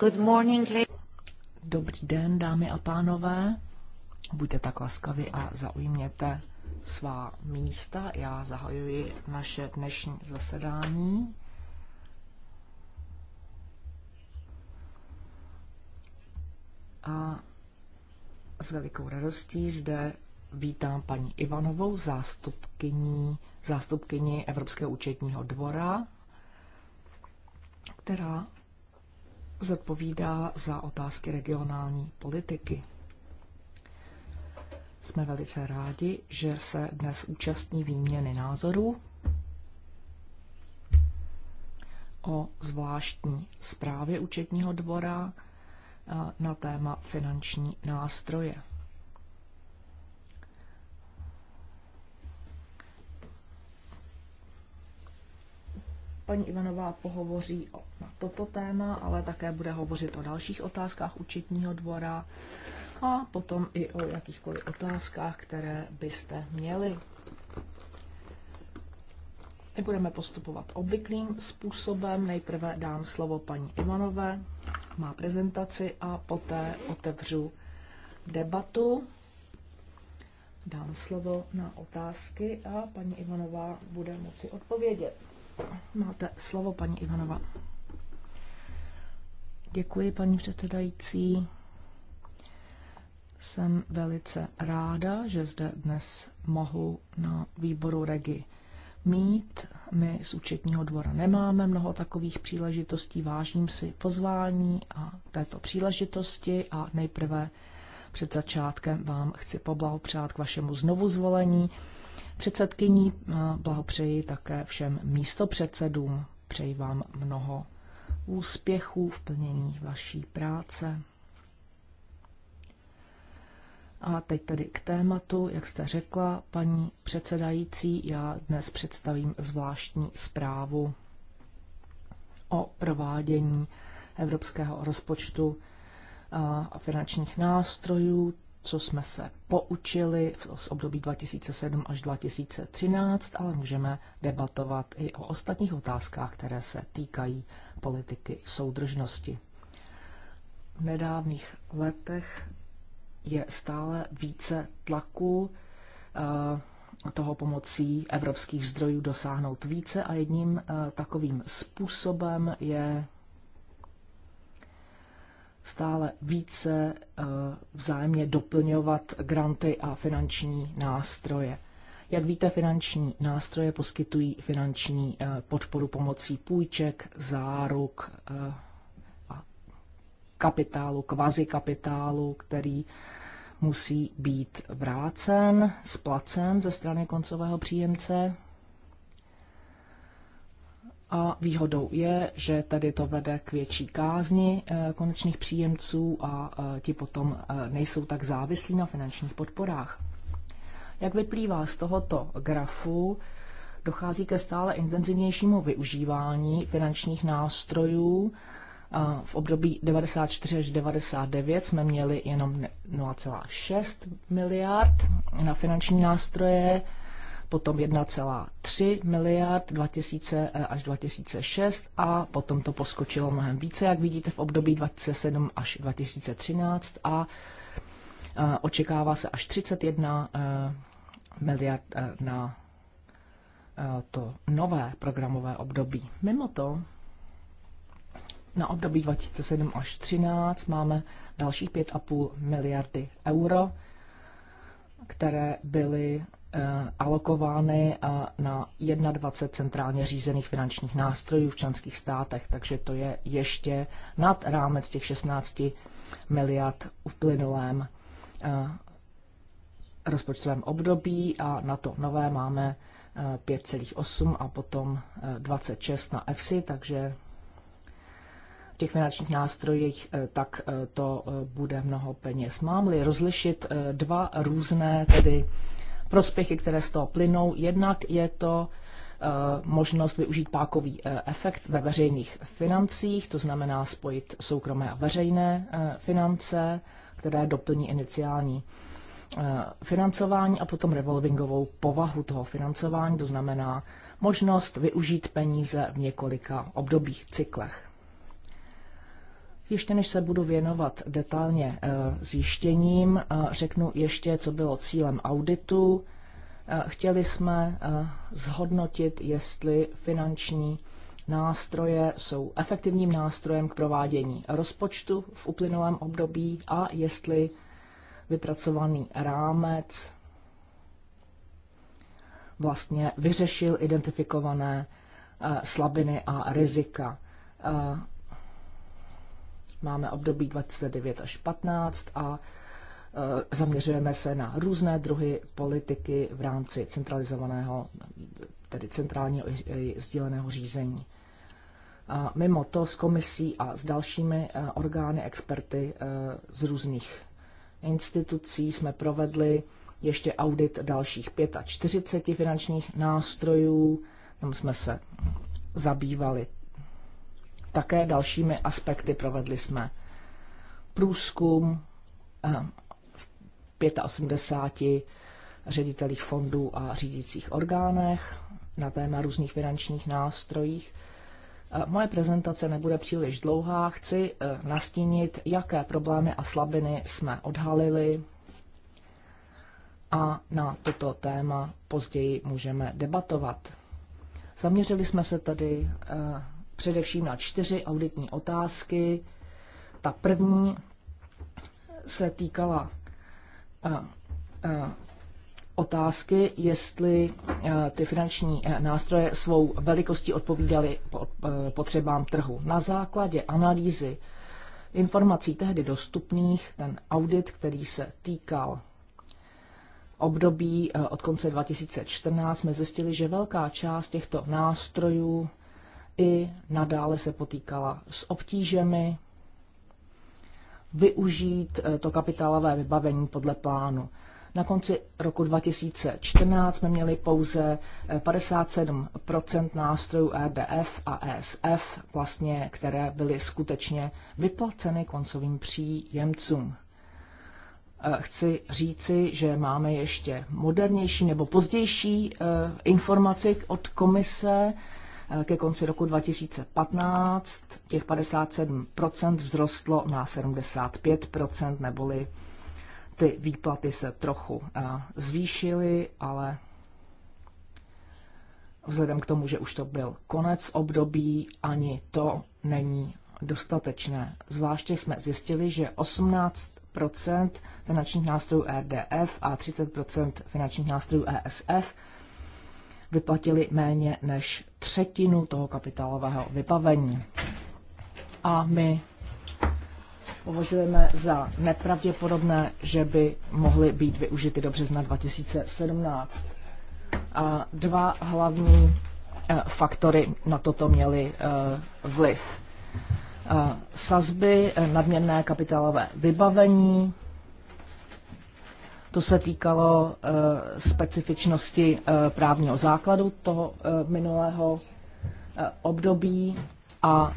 Good morning, Dobrý den, dámy a pánové. Buďte tak laskavi a zaujměte svá místa. Já zahajuji naše dnešní zasedání. A s velikou radostí zde vítám paní Ivanovou, zástupkyni, zástupkyni Evropského účetního dvora, která zodpovídá za otázky regionální politiky. Jsme velice rádi, že se dnes účastní výměny názorů o zvláštní zprávě účetního dvora eh, na téma finanční nástroje. Paní Ivanová pohovoří o, na toto téma, ale také bude hovořit o dalších otázkách účetního dvora a potom i o jakýchkoliv otázkách, které byste měli. My budeme postupovat obvyklým způsobem. Nejprve dám slovo paní Ivanové, má prezentaci a poté otevřu debatu. Dám slovo na otázky a paní Ivanová bude moci odpovědět. Máte slovo, paní Ivanova. Děkuji, paní předsedající. Jsem velice ráda, že zde dnes mohu na výboru Regi mít. My z účetního dvora nemáme mnoho takových příležitostí. Vážím si pozvání a této příležitosti a nejprve před začátkem vám chci poblahopřát k vašemu znovuzvolení. zvolení předsedkyní. Eh, blahopřeji také všem místopředsedům. Přeji vám mnoho úspěchů v plnění vaší práce. A teď tedy k tématu, jak jste řekla, paní předsedající, já dnes představím zvláštní zprávu o provádění evropského rozpočtu eh, a finančních nástrojů co jsme se poučili z období 2007 až 2013, ale můžeme debatovat i o ostatních otázkách, které se týkají politiky soudržnosti. V nedávných letech je stále více tlaku eh, toho pomocí evropských zdrojů dosáhnout více a jedním eh, takovým způsobem je stále více eh, vzájemně doplňovat granty a finanční nástroje. Jak víte, finanční nástroje poskytují finanční eh, podporu pomocí půjček, záruk eh, a kapitálu, kvazi kapitálu, který musí být vrácen, splacen ze strany koncového příjemce a výhodou je, že tedy to vede k větší kázni eh, konečných příjemců a eh, ti potom eh, nejsou tak závislí na finančních podporách. Jak vyplývá z tohoto grafu, dochází ke stále intenzivnějšímu využívání finančních nástrojů. V období 94 až 99 jsme měli jenom 0,6 miliard na finanční nástroje potom 1,3 miliard 2000 eh, až 2006 a potom to poskočilo mnohem více, jak vidíte v období 2007 až 2013 a eh, očekává se až 31 eh, miliard na to nové programové období. Mimo to na období 2007 až 2013 máme dalších 5,5 miliardy euro, které byly Eh, alokovány eh, na 21 centrálně řízených finančních nástrojů v členských státech, takže to je ještě nad rámec těch 16 miliard v plynulém eh, rozpočtovém období a na to nové máme 5,8 a potom 26 na EFSI, takže těch finančních nástrojích, tak to bude mnoho peněz. Mám-li rozlišit dva různé tedy prospěchy, které z toho plynou. Jednak je to eh, možnost využít pákový eh, efekt ve veřejných financích, to znamená spojit soukromé a veřejné eh, finance, které doplní iniciální financování a potom revolvingovou povahu toho financování, to znamená možnost využít peníze v několika obdobích, cyklech. Ještě než se budu věnovat detailně eh, zjištěním, eh, řeknu ještě, co bylo cílem auditu. Eh, chtěli jsme zhodnotit, jestli finanční nástroje jsou efektivním nástrojem k provádění rozpočtu v uplynulém období a jestli vypracovaný rámec vlastně vyřešil identifikované slabiny a rizika. Máme období 29 až 15 a e, zaměřujeme se na různé druhy politiky v rámci centralizovaného, tedy centrálního sdíleného řízení. A mimo to s komisí a s dalšími e, orgány, experty e, z různých institucí jsme provedli ještě audit dalších 45 finančních nástrojů. Tam jsme se zabývali také dalšími aspekty. Provedli jsme průzkum eh, v 85 ředitelích fondů a řídících orgánech na téma různých finančních nástrojích. Eh, moje prezentace nebude příliš dlouhá. Chci eh, nastínit, jaké problémy a slabiny jsme odhalili a na toto téma později můžeme debatovat. Zaměřili jsme se tady především na čtyři auditní otázky. Ta první se týkala eh, eh, otázky, jestli eh, ty finanční nástroje svou velikostí odpovídaly potřebám trhu. Na základě analýzy informací tehdy dostupných, ten audit, který se týkal období od konce 2014, jsme zjistili, že velká část těchto nástrojů i nadále se potýkala s obtížemi využít eh, to kapitálové vybavení podle plánu. Na konci roku 2014 jsme měli pouze 57 eh, nástrojů EDF a ESF, vlastně, které byly skutečně vyplaceny koncovým příjemcům. Eh, chci říci, že máme ještě modernější nebo pozdější informaci od komise, Eh, ke konci roku 2015 těch 57% vzrostlo na 75%, neboli ty výplaty se trochu eh, zvýšily, ale vzhledem k tomu, že už to byl konec období, ani to není dostatečné. Zvláště jsme zjistili, že 18 finančních nástrojů RDF e a 30 finančních nástrojů ESF vyplatili méně než třetinu toho kapitálového vybavení. A my považujeme za nepravděpodobné, že by mohly být využity do března 2017. A dva hlavní eh, faktory na toto měly eh, vliv. Eh, sazby, nadměrné kapitálové vybavení to se týkalo eh, specifičnosti eh, právního základu toho eh, minulého období a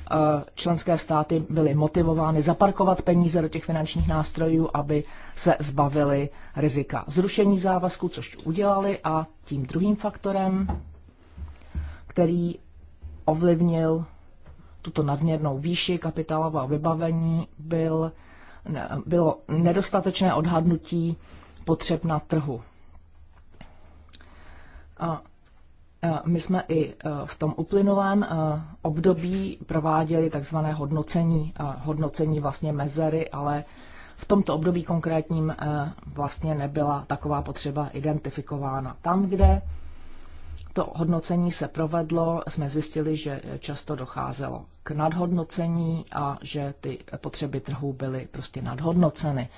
členské státy byly motivovány zaparkovat peníze do těch finančních nástrojů, aby se zbavili rizika zrušení závazků, což udělali. A tím druhým faktorem, který ovlivnil tuto nadměrnou výši kapitálového vybavení, byl, bylo nedostatečné odhadnutí potřeb na trhu. A my jsme i e, v tom uplynulém e, období prováděli takzvané hodnocení, e, hodnocení vlastně mezery, ale v tomto období konkrétním vlastně nebyla taková potřeba identifikována. Tam, kde to hodnocení se provedlo, jsme zjistili, že často docházelo k nadhodnocení a že ty potřeby trhů byly prostě nadhodnoceny.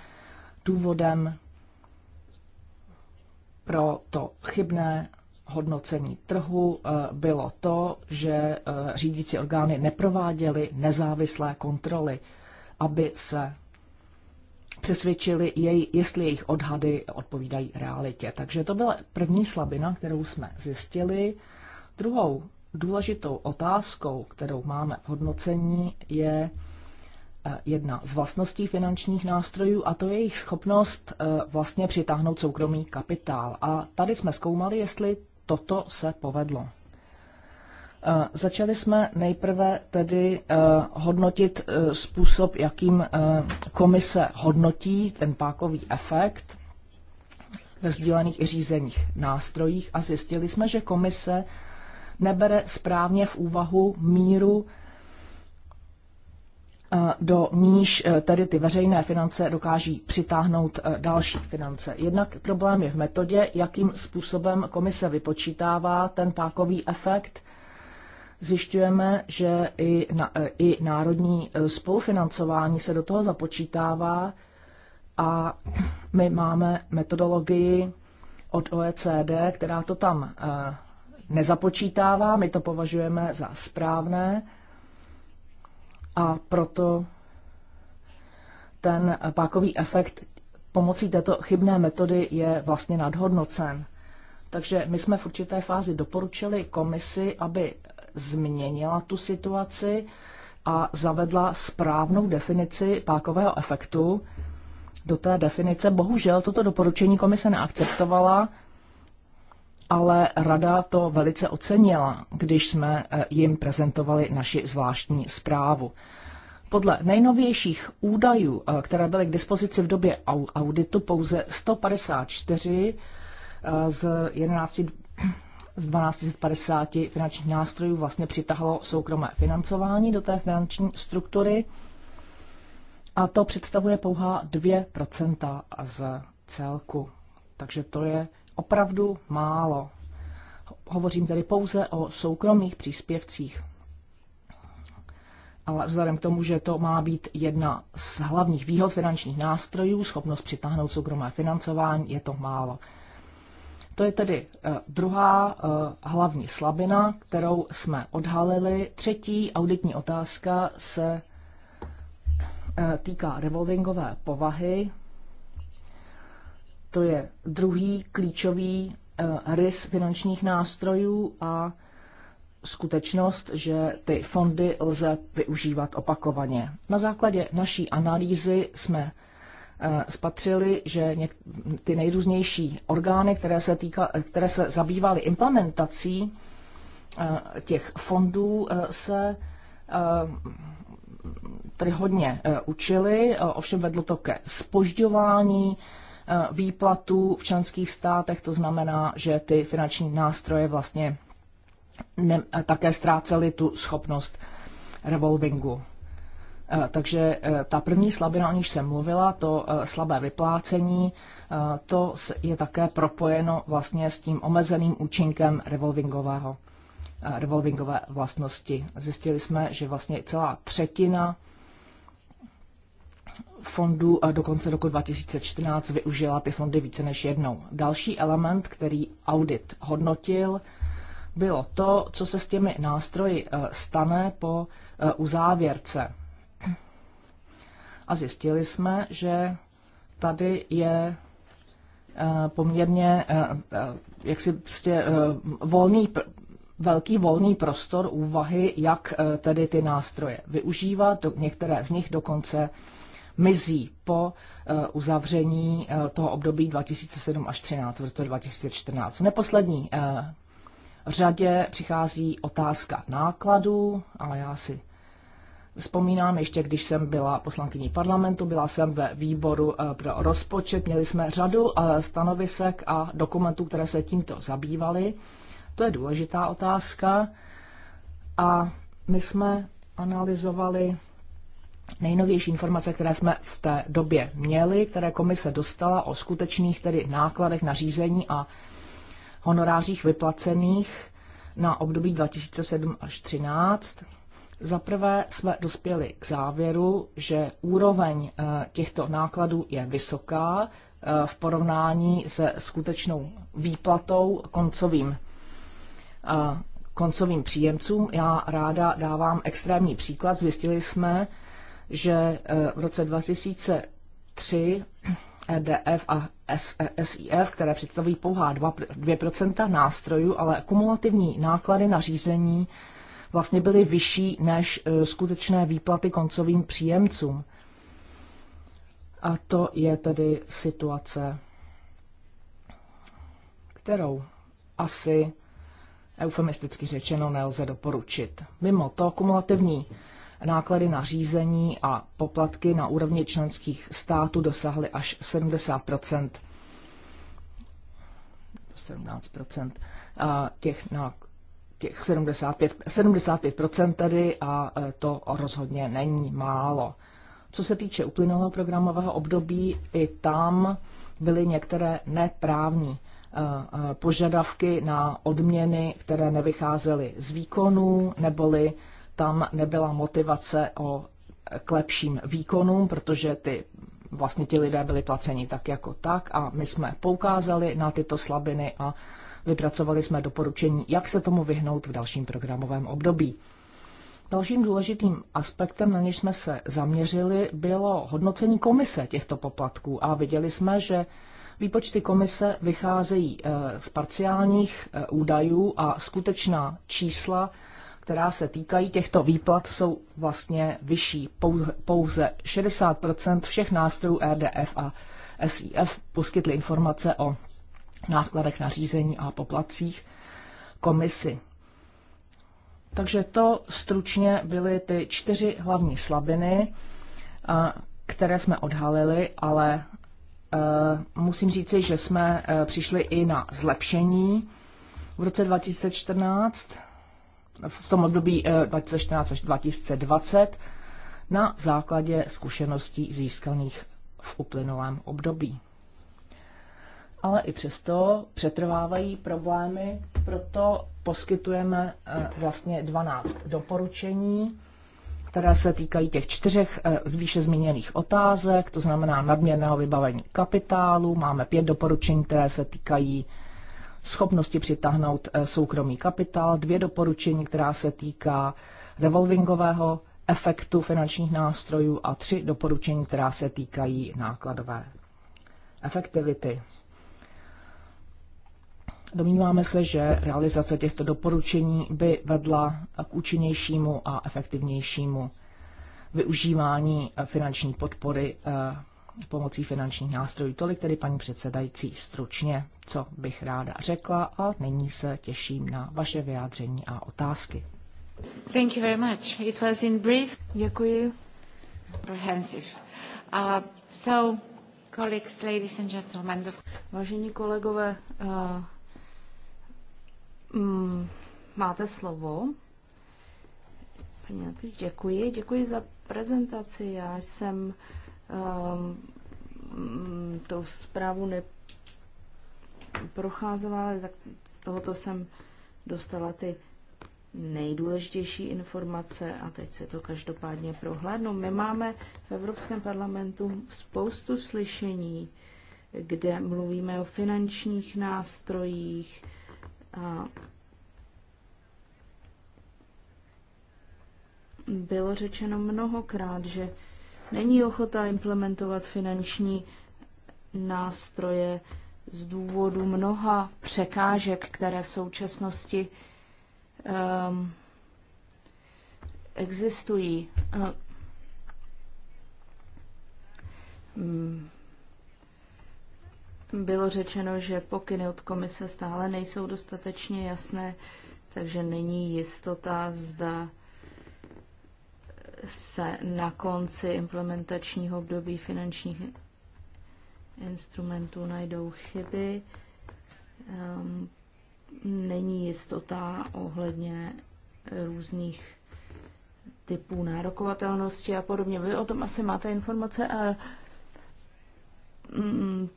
Důvodem pro to chybné hodnocení trhu eh, bylo to, že eh, řídící orgány neprováděly nezávislé kontroly, aby se přesvědčili, jej, jestli jejich odhady odpovídají realitě. Takže to byla první slabina, kterou jsme zjistili. Druhou důležitou otázkou, kterou máme v hodnocení, je, Eh, jedna z vlastností finančních nástrojů a to je jejich schopnost eh, vlastně přitáhnout soukromý kapitál. A tady jsme zkoumali, jestli toto se povedlo. Eh, začali jsme nejprve tedy hodnotit způsob, jakým komise hodnotí ten pákový efekt ve sdílených i řízených nástrojích a zjistili jsme, že komise nebere správně v úvahu míru Eh, do níž eh, tedy ty veřejné finance dokáží přitáhnout eh, další finance. Jednak problém je v metodě, jakým způsobem komise vypočítává ten pákový efekt. Zjišťujeme, že i, na, i národní spolufinancování se do toho započítává a my máme metodologii od OECD, která to tam nezapočítává, my to považujeme za správné a proto ten pákový efekt pomocí této chybné metody je vlastně nadhodnocen. Takže my jsme v určité fázi doporučili komisi, aby změnila tu situaci a zavedla správnou definici pákového efektu do té definice. Bohužel toto doporučení komise neakceptovala ale rada to velice ocenila, když jsme eh, jim prezentovali naši zvláštní zprávu. Podle nejnovějších údajů, eh, které byly k dispozici v době auditu, pouze 154 eh, z 11 z 1250 finančních nástrojů vlastně přitahlo soukromé financování do té finanční struktury a to představuje pouhá 2% z celku. Takže to je opravdu málo. Hovořím tedy pouze o soukromých příspěvcích. Ale vzhledem k tomu, že to má být jedna z hlavních výhod finančních nástrojů, schopnost přitáhnout soukromé financování, je to málo. To je tedy eh, druhá eh, hlavní slabina, kterou jsme odhalili. Třetí auditní otázka se eh, týká revolvingové povahy to je druhý klíčový eh, rys finančních nástrojů a skutečnost, že ty fondy lze využívat opakovaně. Na základě naší analýzy jsme eh, spatřili, že ty nejrůznější orgány, které se, týka, eh, které se zabývaly implementací těch fondů, se tedy hodně učili, ovšem vedlo to ke spožďování Eh, výplatu v členských státech, to znamená, že ty finanční nástroje vlastně ne, eh, také ztrácely tu schopnost revolvingu. Eh, takže ta první slabina, o níž jsem mluvila, to slabé vyplácení, to je také propojeno vlastně s tím omezeným účinkem revolvingového, revolvingové vlastnosti. Zjistili jsme, že vlastně celá třetina fondů do konce roku 2014 využila ty fondy více než jednou. Další element, který audit hodnotil, bylo to, co se s těmi nástroji eh, stane po eh, uzávěrce. A zjistili jsme, že tady je eh, poměrně jaksi prostě volný, velký volný prostor úvahy, jak tedy ty nástroje využívat, některé z nich dokonce mizí po eh, uzavření eh, toho období 2007 až 2013, v roce 2014. V neposlední eh, řadě přichází otázka nákladů a já si Vzpomínám ještě, když jsem byla poslankyní parlamentu, byla jsem ve výboru pro rozpočet, měli jsme řadu stanovisek a dokumentů, které se tímto zabývaly. To je důležitá otázka. A my jsme analyzovali nejnovější informace, které jsme v té době měli, které komise dostala o skutečných tedy nákladech na řízení a honorářích vyplacených na období 2007 až 2013. zaprvé jsme dospěli k závěru, že úroveň eh, těchto nákladů je vysoká eh, v porovnání se skutečnou výplatou koncovým eh, koncovým příjemcům. Já ráda dávám extrémní příklad. Zjistili jsme, že e, v roce 2003 EDF a SIF, e, které představují pouhá 2% nástrojů, ale kumulativní náklady na řízení vlastně byly vyšší než e, skutečné výplaty koncovým příjemcům. A to je tedy situace, kterou asi eufemisticky řečeno nelze doporučit. Mimo to kumulativní náklady na řízení a poplatky na úrovni členských států dosáhly až 70 17 těch, na, těch 75, 75 tedy a e, to rozhodně není málo. Co se týče uplynulého programového období, i tam byly některé neprávní e, e, požadavky na odměny, které nevycházely z výkonů, neboli tam nebyla motivace o, k lepším výkonům, protože ty vlastně ti lidé byli placeni tak jako tak a my jsme poukázali na tyto slabiny a vypracovali jsme doporučení, jak se tomu vyhnout v dalším programovém období. Dalším důležitým aspektem, na něž jsme se zaměřili, bylo hodnocení komise těchto poplatků a viděli jsme, že výpočty komise vycházejí eh, z parciálních eh, údajů a skutečná čísla která se týkají těchto výplat, jsou vlastně vyšší. Pouze 60 všech nástrojů RDF e a SIF poskytly informace o nákladech na řízení a poplacích komisi. Takže to stručně byly ty čtyři hlavní slabiny, eh, které jsme odhalili, ale eh, musím říci, že jsme eh, přišli i na zlepšení v roce 2014 v tom období 2014 eh, až 2020 na základě zkušeností získaných v uplynulém období. Ale i přesto přetrvávají problémy, proto poskytujeme eh, vlastně 12 doporučení, které se týkají těch čtyřech eh, zvýše zmíněných otázek, to znamená nadměrného vybavení kapitálu. Máme pět doporučení, které se týkají schopnosti přitáhnout eh, soukromý kapitál, dvě doporučení, která se týká revolvingového efektu finančních nástrojů a tři doporučení, která se týkají nákladové efektivity. Domníváme se, že realizace těchto doporučení by vedla k účinnějšímu a efektivnějšímu využívání eh, finanční podpory eh, pomocí finančních nástrojů. Tolik tedy paní předsedající stručně, co bych ráda řekla a nyní se těším na vaše vyjádření a otázky. Thank you very much. It was in brief. Děkuji. Comprehensive. Uh, so, colleagues, ladies and gentlemen. Vážení kolegové, uh, mm, máte slovo. Děkuji, děkuji za prezentaci. Já jsem uh, um, ehm, tou zprávu neprocházela, tak z tohoto jsem dostala ty nejdůležitější informace a teď se to každopádně prohlédnu. My máme v Evropském parlamentu spoustu slyšení, kde mluvíme o finančních nástrojích a bylo řečeno mnohokrát, že není ochota implementovat finanční nástroje z důvodu mnoha překážek, které v současnosti um, existují. Um, bylo řečeno, že pokyny od komise stále nejsou dostatečně jasné, takže není jistota, zda se na konci implementačního období finančních instrumentů najdou chyby. Ehm, není jistota ohledně různých typů nárokovatelnosti a podobně. Vy o tom asi máte informace. A mm,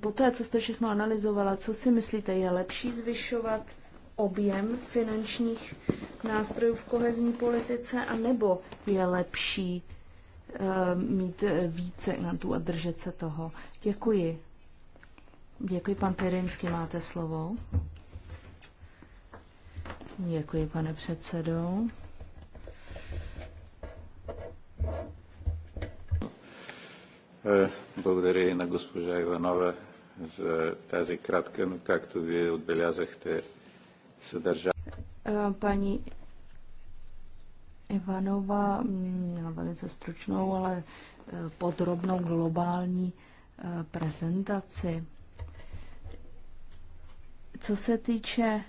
po té, co jste všechno analyzovala, co si myslíte, je lepší zvyšovat objem finančních nástrojů v kohezní politice, anebo je lepší eh, mít eh, více grantů a držet se toho. Děkuji. Děkuji, pan Pirinsky, máte slovo. Děkuji, pane předsedo. Eh, Благодаря и на госпожа Иванова за тази кратка, но както вие отбелязахте, Eh, paní Ivanova měla velice stručnou, ale eh, podrobnou globální eh, prezentaci. Co se týče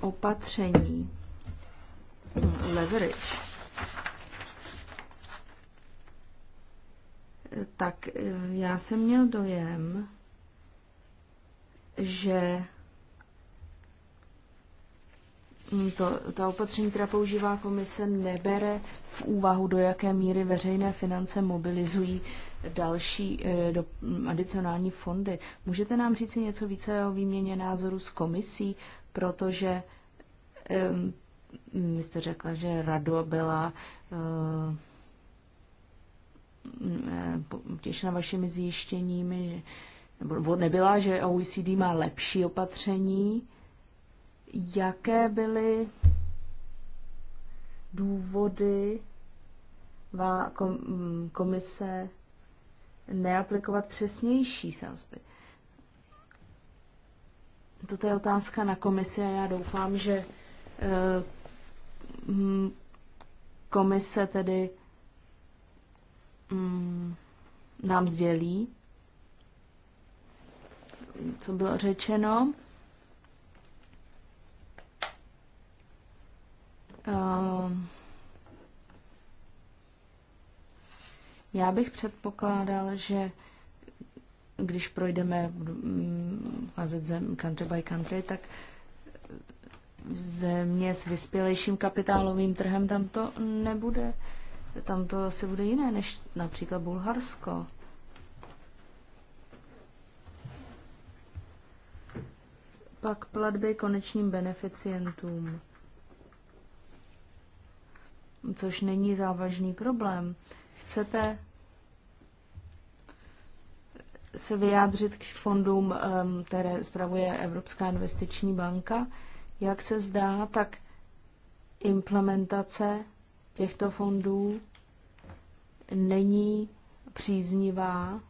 opatření, hm, leverage, tak já jsem měl dojem, že to, ta opatření, která používá komise, nebere v úvahu, do jaké míry veřejné finance mobilizují další eh, do, mm, adicionální fondy. Můžete nám říct něco více o výměně názoru s komisí, protože um, jste řekla, že Rado byla uh, eh, eh, těšena vašimi zjištěními, že nebo nebyla, že OECD má lepší opatření. Jaké byly důvody komise neaplikovat přesnější sázby? Toto je otázka na komisi a já doufám, že eh, hm, komise tedy hm, nám sdělí, co bylo řečeno. Ehm, já bych předpokládal, že když projdeme házet mm, zem country by country, tak země s vyspělejším kapitálovým trhem tam to nebude. Tam to asi bude jiné než například Bulharsko. Pak platby konečným beneficientům, což není závažný problém. Chcete se vyjádřit k fondům, ehm, které zpravuje Evropská investiční banka. Jak se zdá, tak implementace těchto fondů není příznivá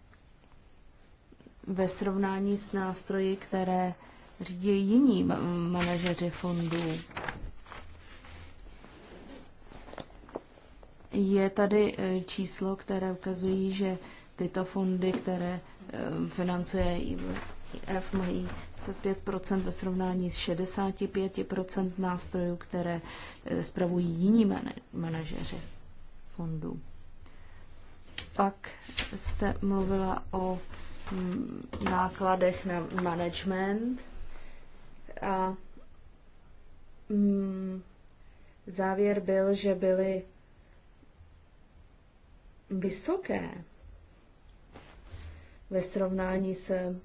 ve srovnání s nástroji, které řídí jiní manažeři fondů. Je tady eh, číslo, které ukazují, že tyto fondy, které eh, financuje IF, mají 5 ve srovnání s 65% nástrojů, které eh, spravují jiní manažeři fondů. Pak jste mluvila o mm, nákladech na management a mm, závěr byl, že byly vysoké ve srovnání se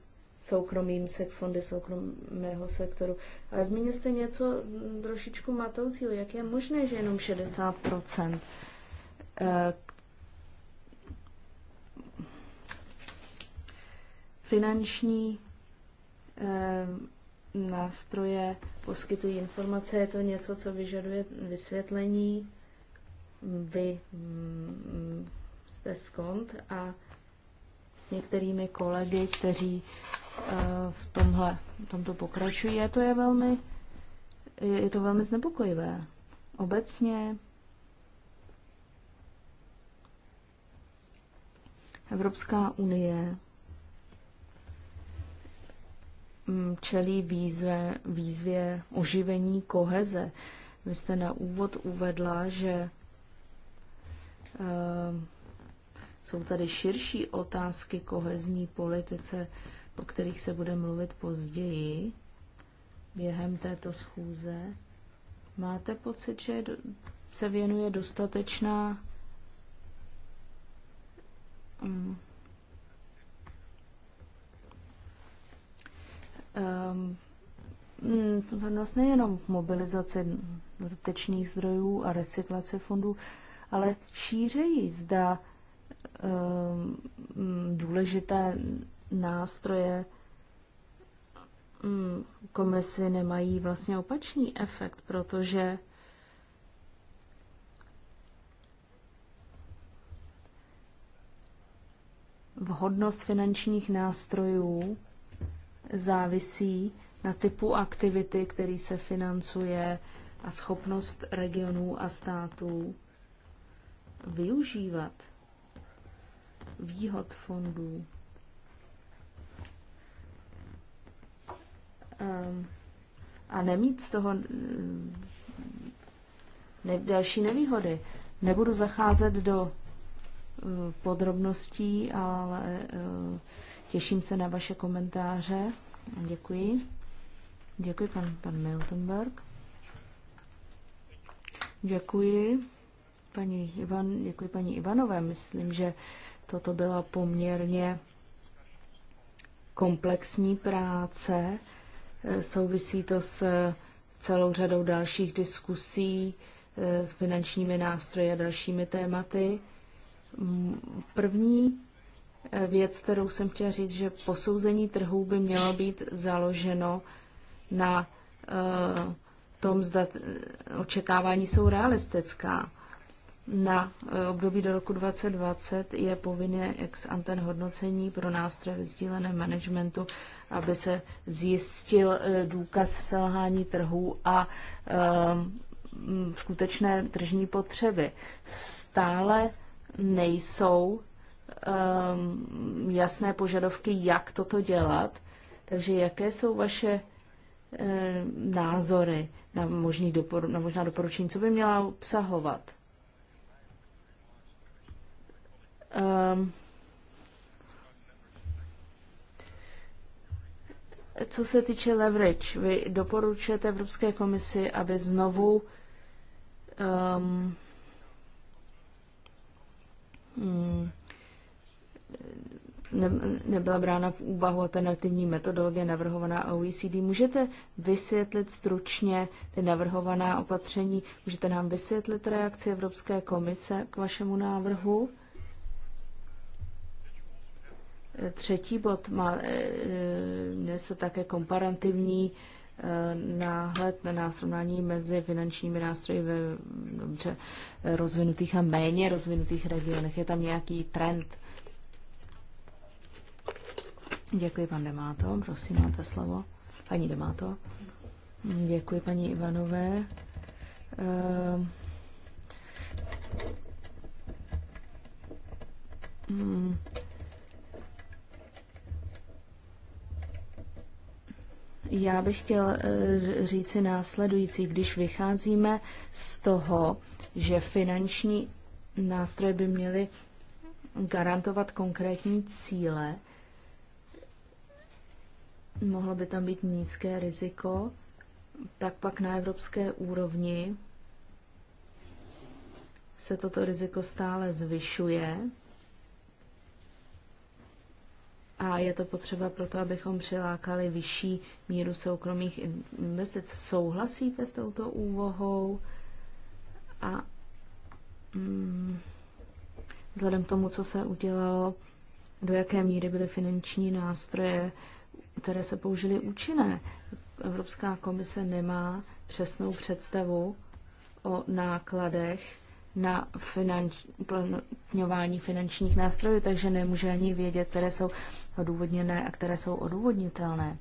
soukromým sekt, fondy soukromého sektoru. Ale zmínil jste něco mm, trošičku matoucího. Jak je možné, že jenom 60% eh, finanční eh, nástroje poskytují informace, je to něco, co vyžaduje vysvětlení. Vy mm, jste skont a s některými kolegy, kteří eh, v tomhle, v tomto pokračují, je to je velmi, je to velmi znepokojivé. Obecně Evropská unie Mm, čelí výzve, výzvě oživení koheze. Vy jste na úvod uvedla, že ehm, jsou tady širší otázky kohezní politice, o kterých se bude mluvit později během této schůze. Máte pocit, že se věnuje dostatečná mm, Ehm, mm, pozornost nejenom mobilizaci dotečných zdrojů a recyklace fondů, ale šířejí zda ehm, mm, důležité nástroje mm, komisy nemají vlastně opačný efekt, protože vhodnost finančních nástrojů závisí na typu aktivity, který se financuje a schopnost regionů a států využívat výhod fondů. Ehm, a nemít z toho mm, ne, další nevýhody. Nebudu zacházet do eh, podrobností, ale eh, Těším se na vaše komentáře. Děkuji. Děkuji, pan, pan Miltenberg. Děkuji, paní Ivan, děkuji paní Ivanové. Myslím, že toto byla poměrně komplexní práce. Souvisí to s celou řadou dalších diskusí, s finančními nástroji a dalšími tématy. První věc, kterou jsem chtěla říct, že posouzení trhů by mělo být založeno na uh, tom, zda očekávání jsou realistická. Na eh, období do roku 2020 je povinné ex anten hodnocení pro nástroje vzdílené managementu, aby se zjistil eh, důkaz selhání trhů a skutečné tržní potřeby. Stále nejsou Ehm, jasné požadavky, jak toto dělat. Takže jaké jsou vaše ehm, názory na, možný doporu, na možná doporučení, co by měla obsahovat? Um, co se týče leverage, vy doporučujete Evropské komisi, aby znovu um, ne, nebyla brána v úvahu alternativní metodologie navrhovaná OECD. Můžete vysvětlit stručně ty navrhovaná opatření? Můžete nám vysvětlit reakci Evropské komise k vašemu návrhu? Třetí bod má e, e, se také komparativní e, náhled na srovnání mezi finančními nástroji ve dobře rozvinutých a méně rozvinutých regionech. Je tam nějaký trend Děkuji, pan Demáto. Prosím, máte slovo. Paní Demáto. Děkuji, paní Ivanové. Ehm, hmm. Já bych chtěl eh, říci následující, když vycházíme z toho, že finanční nástroje by měly garantovat konkrétní cíle, mohlo by tam být nízké riziko, tak pak na evropské úrovni se toto riziko stále zvyšuje a je to potřeba proto, abychom přilákali vyšší míru soukromých investic. Souhlasíte s touto úvohou a mm, vzhledem k tomu, co se udělalo, do jaké míry byly finanční nástroje které se použily účinné. Evropská komise nemá přesnou představu o nákladech na finanč, plňování finančních nástrojů, takže nemůže ani vědět, které jsou odůvodněné a které jsou odůvodnitelné.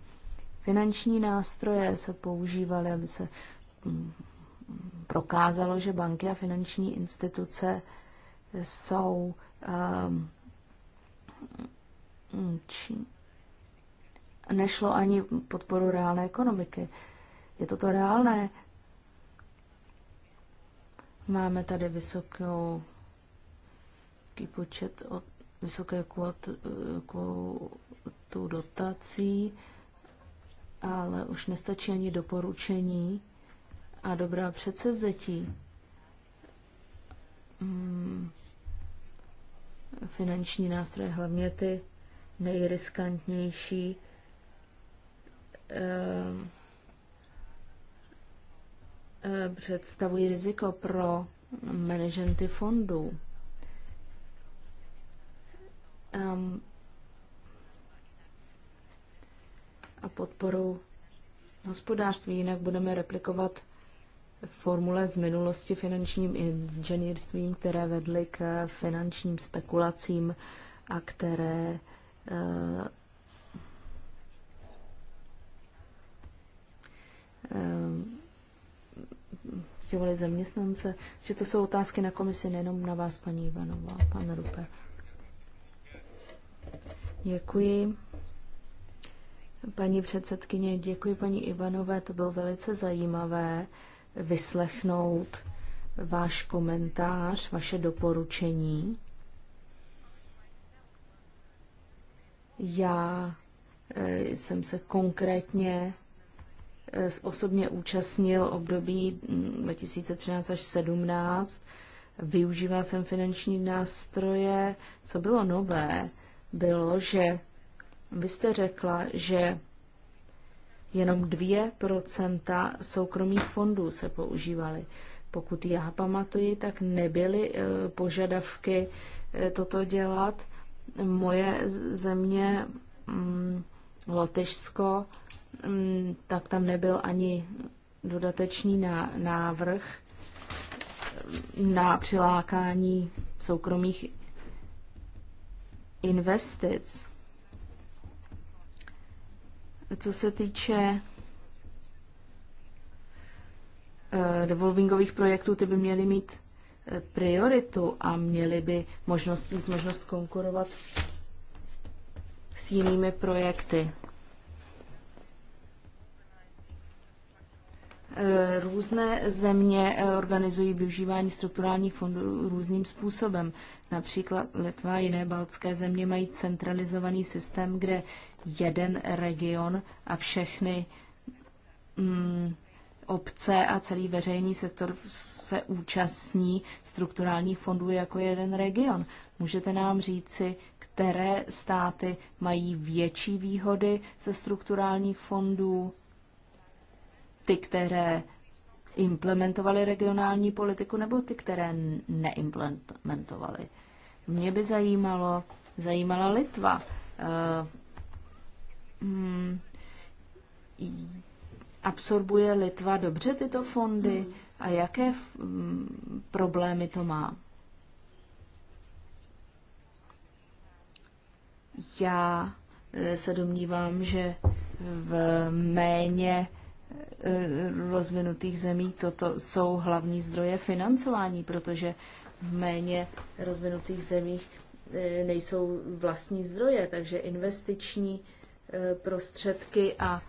Finanční nástroje se používaly, aby se mm, prokázalo, že banky a finanční instituce jsou um, či, nešlo ani podporu reálné ekonomiky. Je to to reálné? Máme tady vysokou počet od vysoké kvotu dotací, ale už nestačí ani doporučení a dobrá předsevzetí. Hmm. Finanční nástroje, hlavně ty nejriskantnější, Eh, představují riziko pro managementy fondů. Um, a podporu hospodářství, jinak budeme replikovat formule z minulosti finančním inženýrstvím, které vedly k finančním spekulacím a které eh, Eh, stěhovali zaměstnance, že to jsou otázky na komisi, nejenom na vás, paní Ivanová, pan Rupe. Děkuji. Paní předsedkyně, děkuji paní Ivanové, to bylo velice zajímavé vyslechnout váš komentář, vaše doporučení. Já eh, jsem se konkrétně Eh, osobně účastnil období 2013 mm, až 17. Využíval jsem finanční nástroje. Co bylo nové, bylo, že vy jste řekla, že jenom 2% soukromých fondů se používaly. Pokud já pamatuji, tak nebyly eh, požadavky eh, toto dělat. Moje země, mm, Lotyšsko, Mm, tak tam nebyl ani dodatečný návrh na přilákání soukromých investic. Co se týče revolvingových eh, projektů, ty by měly mít eh, prioritu a měly by možnost, mít možnost konkurovat s jinými projekty. Eh, různé země eh, organizují využívání strukturálních fondů různým způsobem. Například Litva a jiné baltské země mají centralizovaný systém, kde jeden region a všechny mm, obce a celý veřejný sektor se účastní strukturálních fondů jako jeden region. Můžete nám říci, které státy mají větší výhody ze strukturálních fondů? ty, které implementovaly regionální politiku, nebo ty, které neimplementovaly. Mě by zajímalo, zajímala Litva. Eh, hmm. Absorbuje Litva dobře tyto fondy hmm. a jaké mm, problémy to má? Já eh, se domnívám, že v méně Eh, rozvinutých zemí toto jsou hlavní zdroje financování, protože v méně rozvinutých zemích eh, nejsou vlastní zdroje, takže investiční eh, prostředky a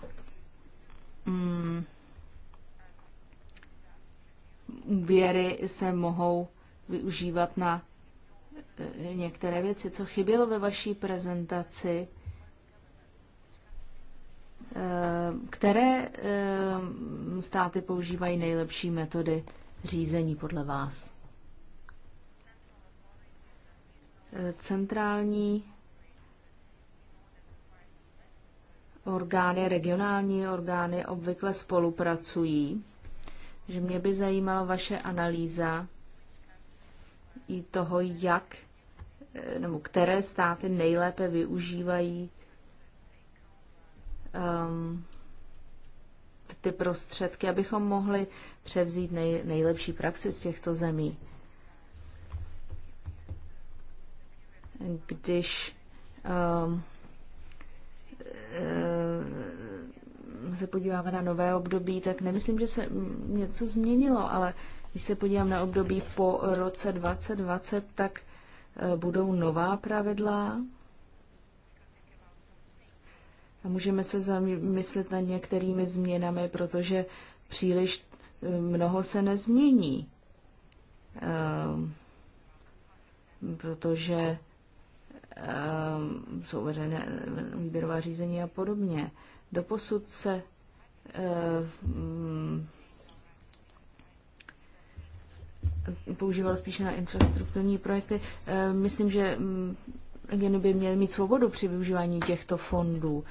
mm, se mohou využívat na některé věci. Co chybělo ve vaší prezentaci, Eh, které eh, státy používají nejlepší metody řízení podle vás? Eh, centrální orgány, regionální orgány obvykle spolupracují. Že mě by zajímala vaše analýza i toho, jak nebo které státy nejlépe využívají um, ty prostředky, abychom mohli převzít nej, nejlepší praxi z těchto zemí. Když um, se podíváme na nové období, tak nemyslím, že se něco změnilo, ale když se podívám na období po roce 2020, tak eh, budou nová pravidla, a můžeme se zamyslet nad některými změnami, protože příliš eh, mnoho se nezmění. Eh, protože um, jsou veřejné výběrová řízení a podobně. Doposud se um, používal spíše na infrastrukturní projekty. myslím, že um, by měl mít svobodu při využívání těchto fondů.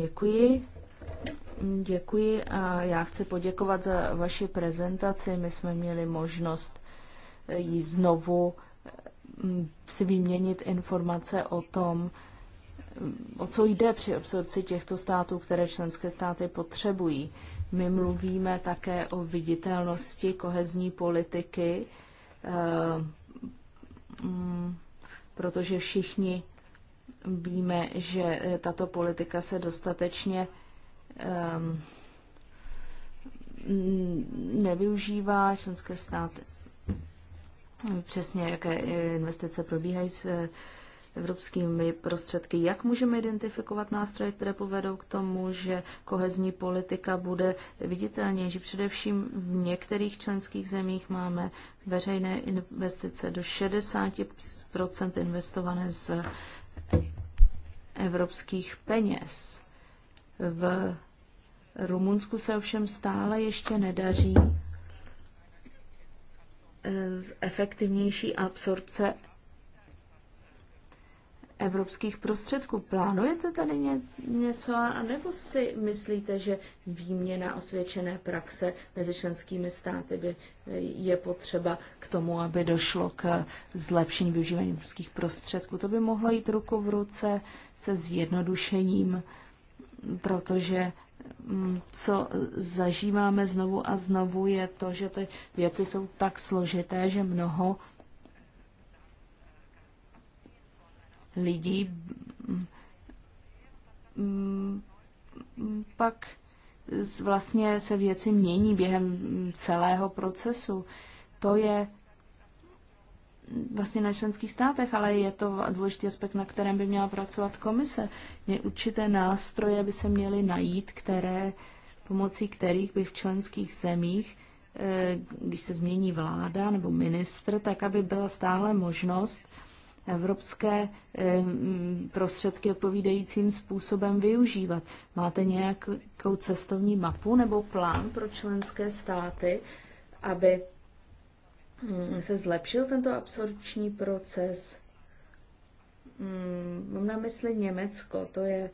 Děkuji. Děkuji a já chci poděkovat za vaši prezentaci. My jsme měli možnost ji znovu mm, si vyměnit informace o tom, o co jde při absorpci těchto států, které členské státy potřebují. My mluvíme také o viditelnosti kohezní politiky, eh, mm, protože všichni Víme, že eh, tato politika se dostatečně um, nevyužívá. Členské státy přesně, jaké eh, investice probíhají s eh, evropskými prostředky. Jak můžeme identifikovat nástroje, které povedou k tomu, že kohezní politika bude viditelnější? Především v některých členských zemích máme veřejné investice do 60 investované z evropských peněz. V Rumunsku se ovšem stále ještě nedaří eh, efektivnější absorpce evropských prostředků. Plánujete tady ně, něco, anebo si myslíte, že výměna osvědčené praxe mezi členskými státy by eh, je potřeba k tomu, aby došlo k zlepšení využívání evropských prostředků? To by mohlo jít ruku v ruce se zjednodušením, protože mm, co zažíváme znovu a znovu, je to, že ty věci jsou tak složité, že mnoho lidí pak vlastně se věci mění během celého procesu. To je vlastně na členských státech, ale je to důležitý aspekt, na kterém by měla pracovat komise. Určité nástroje by se měly najít, které, pomocí kterých by v členských zemích, eh, když se změní vláda nebo ministr, tak aby byla stále možnost evropské eh, prostředky odpovídajícím způsobem využívat. Máte nějakou cestovní mapu nebo plán pro členské státy, aby mm, se zlepšil tento absorpční proces? Mm, mám na mysli Německo, to je,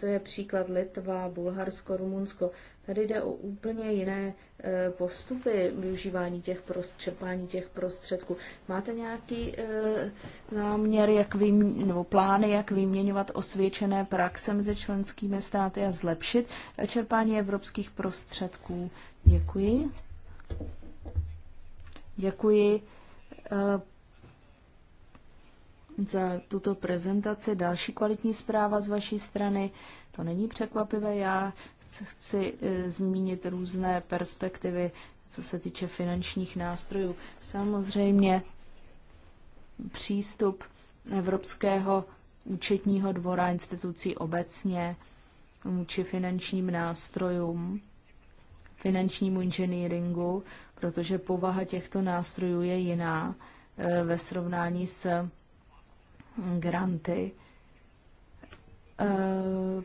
to je příklad Litva, Bulharsko, Rumunsko. Tady jde o úplně jiné e, postupy využívání těch prostřepání těch prostředků. Máte nějaký e, záměr, jak vym, nebo plány, jak vyměňovat osvědčené praxe mezi členskými státy a zlepšit e, čerpání evropských prostředků? Děkuji. Děkuji za tuto prezentaci. Další kvalitní zpráva z vaší strany. To není překvapivé, já chci eh, zmínit různé perspektivy, co se týče finančních nástrojů. Samozřejmě přístup Evropského účetního dvora institucí obecně vůči finančním nástrojům, finančnímu inženýringu, protože povaha těchto nástrojů je jiná eh, ve srovnání s granty eh,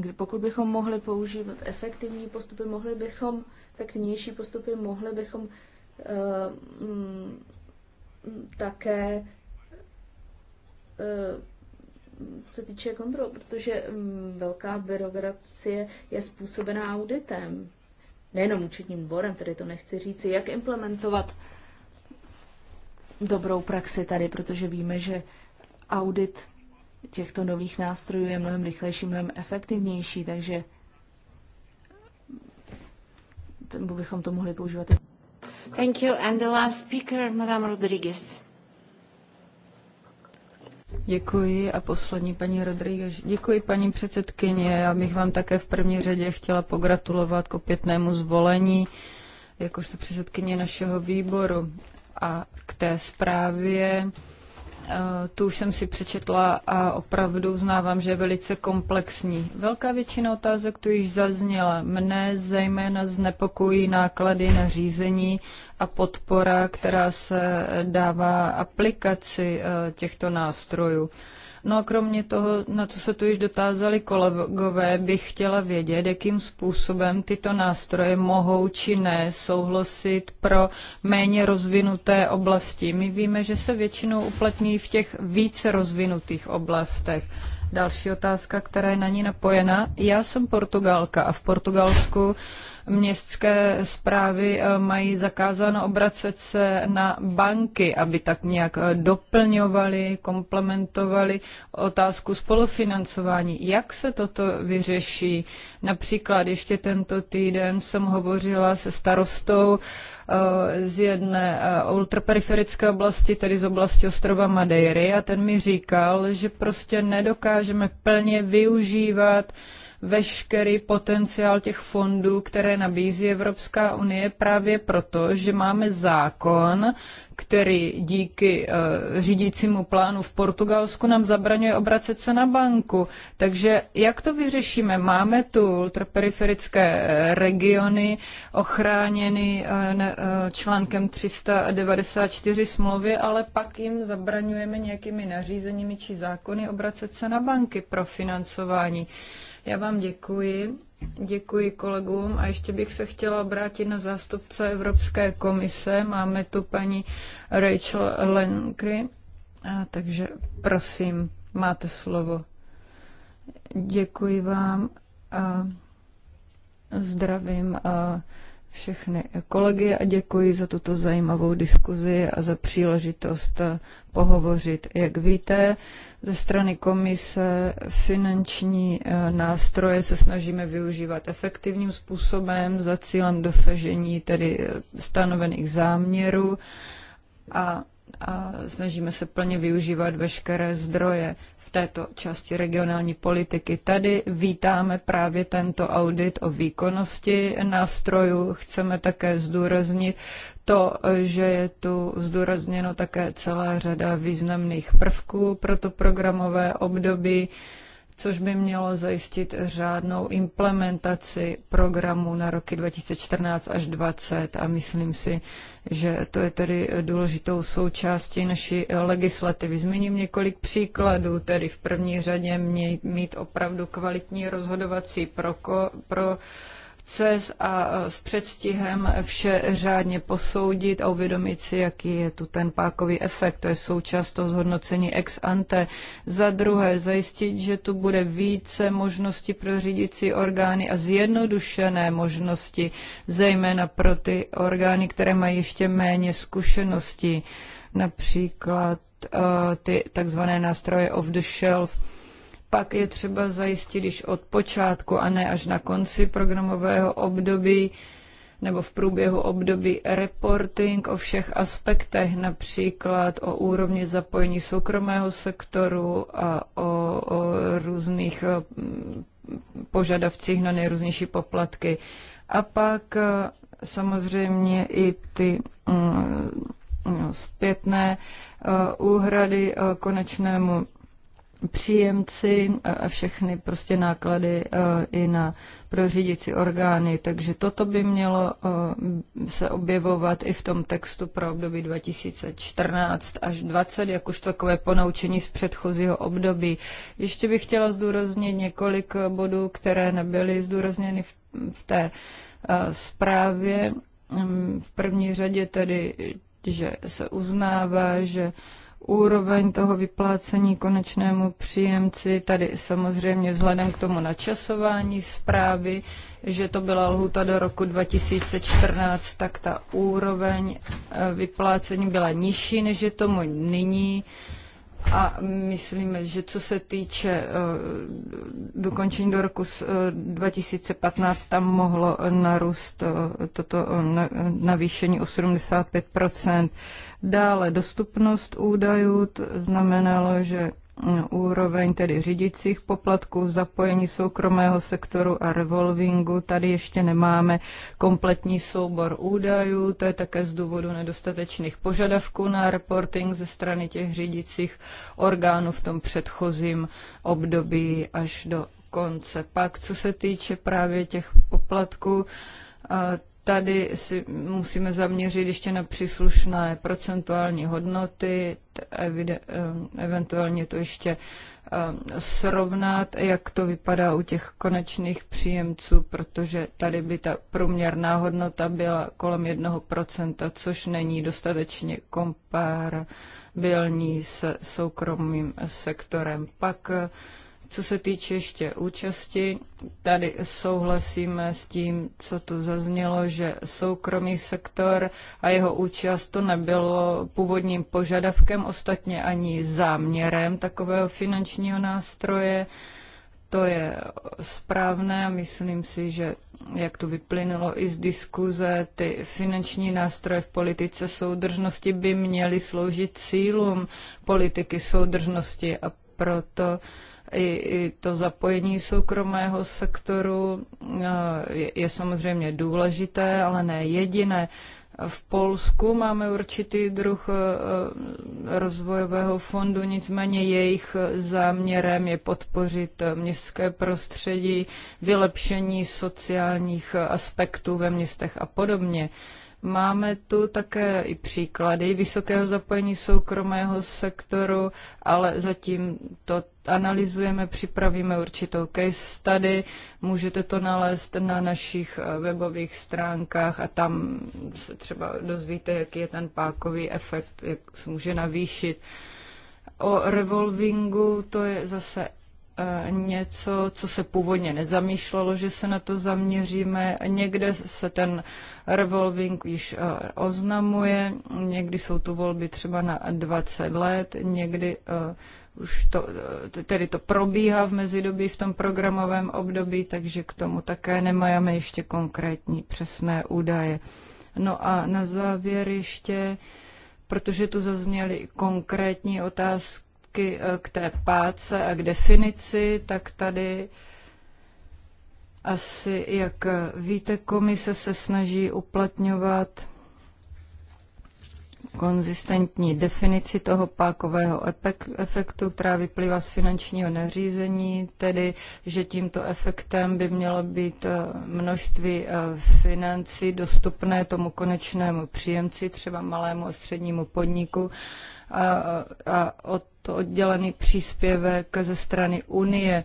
kdy pokud bychom mohli používat efektivní postupy, mohli bychom efektivnější postupy, mohli bychom uh, eh, m, mm, mm, také uh, se týče kontrol, protože um, velká byrokracie je způsobená auditem, nejenom účetním dvorem, tedy to nechci říci, jak implementovat dobrou praxi tady, protože víme, že audit těchto nových nástrojů je mnohem rychlejší, mnohem efektivnější, takže bychom to mohli používat. Thank you. And the last speaker, Madame Rodriguez. Děkuji a poslední paní Rodriguez. Děkuji paní předsedkyně. Já bych vám také v první řadě chtěla pogratulovat k opětnému zvolení jakožto předsedkyně našeho výboru a k té zprávě Eh, tu už jsem si přečetla a opravdu uznávám, že je velice komplexní. Velká většina otázek tu již zazněla. Mne zejména znepokojí náklady na řízení a podpora, která se dává aplikaci eh, těchto nástrojů. No a kromě toho, na co se tu již dotázali kolegové, bych chtěla vědět, jakým způsobem tyto nástroje mohou či ne souhlasit pro méně rozvinuté oblasti. My víme, že se většinou uplatňují v těch více rozvinutých oblastech. Další otázka, která je na ní napojena. Já jsem Portugalka a v Portugalsku městské zprávy eh, mají zakázáno obracet se na banky, aby tak nějak eh, doplňovali, komplementovali otázku spolufinancování. Jak se toto vyřeší? Například ještě tento týden jsem hovořila se starostou eh, z jedné ultraperiferické oblasti, tedy z oblasti ostrova Madeiry a ten mi říkal, že prostě nedokážeme plně využívat veškerý potenciál těch fondů, které nabízí Evropská unie právě proto, že máme zákon, který díky uh, řídícímu plánu v Portugalsku nám zabraňuje obracet se na banku. Takže jak to vyřešíme? Máme tu ultraperiferické eh, regiony ochráněny uh, eh, ne, uh, článkem 394 smlouvy, ale pak jim zabraňujeme nějakými nařízeními či zákony obracet se na banky pro financování. Uh, já vám děkuji. Děkuji kolegům a ještě bych se chtěla obrátit na zástupce Evropské komise. Máme tu paní Rachel Lenkry, a takže prosím, máte slovo. Děkuji vám a zdravím. A všechny kolegy a děkuji za tuto zajímavou diskuzi a za příležitost pohovořit. Jak víte, ze strany komise finanční eh, nástroje se snažíme využívat efektivním způsobem za cílem dosažení tedy eh, stanovených záměrů a a snažíme se plně využívat veškeré zdroje této části regionální politiky. Tady vítáme právě tento audit o výkonnosti nástrojů. Chceme také zdůraznit to, že je tu zdůrazněno také celá řada významných prvků pro to programové období což by mělo zajistit řádnou implementaci programu na roky 2014 až 2020 a myslím si, že to je tedy důležitou součástí naší legislativy. Zmíním několik příkladů, tedy v první řadě mít opravdu kvalitní rozhodovací pro, pro včas a s předstihem vše řádně posoudit a uvědomit si, jaký je tu ten pákový efekt. To je součást toho zhodnocení ex ante. Za druhé, zajistit, že tu bude více možností pro řídící orgány a zjednodušené možnosti, zejména pro ty orgány, které mají ještě méně zkušeností, například eh, ty takzvané nástroje off the shelf pak je třeba zajistit již od počátku a ne až na konci programového období nebo v průběhu období reporting o všech aspektech, například o úrovni zapojení soukromého sektoru a o, o různých eh, požadavcích na nejrůznější poplatky. A pak eh, samozřejmě i ty mm, no, zpětné eh, úhrady konečnému příjemci a všechny prostě náklady e, i na prořídící orgány. Takže toto by mělo e, se objevovat i v tom textu pro období 2014 až 2020, jakož takové ponaučení z předchozího období. Ještě bych chtěla zdůraznit několik bodů, které nebyly zdůrazněny v, v té e, zprávě. V první řadě tedy, že se uznává, že úroveň toho vyplácení konečnému příjemci, tady samozřejmě vzhledem k tomu načasování zprávy, že to byla lhuta do roku 2014, tak ta úroveň eh, vyplácení byla nižší, než je tomu nyní. A myslíme, že co se týče eh, dokončení do roku 2015, eh, tam mohlo narůst toto navýšení o 75 Dále dostupnost údajů znamenalo, že úroveň tedy řidicích poplatků, zapojení soukromého sektoru a revolvingu. Tady ještě nemáme kompletní soubor údajů, to je také z důvodu nedostatečných požadavků na reporting ze strany těch řidicích orgánů v tom předchozím období až do konce. Pak, co se týče právě těch poplatků, tady si musíme zaměřit ještě na příslušné procentuální hodnoty, eventuálně to ještě srovnat, jak to vypadá u těch konečných příjemců, protože tady by ta průměrná hodnota byla kolem 1%, což není dostatečně komparabilní s soukromým sektorem. Pak co se týče ještě účasti, tady souhlasíme s tím, co tu zaznělo, že soukromý sektor a jeho účast to nebylo původním požadavkem, ostatně ani záměrem takového finančního nástroje. To je správné a myslím si, že jak to vyplynulo i z diskuze, ty finanční nástroje v politice soudržnosti by měly sloužit cílům politiky soudržnosti a proto uh, i, i to zapojení soukromého sektoru eh, je, je samozřejmě důležité, ale ne jediné. V Polsku máme určitý druh eh, rozvojového fondu, nicméně jejich záměrem je podpořit městské prostředí, vylepšení sociálních aspektů ve městech a podobně. Máme tu také i příklady vysokého zapojení soukromého sektoru, ale zatím to analyzujeme, připravíme určitou case study, můžete to nalézt na našich eh, webových stránkách a tam se třeba dozvíte, jaký je ten pákový efekt, jak se může navýšit. O revolvingu to je zase eh, něco, co se původně nezamýšlelo, že se na to zaměříme. Někde se ten revolving již eh, oznamuje, někdy jsou tu volby třeba na 20 let, někdy už to, tedy to probíhá v mezidobí v tom programovém období, takže k tomu také nemáme ještě konkrétní přesné údaje. No a na závěr ještě, protože tu zazněly konkrétní otázky e, k té páce a k definici, tak tady asi, jak víte, komise se snaží uplatňovat konzistentní definici toho pákového efektu, která vyplývá z finančního neřízení, tedy že tímto efektem by mělo být eh, množství eh, financí dostupné tomu konečnému příjemci, třeba malému a střednímu podniku, a, a od to oddělený příspěvek ze strany Unie.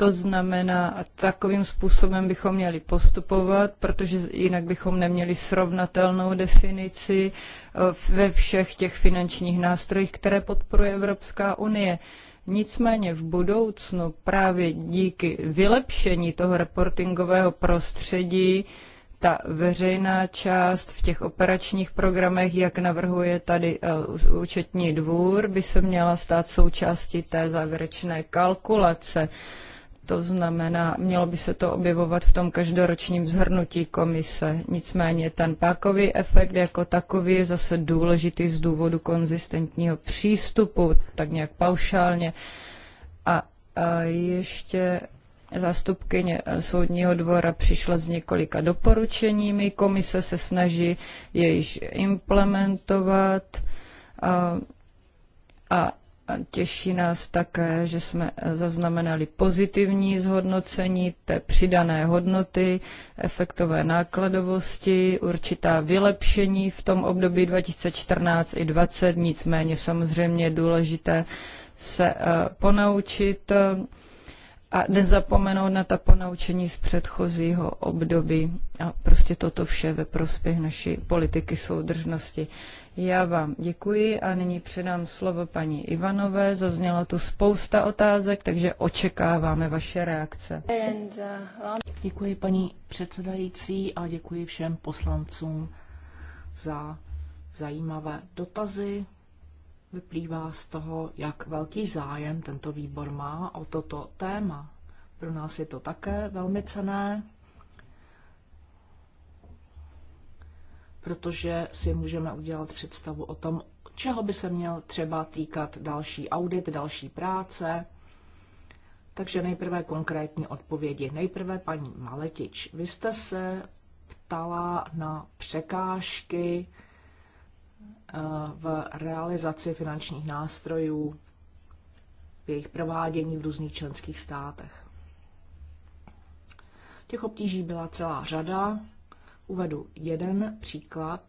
To znamená, takovým způsobem bychom měli postupovat, protože jinak bychom neměli srovnatelnou definici eh, ve všech těch finančních nástrojích, které podporuje Evropská unie. Nicméně v budoucnu právě díky vylepšení toho reportingového prostředí ta veřejná část v těch operačních programech, jak navrhuje tady eh, účetní dvůr, by se měla stát součástí té závěrečné kalkulace. To znamená, mělo by se to objevovat v tom každoročním zhrnutí komise. Nicméně ten pákový efekt jako takový je zase důležitý z důvodu konzistentního přístupu, tak nějak paušálně. A, a ještě zástupkyně soudního dvora přišla s několika doporučeními. Komise se snaží je již implementovat. A, a Těší nás také, že jsme zaznamenali pozitivní zhodnocení té přidané hodnoty, efektové nákladovosti, určitá vylepšení v tom období 2014 i 2020. Nicméně samozřejmě je důležité se eh, ponaučit eh, a nezapomenout na ta ponaučení z předchozího období a prostě toto vše ve prospěch naší politiky soudržnosti. Já vám děkuji a nyní předám slovo paní Ivanové. Zazněla tu spousta otázek, takže očekáváme vaše reakce. Uh, děkuji paní předsedající a děkuji všem poslancům za zajímavé dotazy. Vyplývá z toho, jak velký zájem tento výbor má o toto téma. Pro nás je to také velmi cené. protože si můžeme udělat představu o tom, čeho by se měl třeba týkat další audit, další práce. Takže nejprve konkrétní odpovědi. Nejprve paní Maletič, vy jste se ptala na překážky eh, v realizaci finančních nástrojů, v jejich provádění v různých členských státech. Těch obtíží byla celá řada, Uvedu jeden příklad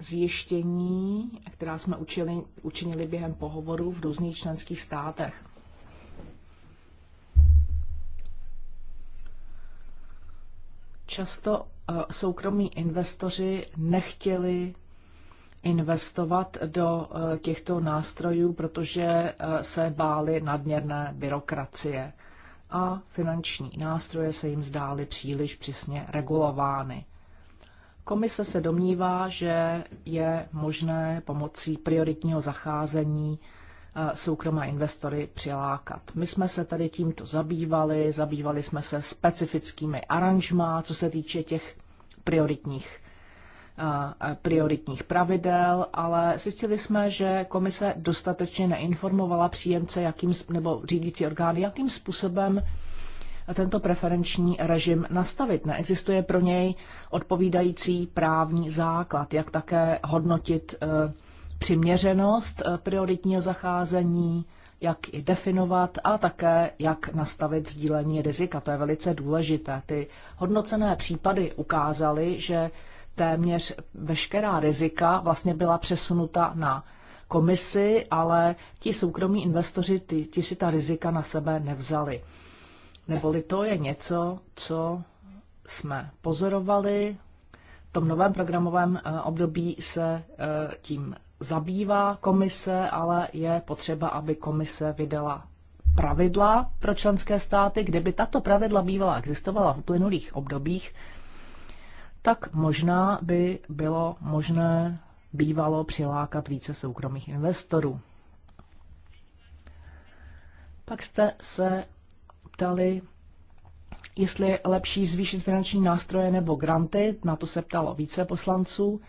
zjištění, která jsme učili, učinili během pohovoru v různých členských státech. Často eh, soukromí investoři nechtěli investovat do eh, těchto nástrojů, protože eh, se báli nadměrné byrokracie a finanční nástroje se jim zdály příliš přísně regulovány. Komise se domnívá, že je možné pomocí prioritního zacházení eh, soukromé investory přilákat. My jsme se tady tímto zabývali, zabývali jsme se specifickými aranžmá, co se týče těch prioritních Eh, prioritních pravidel, ale zjistili jsme, že komise dostatečně neinformovala příjemce jakým, nebo řídící orgány, jakým způsobem tento preferenční režim nastavit. Neexistuje pro něj odpovídající právní základ, jak také hodnotit eh, přiměřenost eh, prioritního zacházení, jak i definovat a také jak nastavit sdílení rizika. To je velice důležité. Ty hodnocené případy ukázaly, že téměř veškerá rizika vlastně byla přesunuta na komisi, ale ti soukromí investoři, ti, ti si ta rizika na sebe nevzali. Neboli to je něco, co jsme pozorovali. V tom novém programovém eh, období se eh, tím zabývá komise, ale je potřeba, aby komise vydala pravidla pro členské státy. Kdyby tato pravidla bývala existovala v uplynulých obdobích, tak možná by bylo možné bývalo přilákat více soukromých investorů. Pak jste se ptali, jestli je lepší zvýšit finanční nástroje nebo granty, na to se ptalo více poslanců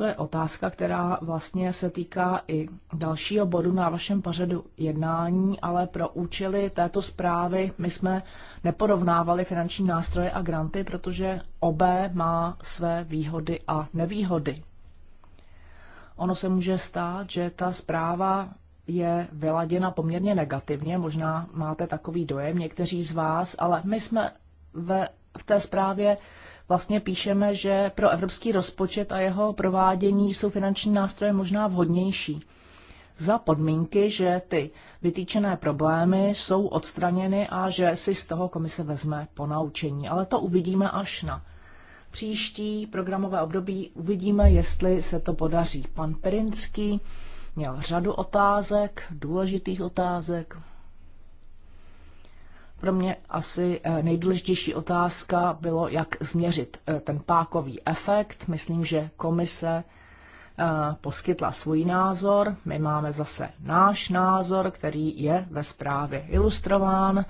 to je otázka, která vlastně se týká i dalšího bodu na vašem pořadu jednání, ale pro účely této zprávy my jsme neporovnávali finanční nástroje a granty, protože obé má své výhody a nevýhody. Ono se může stát, že ta zpráva je vyladěna poměrně negativně, možná máte takový dojem někteří z vás, ale my jsme ve, v té zprávě vlastně píšeme, že pro evropský rozpočet a jeho provádění jsou finanční nástroje možná vhodnější. Za podmínky, že ty vytýčené problémy jsou odstraněny a že si z toho komise vezme naučení. Ale to uvidíme až na příští programové období. Uvidíme, jestli se to podaří. Pan Perinský měl řadu otázek, důležitých otázek pro mě asi eh, nejdůležitější otázka bylo, jak změřit eh, ten pákový efekt. Myslím, že komise eh, poskytla svůj názor, my máme zase náš názor, který je ve zprávě ilustrován.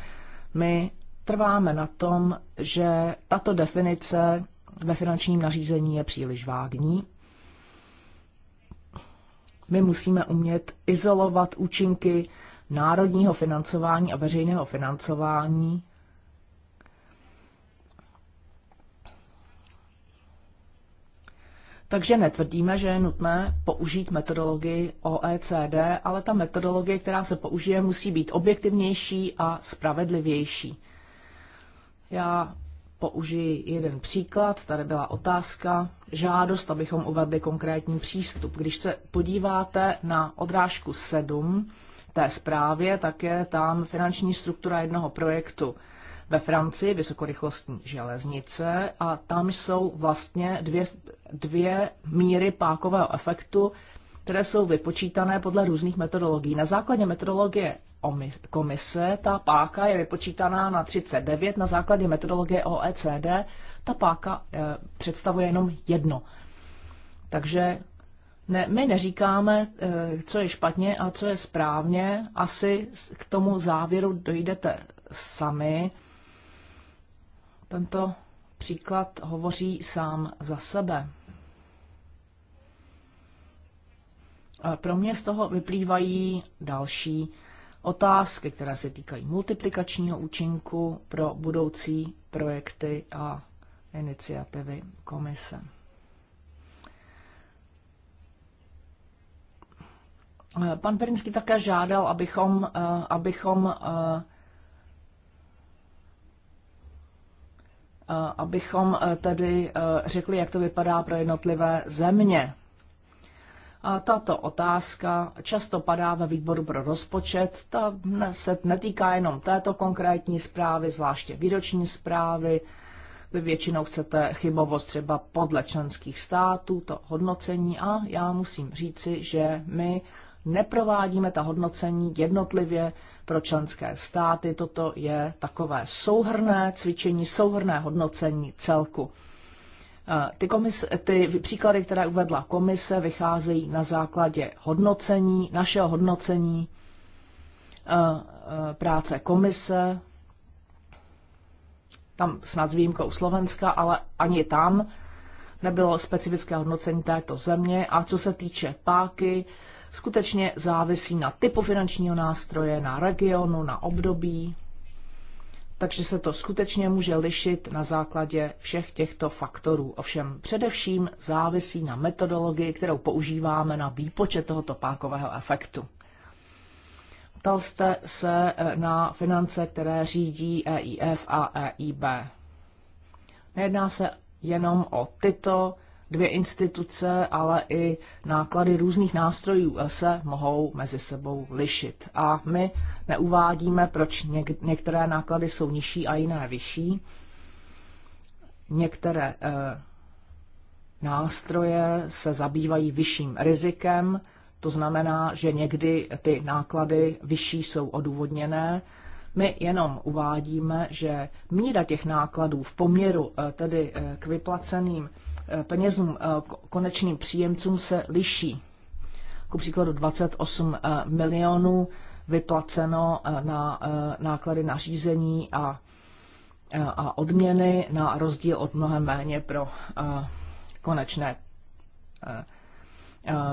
My trváme na tom, že tato definice ve finančním nařízení je příliš vágní. My musíme umět izolovat účinky národního financování a veřejného financování Takže netvrdíme, že je nutné použít metodologii OECD, ale ta metodologie, která se použije, musí být objektivnější a spravedlivější. Já použiji jeden příklad. Tady byla otázka, žádost, abychom uvedli konkrétní přístup. Když se podíváte na odrážku 7, té zprávě, tak je tam finanční struktura jednoho projektu ve Francii, vysokorychlostní železnice, a tam jsou vlastně dvě, dvě míry pákového efektu, které jsou vypočítané podle různých metodologií. Na základě metodologie komise ta páka je vypočítaná na 39, na základě metodologie OECD ta páka e, představuje jenom jedno. Takže ne, my neříkáme, eh, co je špatně a co je správně. Asi k tomu závěru dojdete sami. Tento příklad hovoří sám za sebe. Pro mě z toho vyplývají další otázky, které se týkají multiplikačního účinku pro budoucí projekty a iniciativy komise. Pan Perinský také žádal, abychom, eh, abychom eh, eh, abychom tedy řekli, jak to vypadá pro jednotlivé země. A tato otázka často padá ve výboru pro rozpočet. Ta se netýká jenom této konkrétní zprávy, zvláště výroční zprávy. Vy většinou chcete chybovost třeba podle členských států, to hodnocení. A já musím říci, že my neprovádíme ta hodnocení jednotlivě pro členské státy. Toto je takové souhrné cvičení, souhrné hodnocení celku. Eh, ty, komise, ty příklady, které uvedla komise, vycházejí na základě hodnocení, našeho hodnocení eh, eh, práce komise, tam snad s výjimkou Slovenska, ale ani tam nebylo specifické hodnocení této země. A co se týče páky, skutečně závisí na typu finančního nástroje, na regionu, na období. Takže se to skutečně může lišit na základě všech těchto faktorů. Ovšem především závisí na metodologii, kterou používáme na výpočet tohoto pákového efektu. Ptal jste se eh, na finance, které řídí EIF a EIB. Nejedná se jenom o tyto dvě instituce, ale i náklady různých nástrojů se mohou mezi sebou lišit. A my neuvádíme, proč něk- některé náklady jsou nižší a jiné vyšší. Některé eh, nástroje se zabývají vyšším rizikem, to znamená, že někdy ty náklady vyšší jsou odůvodněné. My jenom uvádíme, že míra těch nákladů v poměru eh, tedy eh, k vyplaceným penězům eh, konečným příjemcům se liší. Ku příkladu 28 eh, milionů vyplaceno eh, na náklady na řízení a, a odměny, na rozdíl od mnohem méně pro konečné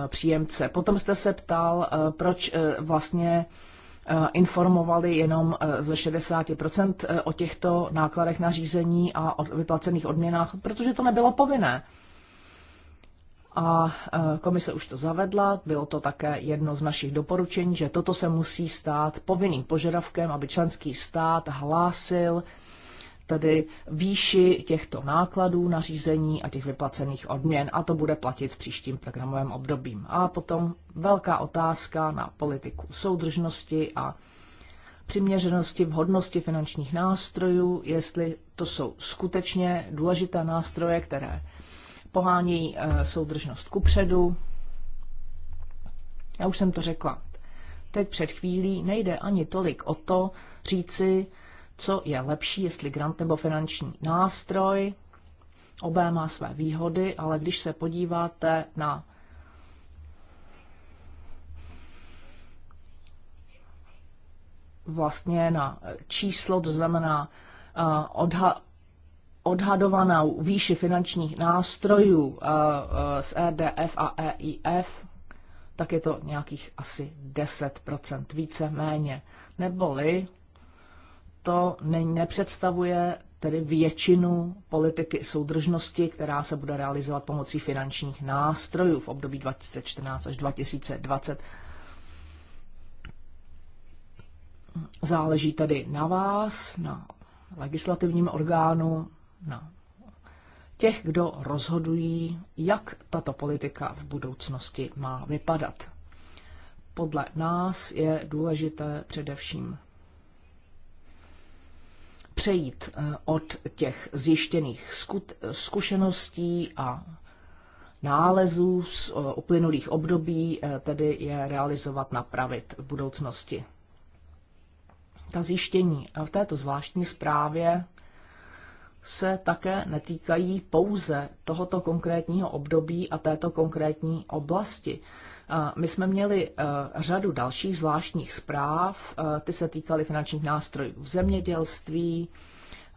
příjemce. Potom jste se ptal, proč vlastně Eh, informovali jenom eh, ze 60% eh, o těchto nákladech na řízení a o vyplacených odměnách, protože to nebylo povinné. A komise už to zavedla, bylo to také jedno z našich doporučení, že toto se musí stát povinným požadavkem, aby členský stát hlásil tedy výši těchto nákladů na řízení a těch vyplacených odměn a to bude platit v příštím programovém obdobím. A potom velká otázka na politiku soudržnosti a přiměřenosti v hodnosti finančních nástrojů, jestli to jsou skutečně důležité nástroje, které pohánějí eh, soudržnost kupředu. Já už jsem to řekla teď před chvílí, nejde ani tolik o to říci, co je lepší, jestli grant nebo finanční nástroj. Obé má své výhody, ale když se podíváte na vlastně na číslo, to znamená eh, odha, odhadovanou výši finančních nástrojů eh, eh, z EDF a EIF, tak je to nějakých asi 10 více méně. Neboli to ne, nepředstavuje tedy většinu politiky soudržnosti, která se bude realizovat pomocí finančních nástrojů v období 2014 až 2020. Záleží tedy na vás, na legislativním orgánu, na těch, kdo rozhodují, jak tato politika v budoucnosti má vypadat. Podle nás je důležité především přejít eh, od těch zjištěných zkušeností a nálezů z eh, uplynulých období, eh, tedy je realizovat, napravit v budoucnosti. Ta zjištění v této zvláštní zprávě se také netýkají pouze tohoto konkrétního období a této konkrétní oblasti. My jsme měli e, řadu dalších zvláštních zpráv, e, ty se týkaly finančních nástrojů v zemědělství,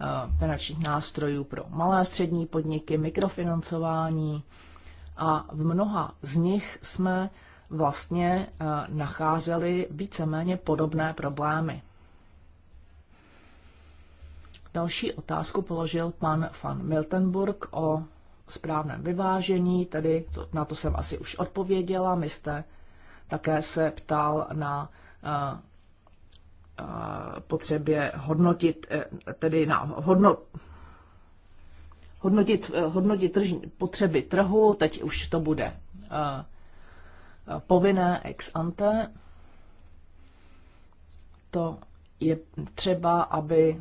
e, finančních nástrojů pro malé a střední podniky, mikrofinancování a v mnoha z nich jsme vlastně nacházeli víceméně podobné problémy. Další otázku položil pan van Miltenburg o správném vyvážení, tedy to, na to jsem asi už odpověděla. My jste také se ptal na uh, uh, potřebě hodnotit, uh, tedy na hodnot, hodnotit, hodnotit tržní, potřeby trhu, teď už to bude povinné ex ante. To je třeba, aby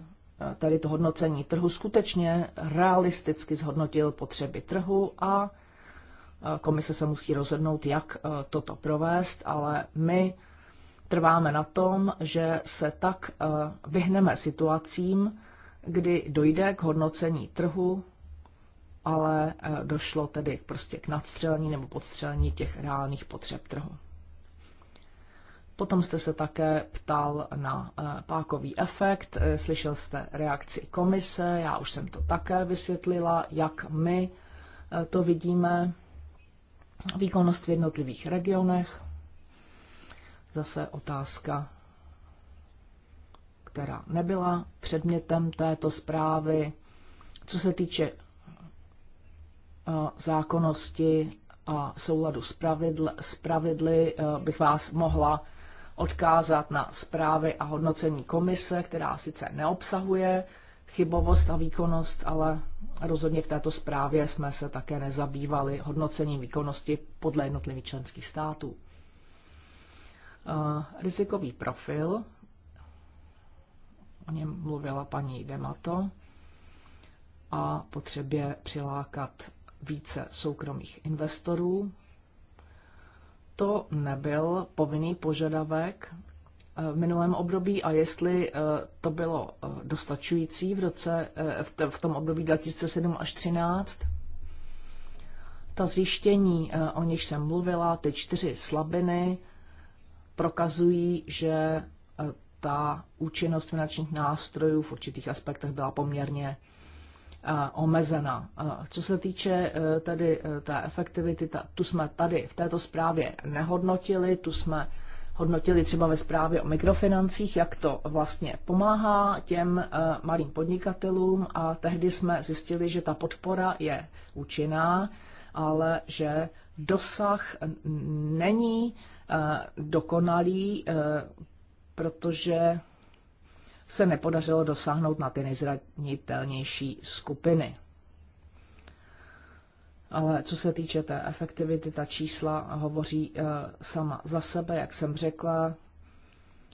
Tady to hodnocení trhu, skutečně realisticky zhodnotil potřeby trhu a komise se musí rozhodnout, jak e, toto provést, ale my trváme na tom, že se tak e, vyhneme situacím, kdy dojde k hodnocení trhu, ale e, došlo tedy prostě k nadstřelení nebo podstřelení těch reálných potřeb trhu. Potom jste se také ptal na eh, pákový efekt, eh, slyšel jste reakci komise, já už jsem to také vysvětlila, jak my eh, to vidíme, výkonnost v jednotlivých regionech, zase otázka, která nebyla předmětem této zprávy. Co se týče zákonnosti a souladu s, pravidly, bych vás mohla odkázat na zprávy a hodnocení komise, která sice neobsahuje chybovost a výkonnost, ale rozhodně v této zprávě jsme se také nezabývali hodnocením výkonnosti podle jednotlivých členských států. Eh, rizikový profil, o něm mluvila paní Demato, a potřebě přilákat více soukromých investorů to nebyl povinný požadavek eh, v minulém období a jestli eh, to bylo eh, dostačující v, roce, v tom období 2007 až 2013. Ta zjištění, o nich jsem mluvila, ty čtyři slabiny, prokazují, že ta účinnost finančních nástrojů v určitých aspektech byla poměrně Eh, omezená. Eh, co se týče eh, tedy té efektivity, tu jsme tady v této zprávě nehodnotili, tu jsme hodnotili třeba ve zprávě o mikrofinancích, jak to vlastně pomáhá těm malým podnikatelům a tehdy jsme zjistili, že ta podpora je účinná, ale že dosah není dokonalý, protože se nepodařilo dosáhnout na ty nejzranitelnější skupiny. Ale co se týče té efektivity, ta čísla hovoří eh, sama za sebe, jak jsem řekla,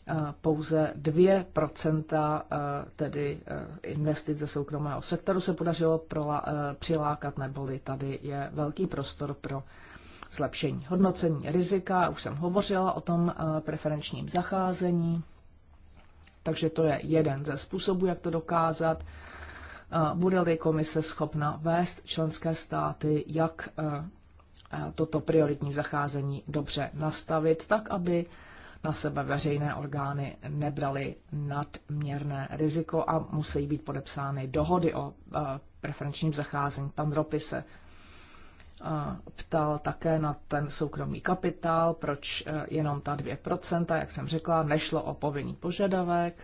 eh, pouze 2% eh, tedy investic ze soukromého sektoru se podařilo přilákat, neboli tady je velký prostor pro zlepšení hodnocení rizika, už jsem hovořila o tom preferenčním zacházení, takže to je jeden ze způsobů, jak to dokázat. Eh, bude-li komise schopna vést členské státy, jak eh, eh, toto prioritní zacházení dobře nastavit, tak aby na sebe veřejné orgány nebrali nadměrné riziko a musí být podepsány dohody o preferenčním zacházení. Pan Ropy se ptal také na ten soukromý kapitál, proč e, jenom ta 2%, jak jsem řekla, nešlo o povinný požadavek.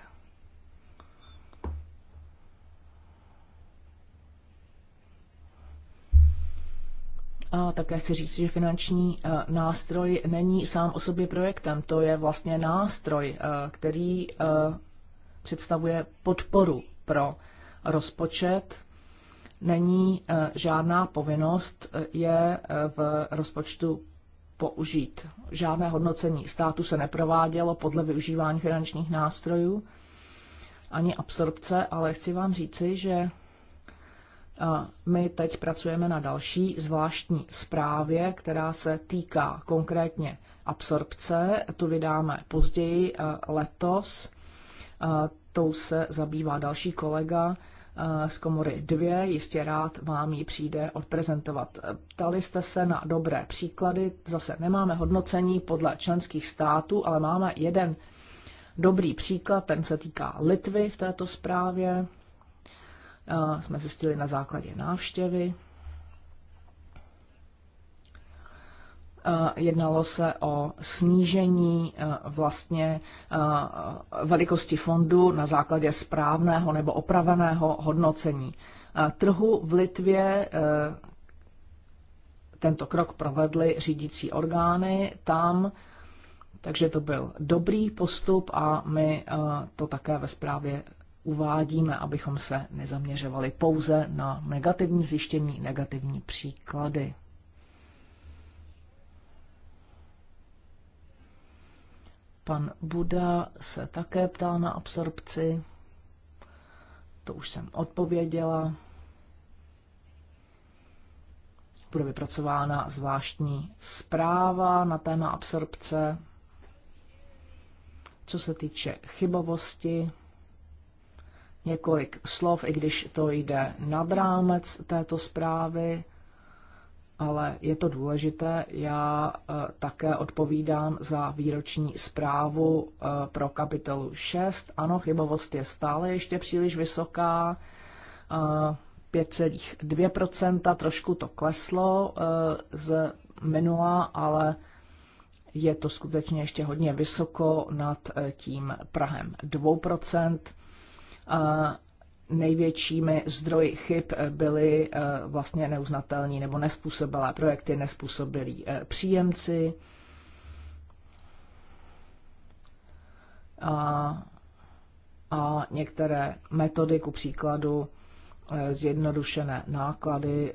A také si říct, že finanční e, nástroj není sám o sobě projektem, to je vlastně nástroj, e, který představuje podporu pro rozpočet není eh, žádná povinnost eh, je eh, v rozpočtu použít. Žádné hodnocení státu se neprovádělo podle využívání finančních nástrojů ani absorpce, ale chci vám říci, že my teď pracujeme na další zvláštní zprávě, která se týká konkrétně absorpce. Tu vydáme později letos. Tou se zabývá další kolega Eh, z komory 2, jistě rád vám ji přijde odprezentovat. Eh, ptali jste se na dobré příklady, zase nemáme hodnocení podle členských států, ale máme jeden dobrý příklad, ten se týká Litvy v této zprávě. Eh, jsme zjistili na základě návštěvy. Eh, jednalo se o snížení eh, vlastně eh, velikosti fondu na základě správného nebo opraveného hodnocení. Trhu v Litvě tento krok provedly řídící orgány tam, takže to byl dobrý postup a my to také ve zprávě uvádíme, abychom se nezaměřovali pouze na negativní zjištění, negativní příklady. Pan Buda se také ptal na absorpci. To už jsem odpověděla. Bude vypracována zvláštní zpráva na téma absorpce. Co se týče chybovosti, několik slov, i když to jde nad rámec této zprávy ale je to důležité. Já eh, také odpovídám za výroční zprávu eh, pro kapitolu 6. Ano, chybovost je stále ještě příliš vysoká. 5,2%, eh, trošku to kleslo z minula, ale je to skutečně ještě hodně vysoko nad tím Prahem 2% největšími zdroji chyb byly eh, vlastně neuznatelní nebo nespůsobilé projekty, nespůsobilí eh, příjemci. A, a některé metody, ku příkladu eh, zjednodušené náklady,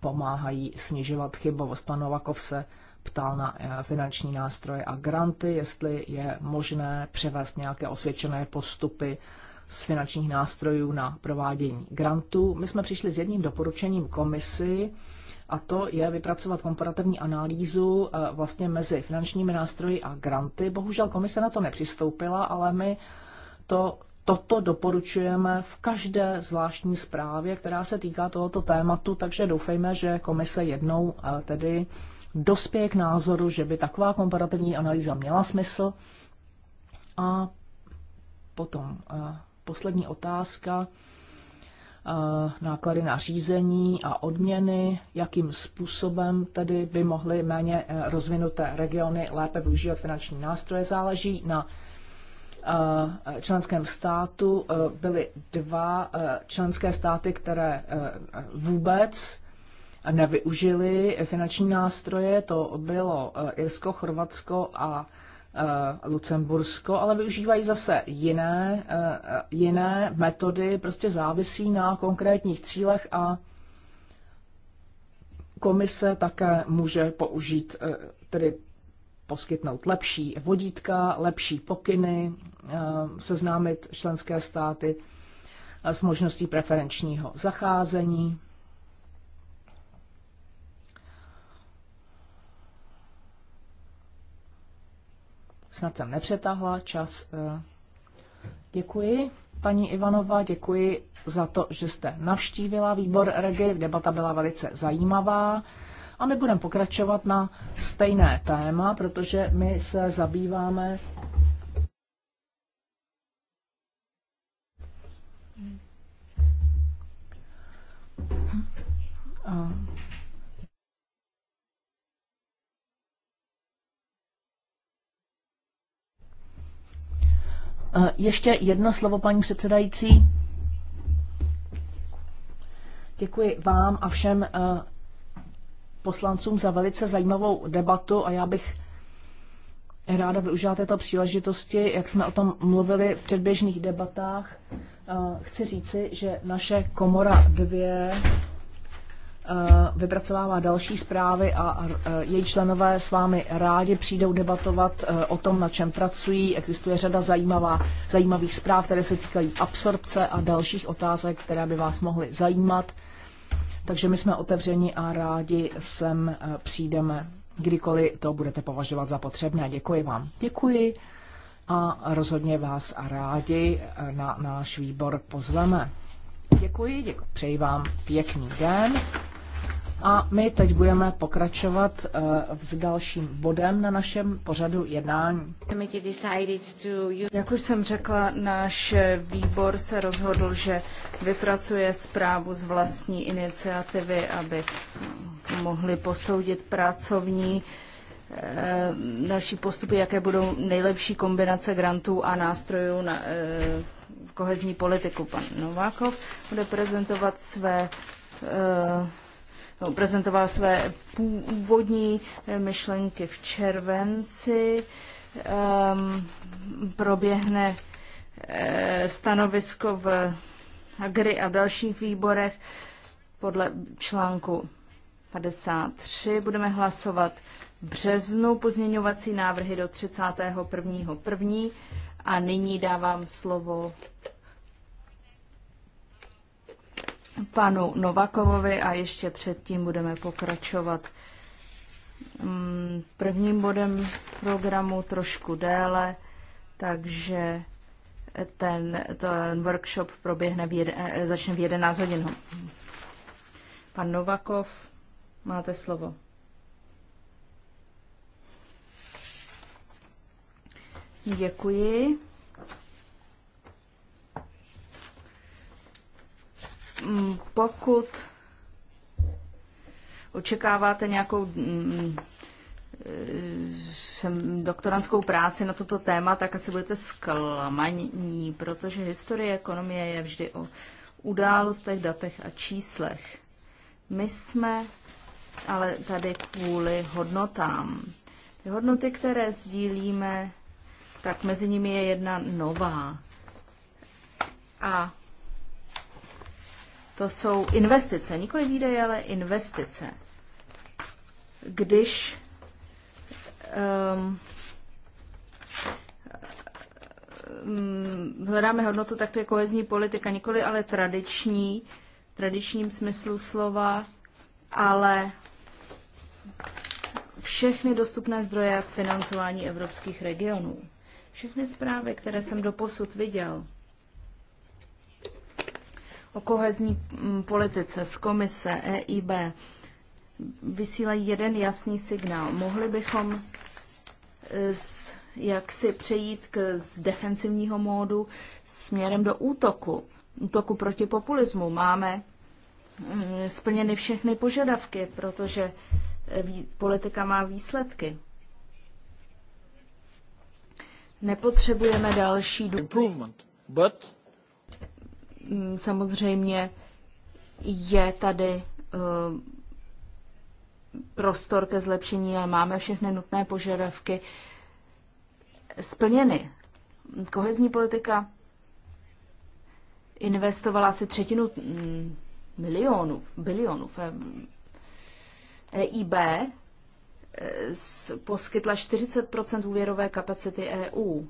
pomáhají snižovat chybovost. Pan Novakov se ptal na finanční nástroje a granty, jestli je možné převést nějaké osvědčené postupy z finančních nástrojů na provádění grantů. My jsme přišli s jedním doporučením komisi, a to je vypracovat komparativní analýzu eh, vlastně mezi finančními nástroji a granty. Bohužel komise na to nepřistoupila, ale my to, toto doporučujeme v každé zvláštní zprávě, která se týká tohoto tématu, takže doufejme, že komise jednou eh, tedy dospěje k názoru, že by taková komparativní analýza měla smysl. A potom eh, poslední otázka. Eh, náklady na řízení a odměny, jakým způsobem tedy by mohly méně eh, rozvinuté regiony lépe využívat finanční nástroje, záleží na eh, členském státu. Byly dva členské státy, které vůbec nevyužili finanční nástroje, to bylo Irsko, Chorvatsko a Eh, Lucembursko, ale využívají zase jiné, eh, jiné metody, prostě závisí na konkrétních cílech a komise také může použít, eh, tedy poskytnout lepší vodítka, lepší pokyny, seznámit členské státy s možností preferenčního zacházení Snad jsem nepřetahla čas. Eh, děkuji, paní Ivanová, děkuji za to, že jste navštívila výbor Regi. Debata byla velice zajímavá. A my budeme pokračovat na stejné téma, protože my se zabýváme Eh, ještě jedno slovo, paní předsedající. Děkuji vám a všem eh, poslancům za velice zajímavou debatu a já bych ráda využila této příležitosti, jak jsme o tom mluvili v předběžných debatách. Eh, chci říci, že naše komora 2 Eh, vypracovává další zprávy a eh, její členové s vámi rádi přijdou debatovat eh, o tom, na čem pracují. Existuje řada zajímavá, zajímavých zpráv, které se týkají absorpce a dalších otázek, které by vás mohly zajímat. Takže my jsme otevřeni a rádi sem přijdeme, kdykoliv to budete považovat za potřebné. Děkuji vám. Děkuji a rozhodně vás a rádi na náš výbor pozveme. Děkuji, děkuji, přeji vám pěkný den. A my teď budeme pokračovat eh, s dalším bodem na našem pořadu jednání. Jak už jsem řekla, náš výbor se rozhodl, že vypracuje zprávu z vlastní iniciativy, aby mohli posoudit pracovní eh, další postupy, jaké budou nejlepší kombinace grantů a nástrojů na eh, kohezní politiku. Pan Novákov bude prezentovat své No, prezentoval své původní eh, myšlenky v červenci. Um, proběhne eh, stanovisko v Agri a v dalších výborech podle článku 53. Budeme hlasovat v březnu pozměňovací návrhy do 31.1. A nyní dávám slovo panu Novakovovi a ještě předtím budeme pokračovat mm, prvním bodem programu trošku déle, takže ten, ten workshop proběhne v jeden, eh, začne v 11 hodin. Pan Novakov, máte slovo. Děkuji. Mm, pokud očekáváte nějakou mm, e, jsem doktorantskou práci na toto téma, tak asi budete zklamaní, protože historie ekonomie je vždy o událostech, datech a číslech. My jsme ale tady kvůli hodnotám. Ty hodnoty, které sdílíme, tak mezi nimi je jedna nová. A to jsou investice, nikoli výdaje, ale investice. Když um, hledáme hodnotu, tak to je kohezní politika, nikoli ale tradiční, tradičním smyslu slova, ale všechny dostupné zdroje financování evropských regionů. Všechny zprávy, které jsem doposud viděl, o kohezní mm, politice z komise EIB vysílají jeden jasný signál. Mohli bychom z, e, jak si přejít k, z defensivního módu směrem do útoku, útoku proti populismu. Máme mm, splněny všechny požadavky, protože e, politika má výsledky. Nepotřebujeme další důvod. Mm, samozřejmě je tady uh, prostor ke zlepšení a máme všechny nutné požadavky splněny. Kohezní politika investovala asi třetinu mm, milionů, bilionů. EIB eh, poskytla 40 úvěrové kapacity EU.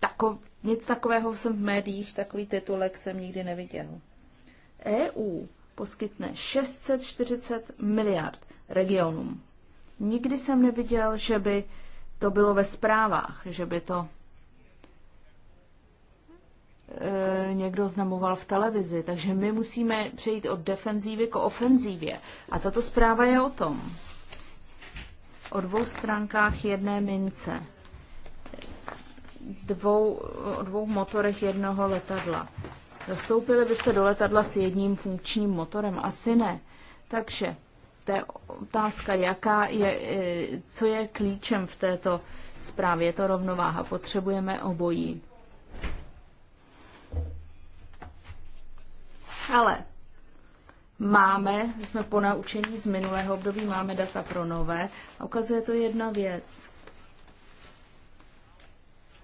Takov, nic takového jsem v médiích, takový titulek jsem nikdy neviděl. EU poskytne 640 miliard regionům. Nikdy jsem neviděl, že by to bylo ve zprávách, že by to e, někdo znamoval v televizi. Takže my musíme přejít od defenzívy k ofenzívě. A tato zpráva je o tom. O dvou stránkách jedné mince dvou, o dvou motorech jednoho letadla. Zastoupili byste do letadla s jedním funkčním motorem? Asi ne. Takže to je otázka, jaká je, e, co je klíčem v této zprávě. Je to rovnováha. Potřebujeme obojí. Ale máme, jsme po naučení z minulého období, máme data pro nové a ukazuje to jedna věc.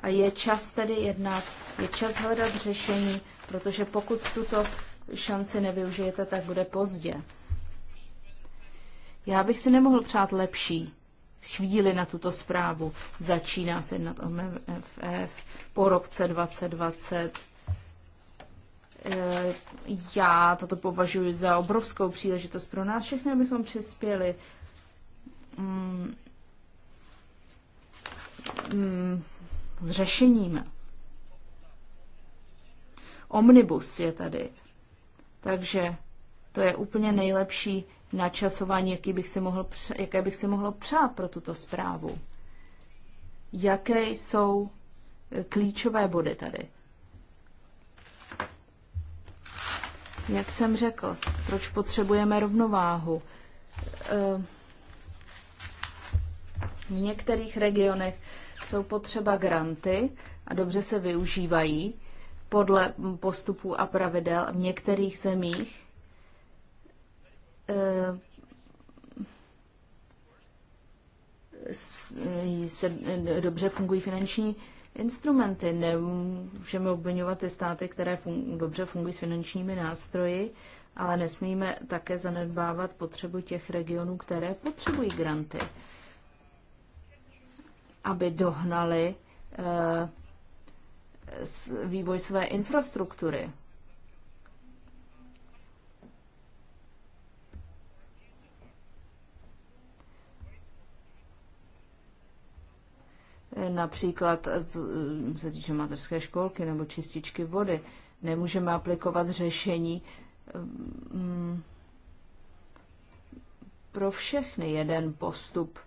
A je čas tedy jednat, je čas hledat řešení, protože pokud tuto šanci nevyužijete, tak bude pozdě. Já bych si nemohl přát lepší chvíli na tuto zprávu. Začíná se jednat o MFF po roce 2020. Eh, já toto považuji za obrovskou příležitost pro nás všechny, abychom přispěli. Mm, mm, s řešením. Omnibus je tady. Takže to je úplně nejlepší načasování, jaký bych si mohl, jaké bych si mohl přát pro tuto zprávu. Jaké jsou eh, klíčové body tady? Jak jsem řekl, proč potřebujeme rovnováhu? Eh, v některých regionech jsou potřeba granty a dobře se využívají podle postupů a pravidel v některých zemích. Eh, se dobře fungují finanční instrumenty. Nemůžeme obvinovat ty státy, které fun- dobře fungují s finančními nástroji, ale nesmíme také zanedbávat potřebu těch regionů, které potřebují granty aby dohnali eh, vývoj své infrastruktury. Například, eh, eh, se týče mateřské školky nebo čističky vody, nemůžeme aplikovat řešení mm, pro všechny jeden postup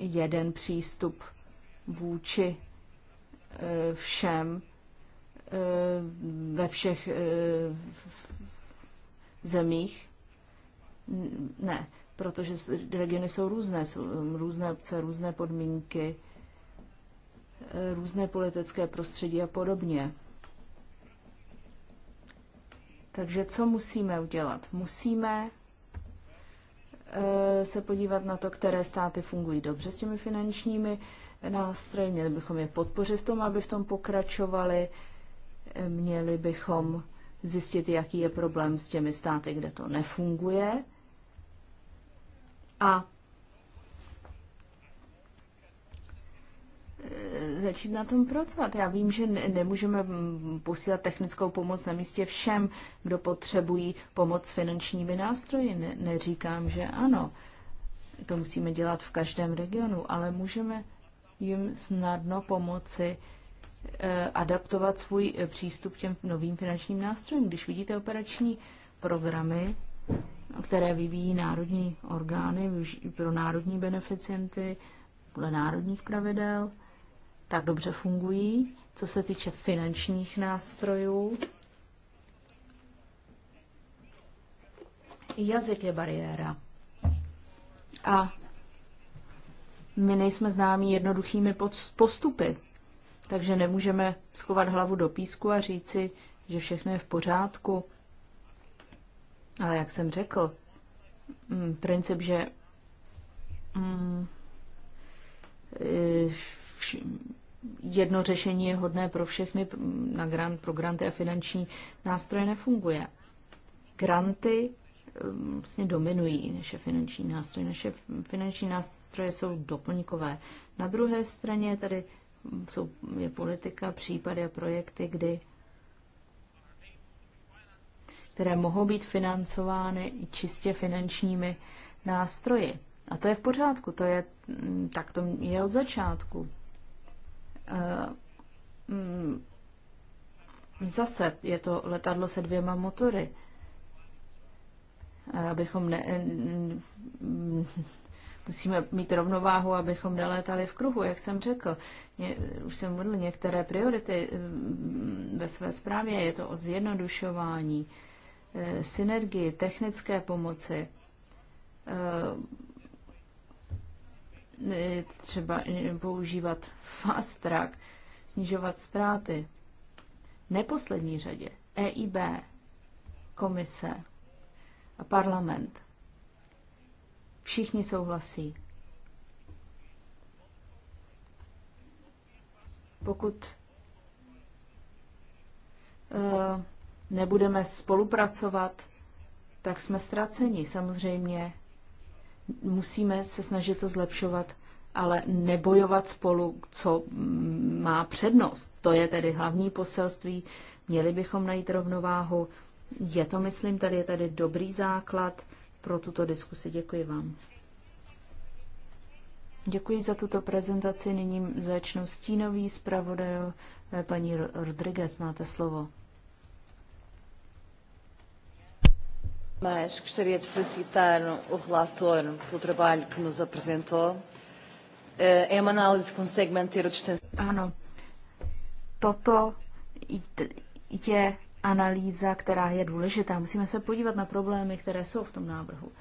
jeden přístup vůči e, všem e, ve všech e, zemích. Ne, protože regiony jsou různé, jsou různé obce, různé podmínky, různé politické prostředí a podobně. Takže co musíme udělat? Musíme Eh, se podívat na to, které státy fungují dobře s těmi finančními nástroji, měli bychom je podpořit v tom, aby v tom pokračovali, měli bychom zjistit, jaký je problém s těmi státy, kde to nefunguje a začít na tom pracovat. Já vím, že ne, nemůžeme posílat technickou pomoc na místě všem, kdo potřebují pomoc s finančními nástroji. Ne, neříkám, že ano. To musíme dělat v každém regionu, ale můžeme jim snadno pomoci eh, adaptovat svůj eh, přístup k těm novým finančním nástrojům. Když vidíte operační programy, které vyvíjí národní orgány pro národní beneficienty podle národních pravidel, tak dobře fungují. Co se týče finančních nástrojů, jazyk je bariéra. A my nejsme známí jednoduchými postupy, takže nemůžeme schovat hlavu do písku a říci, že všechno je v pořádku. Ale jak jsem řekl, mm, princip, že mm, eh, jedno řešení je hodné pro všechny, na grant, pro granty a finanční nástroje nefunguje. Granty um, vlastně dominují naše finanční nástroje. Naše finanční nástroje jsou doplňkové. Na druhé straně tady jsou, je politika, případy a projekty, kdy které mohou být financovány čistě finančními nástroji. A to je v pořádku, to je, mm, tak to je od začátku. Eh, mm, zase je to letadlo se dvěma motory. Eh, abychom ne, eh, mm, musíme mít rovnováhu, abychom nelétali v kruhu, jak jsem řekl. už jsem uvedl některé priority mm, ve své zprávě. Je to o zjednodušování, synergii, technické pomoci, E, třeba e, používat fast track, snižovat ztráty. Neposlední řadě EIB, komise a parlament. Všichni souhlasí. Pokud uh, nebudeme spolupracovat, tak jsme ztraceni. Samozřejmě Musíme se snažit to zlepšovat, ale nebojovat spolu, co má přednost. To je tedy hlavní poselství. Měli bychom najít rovnováhu. Je to, myslím, tady je tady dobrý základ pro tuto diskusi. Děkuji vám. Děkuji za tuto prezentaci. Nyní začnu stínový zpravodaj. Paní Rodriguez, máte slovo. Mas gostaria de felicitar o relator pelo trabalho que nos apresentou. Eh, é uma análise que consegue manter o distanciamento. Ano, toto je analýza, která je důležitá. Musíme se podívat na problémy, které jsou v tom návrhu.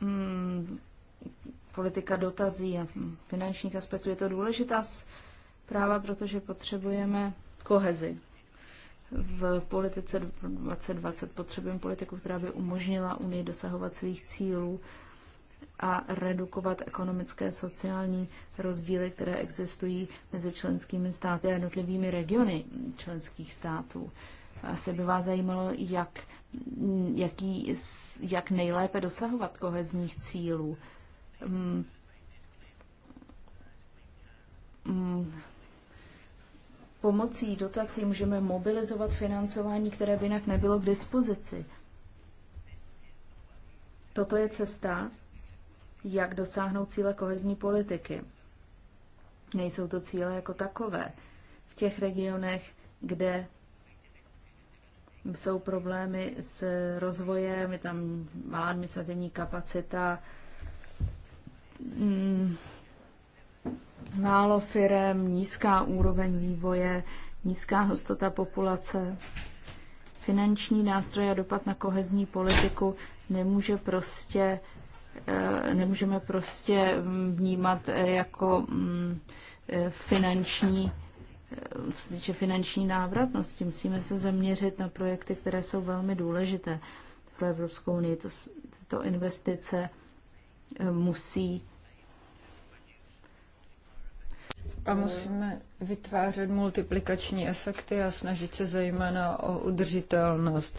Um, politika dotazí a finančních aspektů je to důležitá práva, protože potřebujeme kohezi. V politice 2020 potřebujeme politiku, která by umožnila Unii dosahovat svých cílů a redukovat ekonomické a sociální rozdíly, které existují mezi členskými státy a jednotlivými regiony členských států. Asi by vás zajímalo, jak, jaký, jak nejlépe dosahovat kohezních cílů. Mm. Mm pomocí dotací můžeme mobilizovat financování, které by jinak nebylo k dispozici. Toto je cesta, jak dosáhnout cíle kohezní politiky. Nejsou to cíle jako takové. V těch regionech, kde jsou problémy s rozvojem, je tam malá administrativní kapacita, mm, málo firem, nízká úroveň vývoje, nízká hustota populace. Finanční nástroje a dopad na kohezní politiku nemůže prostě, eh, nemůžeme prostě mm, vnímat eh, jako mm, eh, finanční co se týče finanční návratnosti, musíme se zaměřit na projekty, které jsou velmi důležité pro Evropskou unii. To, to investice musí A musíme vytvářet multiplikační efekty a snažit se zejména o udržitelnost.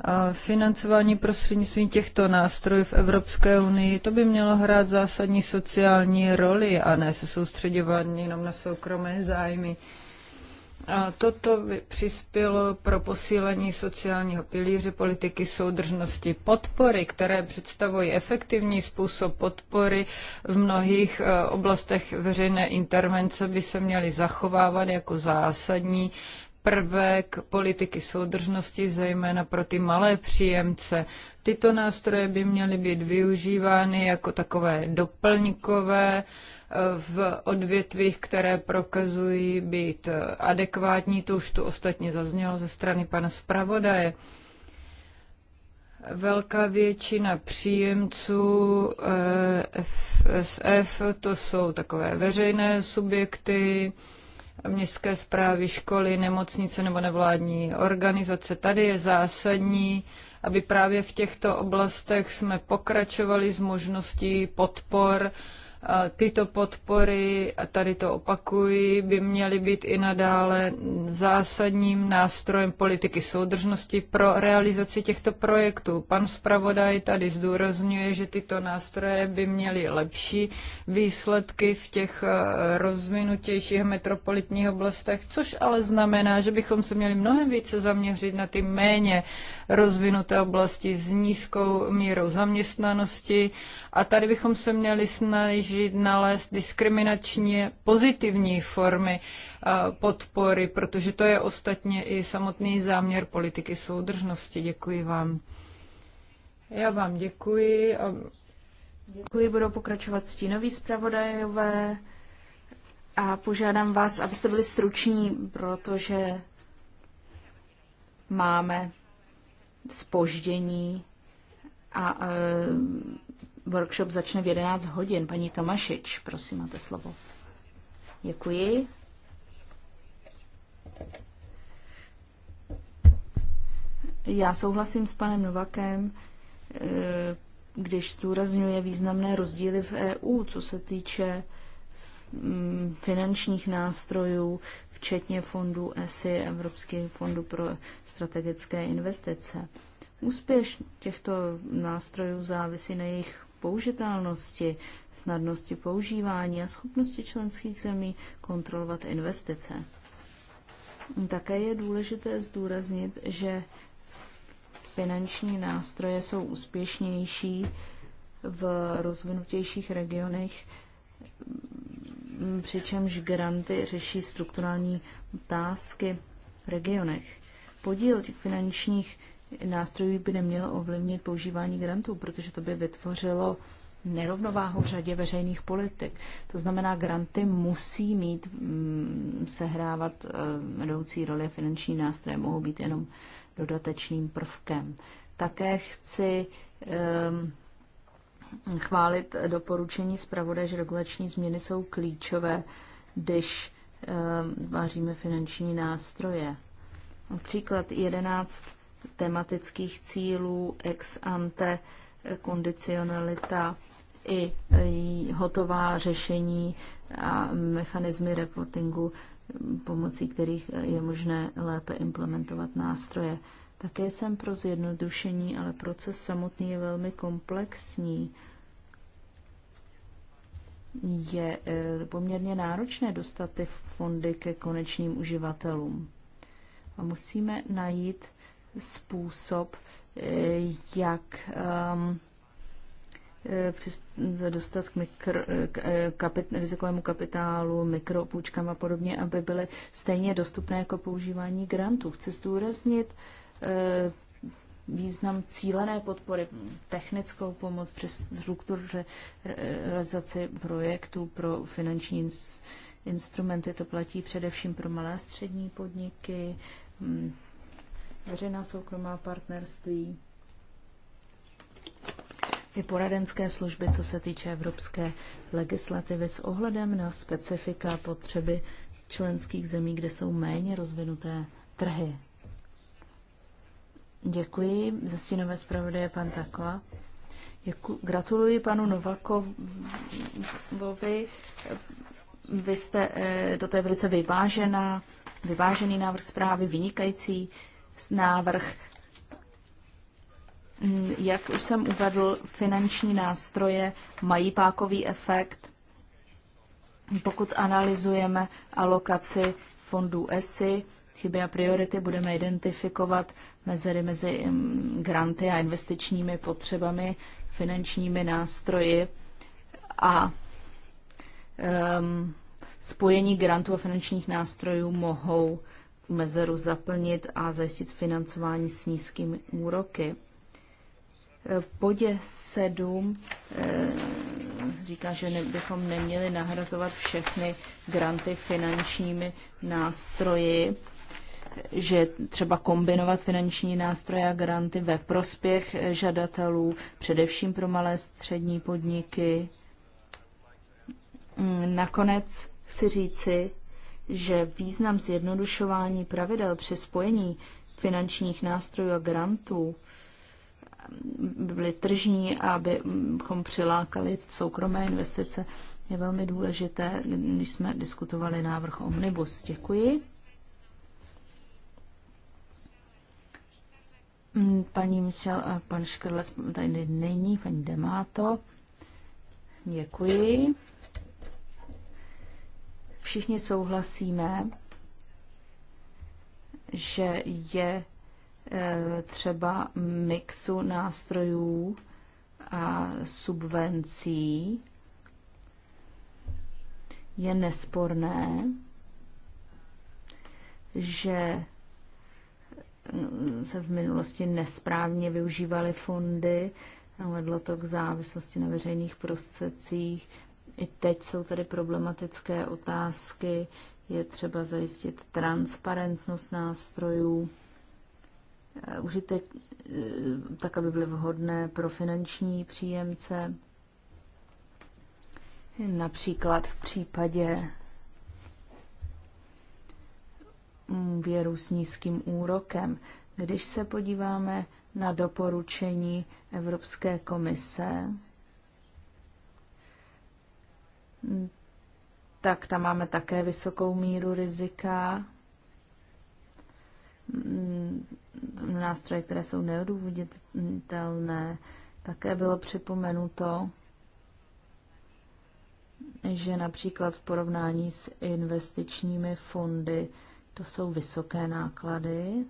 A financování prostřednictvím těchto nástrojů v Evropské unii, to by mělo hrát zásadní sociální roli a ne se soustředovat jenom na soukromé zájmy. A toto přispělo pro posílení sociálního pilíře politiky soudržnosti podpory, které představují efektivní způsob podpory v mnohých e, oblastech veřejné intervence, by se měly zachovávat jako zásadní prvek politiky soudržnosti, zejména pro ty malé příjemce. Tyto nástroje by měly být využívány jako takové doplňkové eh, v odvětvích, které prokazují být eh, adekvátní. To už tu ostatně zaznělo ze strany pana zpravodaje velká většina příjemců FSF, eh, to jsou takové veřejné subjekty, městské zprávy, školy, nemocnice nebo nevládní organizace. Tady je zásadní, aby právě v těchto oblastech jsme pokračovali s možností podpor uh, Tyto podpory, a tady to opakuji, by měly být i nadále zásadním nástrojem politiky soudržnosti pro realizaci těchto projektů. Pan zpravodaj tady zdůrazňuje, že tyto nástroje by měly lepší výsledky v těch eh, rozvinutějších metropolitních oblastech, což ale znamená, že bychom se měli mnohem více zaměřit na ty méně rozvinuté oblasti s nízkou mírou zaměstnanosti a tady bychom se měli snažit snažit nalézt diskriminačně pozitivní formy eh, podpory, protože to je ostatně i samotný záměr politiky soudržnosti. Děkuji vám. Já vám děkuji. A... Děkuji, budou pokračovat stínoví zpravodajové a požádám vás, abyste byli struční, protože máme spoždění a e, workshop začne v 11 hodin. Paní Tomašič, prosím, máte slovo. Děkuji. Já souhlasím s panem Novakem, e, když zdůrazňuje významné rozdíly v EU, co se týče mm, finančních nástrojů, včetně fondu ESI, Evropský fondu pro strategické investice. Úspěš těchto nástrojů závisí na jejich použitelnosti, snadnosti používání a schopnosti členských zemí kontrolovat investice. Také je důležité zdůraznit, že finanční nástroje jsou úspěšnější v rozvinutějších regionech, přičemž granty řeší strukturální otázky v regionech. Podíl těch finančních nástrojů by nemělo ovlivnit používání grantů, protože to by vytvořilo nerovnováhu v řadě veřejných politik. To znamená, granty musí mít, mm, sehrávat eh, vedoucí roli finanční nástroje, mohou být jenom dodatečným prvkem. Také chci um, chválit doporučení zpravodaje, že regulační změny jsou klíčové, když um, ehm, váříme finanční nástroje. Například 11 tematických cílů, ex ante kondicionalita i hotová řešení a mechanismy reportingu, pomocí kterých je možné lépe implementovat nástroje. Také jsem pro zjednodušení, ale proces samotný je velmi komplexní. Je e, poměrně náročné dostat ty fondy ke konečným uživatelům. A musíme najít způsob, eh, jak um, dostat k, mikro, k eh, kapit, rizikovému kapitálu, mikropůjčkám a podobně, aby byly stejně dostupné jako používání grantů. Chci zdůraznit uh, význam cílené podpory, technickou pomoc při strukturalizaci projektů pro finanční ins, instrumenty. To platí především pro malé a střední podniky, um, veřejná soukromá partnerství, i poradenské služby, co se týče evropské legislativy s ohledem na specifika potřeby členských zemí, kde jsou méně rozvinuté trhy. Děkuji. Ze stínové zpravodaje pan Takla. Děkuji. Gratuluji panu Novakovovi. Vy jste, eh, toto je velice vyvážená, vyvážený návrh zprávy, vynikající návrh. Mm, jak už jsem uvedl, finanční nástroje mají pákový efekt. Pokud analyzujeme alokaci fondů ESI, chyby a priority, budeme identifikovat mezery mezi mm, granty a investičními potřebami, finančními nástroji a um, spojení grantů a finančních nástrojů mohou mezeru zaplnit a zajistit financování s nízkými úroky. V bodě 7 eh, říká, že ne, bychom neměli nahrazovat všechny granty finančními nástroji, že třeba kombinovat finanční nástroje a granty ve prospěch žadatelů, především pro malé střední podniky. Hmm, nakonec chci říci, že význam zjednodušování pravidel při spojení finančních nástrojů a grantů um, byly tržní a abychom přilákali soukromé investice, je velmi důležité, když jsme diskutovali návrh Omnibus. Děkuji. Mm, paní Michal a pan Škrlec tady není, paní Demáto. Děkuji. Všichni souhlasíme, že je e, třeba mixu nástrojů a subvencí je nesporné, že e, se v minulosti nesprávně využívaly fondy, vedlo to k závislosti na veřejných prostředcích, i teď jsou tady problematické otázky. Je třeba zajistit transparentnost nástrojů, eh, užitek, eh, tak, aby byly vhodné pro finanční příjemce. Například v případě věru s nízkým úrokem. Když se podíváme na doporučení Evropské komise, tak tam máme také vysokou míru rizika. Mm, nástroje, které jsou neodůvoditelné, také bylo připomenuto, že například v porovnání s investičními fondy to jsou vysoké náklady.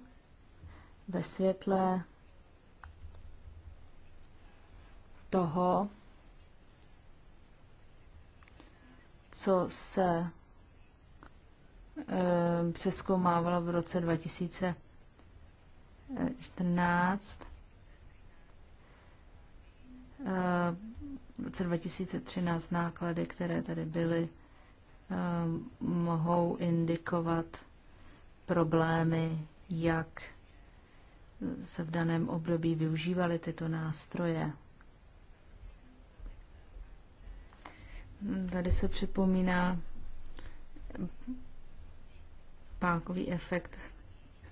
Ve světle toho, co se eh, přeskoumávalo v roce 2014. Eh, v roce 2013 náklady, které tady byly, eh, mohou indikovat problémy, jak se v daném období využívaly tyto nástroje. Tady se připomíná pákový efekt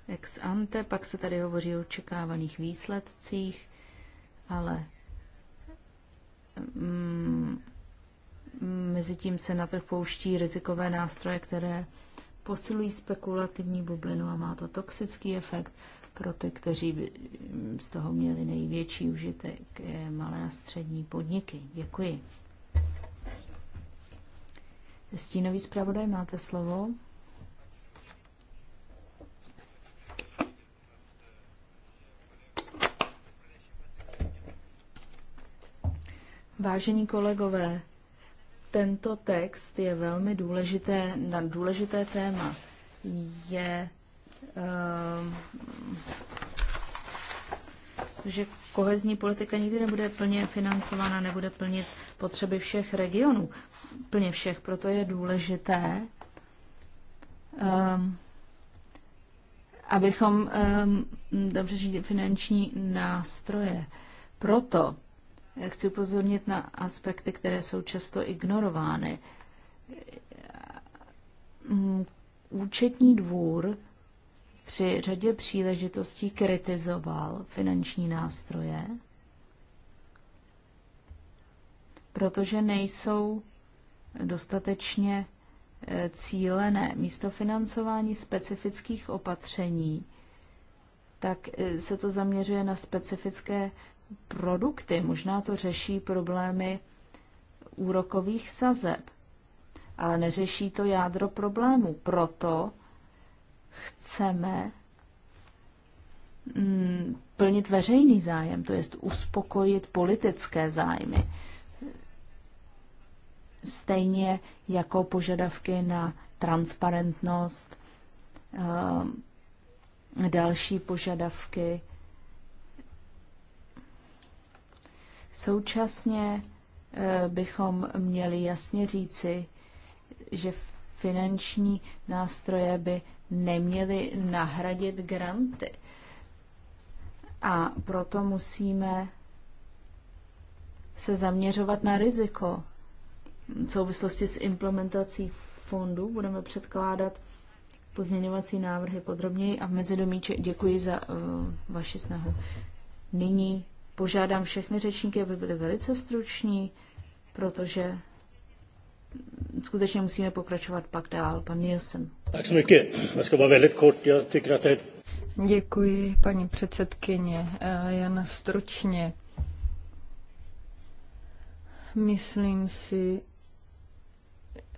ex ante, pak se tady hovoří o očekávaných výsledcích, ale mm, mezi tím se na trh pouští rizikové nástroje, které posilují spekulativní bublinu a má to toxický efekt pro ty, kteří by z toho měli největší užitek, eh, malé a střední podniky. Děkuji. Stínový zpravodaj, máte slovo. Vážení kolegové, tento text je velmi důležité, na důležité téma. Je ehm, že kohezní politika nikdy nebude plně financována, nebude plnit potřeby všech regionů, plně všech. Proto je důležité, um, abychom um, dobře řídili finanční nástroje. Proto chci upozornit na aspekty, které jsou často ignorovány. Ehm, účetní dvůr při řadě příležitostí kritizoval finanční nástroje, protože nejsou dostatečně eh, cílené. Místo financování specifických opatření, tak eh, se to zaměřuje na specifické produkty. Možná to řeší problémy úrokových sazeb, ale neřeší to jádro problému. Proto chceme mm, plnit veřejný zájem, to jest uspokojit politické zájmy. Stejně jako požadavky na transparentnost, eh, další požadavky. Současně eh, bychom měli jasně říci, že finanční nástroje by neměli nahradit granty. A proto musíme se zaměřovat na riziko. V souvislosti s implementací fondu budeme předkládat pozměňovací návrhy podrobněji a v mezidomíče děkuji za uh, vaši snahu. Nyní požádám všechny řečníky, aby byli velice struční, protože skutečně musíme pokračovat pak dál. Pan Nielsen. Tak kort. Děkuji, paní předsedkyně. E, jen stručně. Myslím si,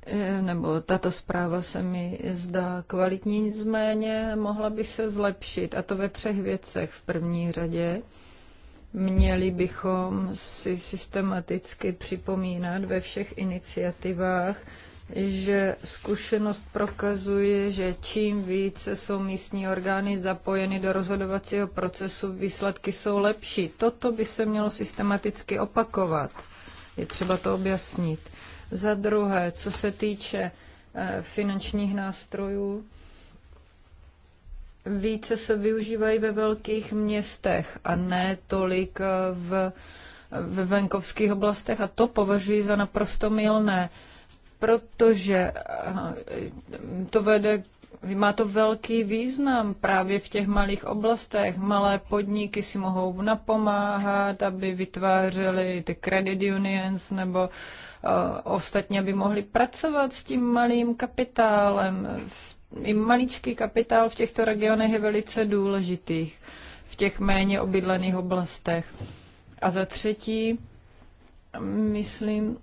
e, nebo tato zpráva se mi zdá kvalitní, nicméně mohla by se zlepšit, a to ve třech věcech. V první řadě měli bychom si systematicky připomínat ve všech iniciativách, že zkušenost prokazuje, že čím více jsou místní orgány zapojeny do rozhodovacího procesu, výsledky jsou lepší. Toto by se mělo systematicky opakovat. Je třeba to objasnit. Za druhé, co se týče eh, finančních nástrojů, více se využívají ve velkých městech a ne tolik eh, v, v venkovských oblastech a to považuji za naprosto milné protože to vede má to velký význam právě v těch malých oblastech. Malé podniky si mohou napomáhat, aby vytvářely ty credit unions nebo eh, ostatně, aby mohli pracovat s tím malým kapitálem. I maličký kapitál v těchto regionech je velice důležitý, v těch méně obydlených oblastech. A za třetí, myslím,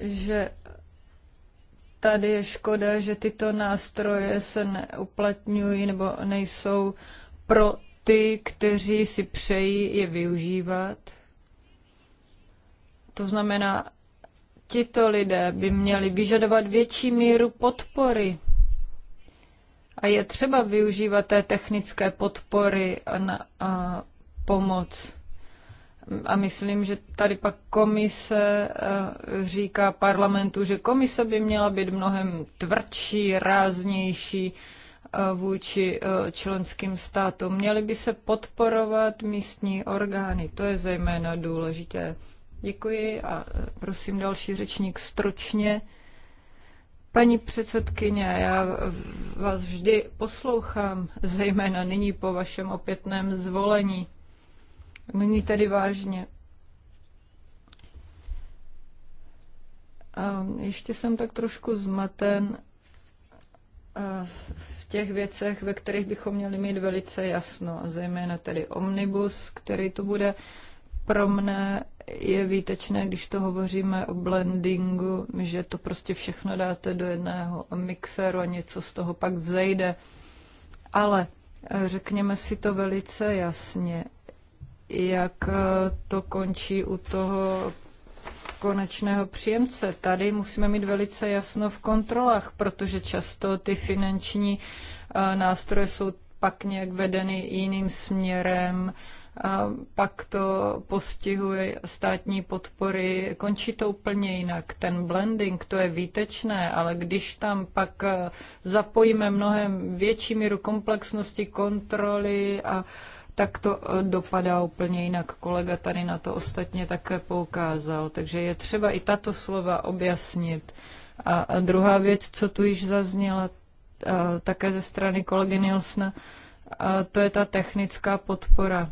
že tady je škoda, že tyto nástroje se neuplatňují nebo nejsou pro ty, kteří si přejí je využívat. To znamená, tito lidé by měli vyžadovat větší míru podpory. A je třeba využívat té technické podpory a na a pomoc. A myslím, že tady pak komise eh, říká parlamentu, že komise by měla být mnohem tvrdší, ráznější eh, vůči eh, členským státům. Měly by se podporovat místní orgány, to je zejména důležité. Děkuji a prosím další řečník stručně. Paní předsedkyně, já vás vždy poslouchám, zejména nyní po vašem opětném zvolení. Není tedy vážně. A ještě jsem tak trošku zmaten v těch věcech, ve kterých bychom měli mít velice jasno, a zejména tedy omnibus, který tu bude pro mne je výtečné, když to hovoříme o blendingu, že to prostě všechno dáte do jedného mixéru a něco z toho pak vzejde. Ale řekněme si to velice jasně jak eh, to končí u toho konečného příjemce. Tady musíme mít velice jasno v kontrolách, protože často ty finanční eh, nástroje jsou pak nějak vedeny jiným směrem, a pak to postihuje státní podpory, končí to úplně jinak. Ten blending, to je výtečné, ale když tam pak eh, zapojíme mnohem větší míru komplexnosti, kontroly a tak to eh, dopadá úplně jinak. Kolega tady na to ostatně také poukázal. Takže je třeba i tato slova objasnit. A druhá věc, co tu již zazněla eh, také ze strany kolegy Nilsna, to je ta technická podpora.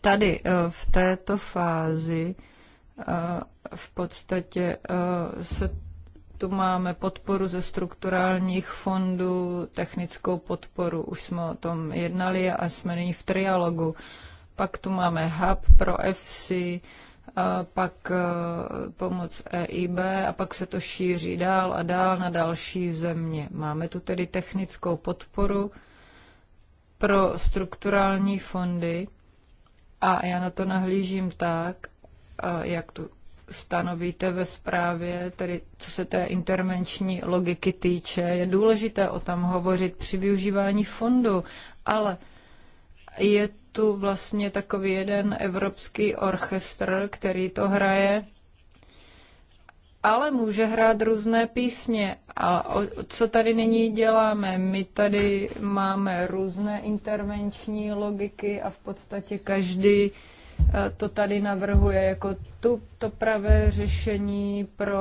Tady eh, v této fázi v podstatě se tu máme podporu ze strukturálních fondů, technickou podporu, už jsme o tom jednali a jsme nyní v trialogu. Pak tu máme hub pro a pak e, pomoc EIB a pak se to šíří dál a dál na další země. Máme tu tedy technickou podporu pro strukturální fondy a já na to nahlížím tak, jak tu stanovíte ve zprávě, tedy co se té intervenční logiky týče, je důležité o tom hovořit při využívání fondu, ale je tu vlastně takový jeden evropský orchestr, který to hraje, ale může hrát různé písně. A o, co tady nyní děláme? My tady máme různé intervenční logiky a v podstatě každý Eh, to tady navrhuje jako tu, to pravé řešení pro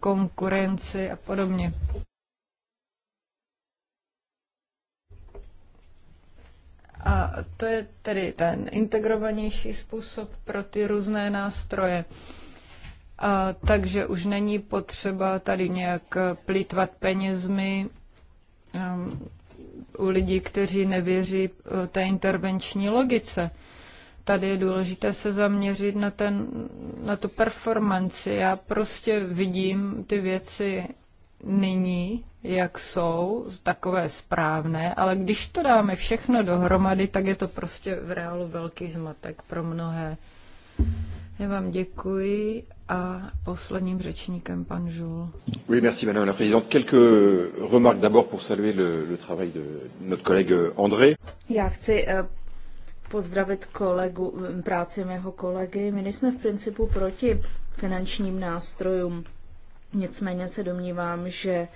konkurenci a podobně. A to je tedy ten integrovanější způsob pro ty různé nástroje. A, takže už není potřeba tady nějak plítvat penězmi um, u lidí, kteří nevěří eh, té intervenční logice. Tady je důležité se zaměřit na, ten, na tu performanci. Já prostě vidím ty věci nyní, jak jsou, takové správné, ale když to dáme všechno dohromady, tak je to prostě v reálu velký zmatek pro mnohé. Já vám děkuji a posledním řečníkem pan Žul. Oui, merci madame la présidente. Quelques remarques d'abord pour saluer le, le travail de notre collègue André. Já chci eh, pozdravit kolegu, práci mého kolegy. My nejsme v principu proti finančním nástrojům, nicméně se domnívám, že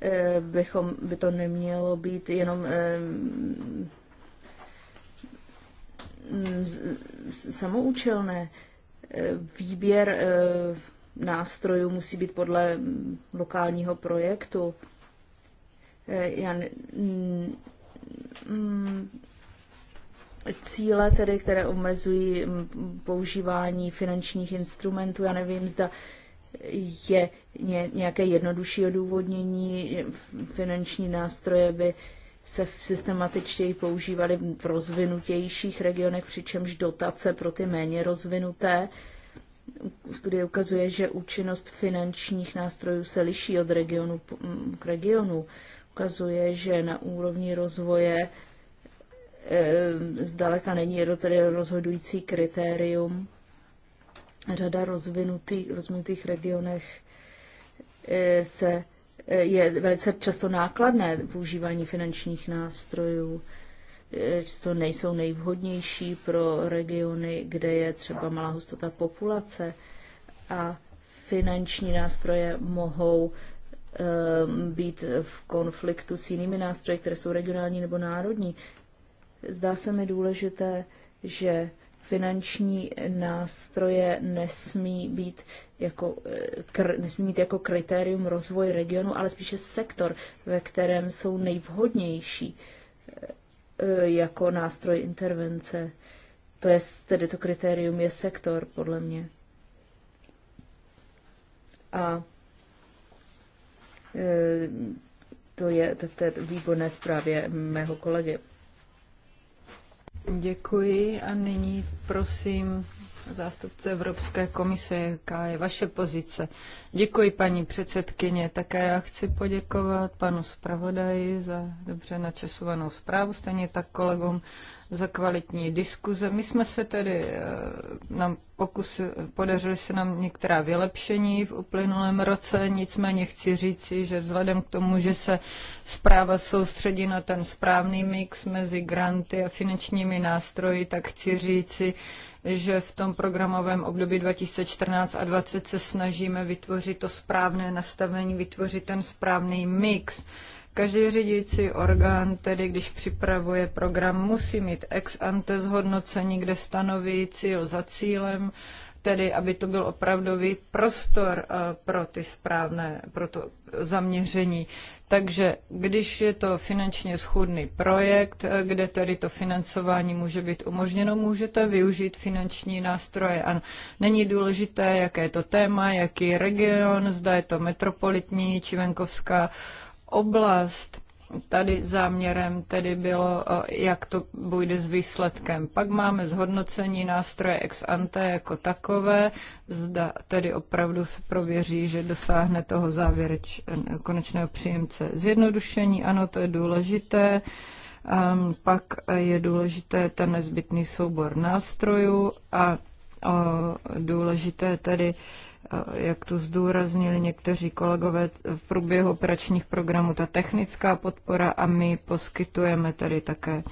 eh, bychom, by to nemělo být jenom eh, samoučelné. Eh, výběr nástrojů musí být podle lokálního projektu. Já cíle, tedy, které omezují mm, používání finančních instrumentů. Já nevím, zda je nějaké jednodušší odůvodnění. Finanční nástroje by se systematičtěji používaly v rozvinutějších regionech, přičemž dotace pro ty méně rozvinuté. Studie ukazuje, že účinnost finančních nástrojů se liší od regionu k regionu. Ukazuje, že na úrovni rozvoje Eh, zdaleka není to tedy rozhodující kritérium. Řada rozvinutých, rozvinutých regionech eh, se eh, je velice často nákladné používání finančních nástrojů. Často nejsou nejvhodnější pro regiony, kde je třeba malá hustota populace a finanční nástroje mohou být v konfliktu s jinými nástroji, které jsou regionální nebo národní. Zdá se mi důležité, že finanční nástroje nesmí být jako, eh, kr, nesmí mít jako kritérium rozvoj regionu, ale spíše sektor, ve kterém jsou nejvhodnější eh, eh, jako nástroj intervence. To je tedy to kritérium je sektor, podle mě. A to je to v té výborné zprávě mého kolegy. Děkuji a nyní prosím zástupce Evropské komise, jaká je vaše pozice. Děkuji, paní předsedkyně. Také já chci poděkovat panu zpravodaji za dobře načasovanou zprávu, stejně tak kolegům za kvalitní diskuze. My jsme se tedy, eh, nám pokus, podařili se nám některá vylepšení v uplynulém roce, nicméně chci říci, že vzhledem k tomu, že se zpráva soustředí na ten správný mix mezi granty a finančními nástroji, tak chci říci, že v tom programovém období 2014 a 2020 se snažíme vytvořit to správné nastavení, vytvořit ten správný mix. Každý řídící orgán, tedy když připravuje program, musí mít ex ante zhodnocení, kde stanoví cíl za cílem tedy aby to byl opravdový prostor eh, pro ty správné, pro to zaměření. Takže když je to finančně schudný projekt, eh, kde tedy to financování může být umožněno, můžete využít finanční nástroje. A není důležité, jaké je to téma, jaký je region, zda je to metropolitní či venkovská oblast. Tady záměrem tedy bylo, eh, jak to bude s výsledkem. Pak máme zhodnocení nástroje ex ante jako takové, zda tedy opravdu se prověří, že dosáhne toho závěreč, konečného příjemce. Zjednodušení, ano, to je důležité. Um, pak je důležité ten nezbytný soubor nástrojů a o, důležité tedy uh, jak to zdůraznili někteří kolegové v průběhu operačních programů, ta technická podpora a my poskytujeme tady také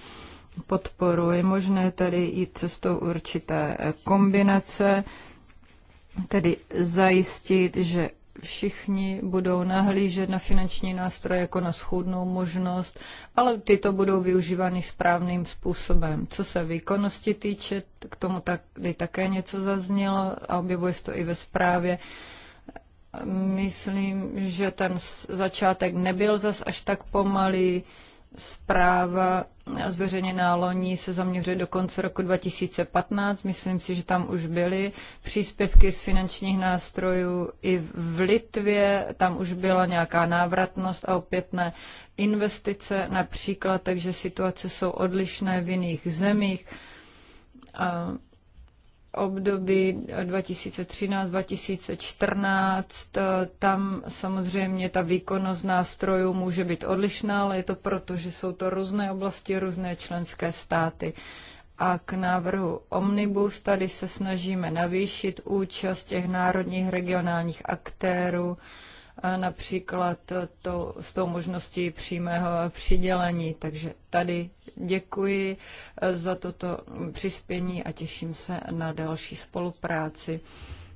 podporu. Je možné tady i cestou určité kombinace, tedy zajistit, že všichni budou nahlížet na finanční nástroje jako na schůdnou možnost, ale tyto budou využívány správným způsobem. Co se výkonnosti týče, k tomu tady také něco zaznělo a objevuje se to i ve zprávě. Myslím, že ten začátek nebyl zas až tak pomalý. Zpráva zveřejněná loni se zaměřuje do konce roku 2015. Myslím si, že tam už byly příspěvky z finančních nástrojů i v Litvě. Tam už byla nějaká návratnost a opětné investice například, takže situace jsou odlišné v jiných zemích období 2013-2014, tam samozřejmě ta výkonnost nástrojů může být odlišná, ale je to proto, že jsou to různé oblasti, různé členské státy. A k návrhu Omnibus tady se snažíme navýšit účast těch národních regionálních aktérů, například to, s tou možností přímého přidělení. Takže tady děkuji za toto přispění a těším se na další spolupráci.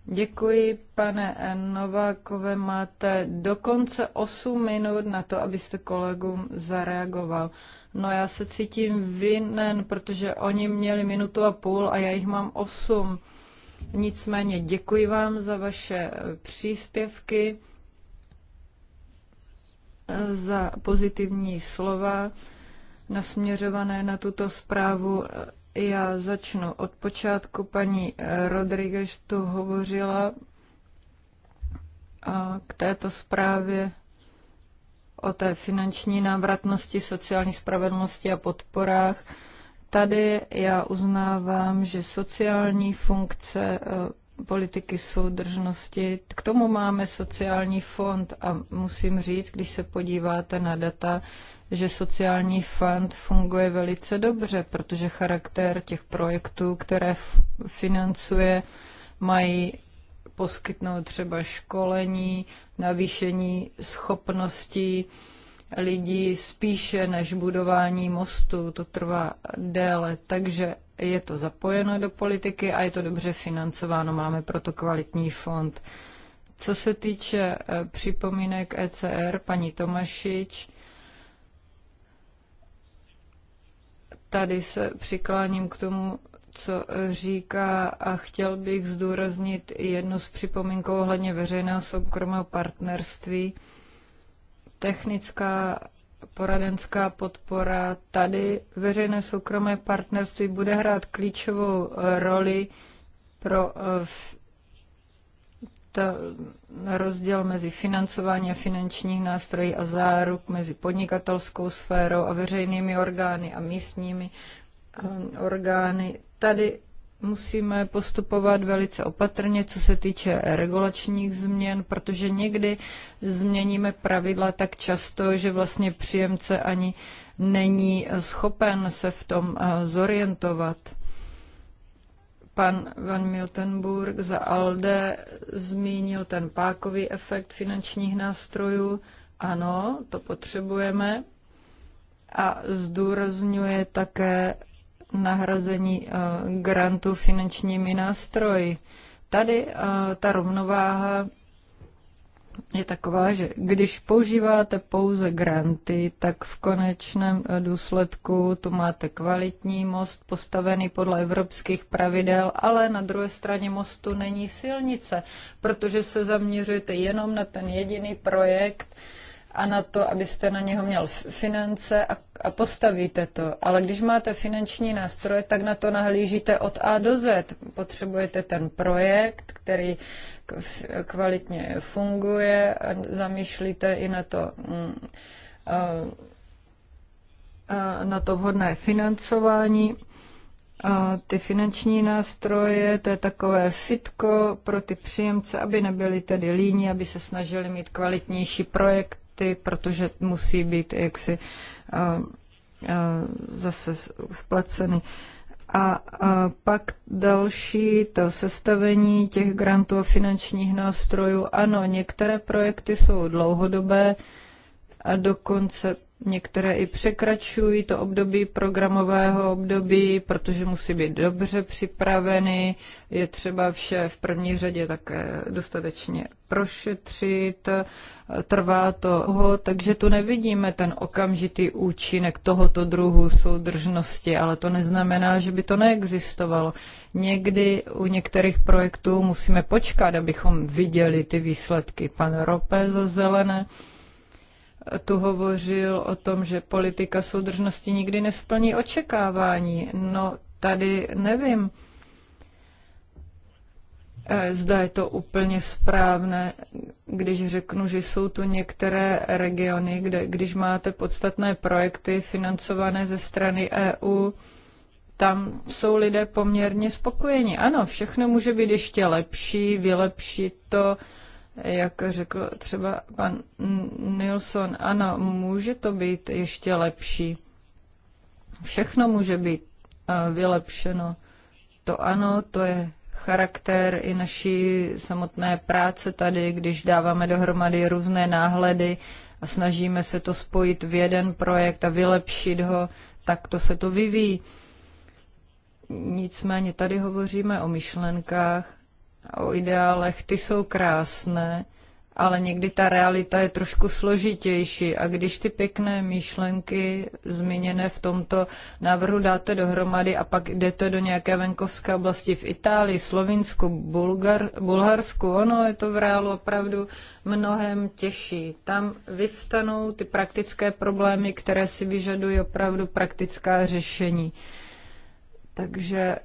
Děkuji, pane Novákové. Máte dokonce 8 minut na to, abyste kolegům zareagoval. No já se cítím vinen, protože oni měli minutu a půl a já jich mám 8. Nicméně děkuji vám za vaše příspěvky za pozitivní slova nasměřované na tuto zprávu. Já začnu od počátku. Paní Rodriguez tu hovořila k této zprávě o té finanční návratnosti, sociální spravedlnosti a podporách. Tady já uznávám, že sociální funkce politiky soudržnosti. K tomu máme sociální fond a musím říct, když se podíváte na data, že sociální fond funguje velice dobře, protože charakter těch projektů, které financuje, mají poskytnout třeba školení, navýšení schopností lidí spíše než budování mostu. To trvá déle. Takže je to zapojeno do politiky a je to dobře financováno, máme proto kvalitní fond. Co se týče eh, připomínek ECR, paní Tomašič, tady se přikláním k tomu, co říká a chtěl bych zdůraznit jednu z připomínkou ohledně veřejného soukromého partnerství. Technická poradenská podpora. Tady veřejné soukromé partnerství bude hrát klíčovou roli pro eh, ta rozdíl mezi financování a finančních nástrojů a záruk mezi podnikatelskou sférou a veřejnými orgány a místními eh, orgány. Tady musíme postupovat velice opatrně, co se týče regulačních změn, protože někdy změníme pravidla tak často, že vlastně příjemce ani není schopen se v tom eh, zorientovat. Pan Van Miltenburg za ALDE zmínil ten pákový efekt finančních nástrojů. Ano, to potřebujeme. A zdůrazňuje také nahrazení eh, grantů finančními nástroji. Tady eh, ta rovnováha je taková, že když používáte pouze granty, tak v konečném eh, důsledku tu máte kvalitní most postavený podle evropských pravidel, ale na druhé straně mostu není silnice, protože se zaměřujete jenom na ten jediný projekt, a na to, abyste na něho měl finance a, a postavíte to. Ale když máte finanční nástroje, tak na to nahlížíte od A do Z. Potřebujete ten projekt, který kvalitně funguje, zamýšlíte i na to. Mm, na to vhodné financování. A ty finanční nástroje, to je takové fitko pro ty příjemce, aby nebyly tedy líní, aby se snažili mít kvalitnější projekt, ty, protože musí být jaksi eh, eh, zase spleceny. A, a pak další, to sestavení těch grantů a finančních nástrojů. Ano, některé projekty jsou dlouhodobé, a dokonce Některé i překračují to období programového období, protože musí být dobře připraveny. Je třeba vše v první řadě také dostatečně prošetřit. Trvá to dlouho, takže tu nevidíme ten okamžitý účinek tohoto druhu soudržnosti, ale to neznamená, že by to neexistovalo. Někdy u některých projektů musíme počkat, abychom viděli ty výsledky. Pan Rope za zelené tu hovořil o tom, že politika soudržnosti nikdy nesplní očekávání. No tady nevím, eh, zda je to úplně správné, když řeknu, že jsou tu některé regiony, kde když máte podstatné projekty financované ze strany EU, tam jsou lidé poměrně spokojeni. Ano, všechno může být ještě lepší, vylepšit to, jak řekl třeba pan Nilsson, ano, může to být ještě lepší. Všechno může být eh, vylepšeno. To ano, to je charakter i naší samotné práce tady, když dáváme dohromady různé náhledy a snažíme se to spojit v jeden projekt a vylepšit ho, tak to se to vyvíjí. Nicméně tady hovoříme o myšlenkách, o ideálech, ty jsou krásné, ale někdy ta realita je trošku složitější a když ty pěkné myšlenky zmíněné v tomto návrhu dáte dohromady a pak jdete do nějaké venkovské oblasti v Itálii, Slovinsku, Bulgar, Bulharsku, ono je to v reálu opravdu mnohem těžší. Tam vyvstanou ty praktické problémy, které si vyžadují opravdu praktická řešení. Takže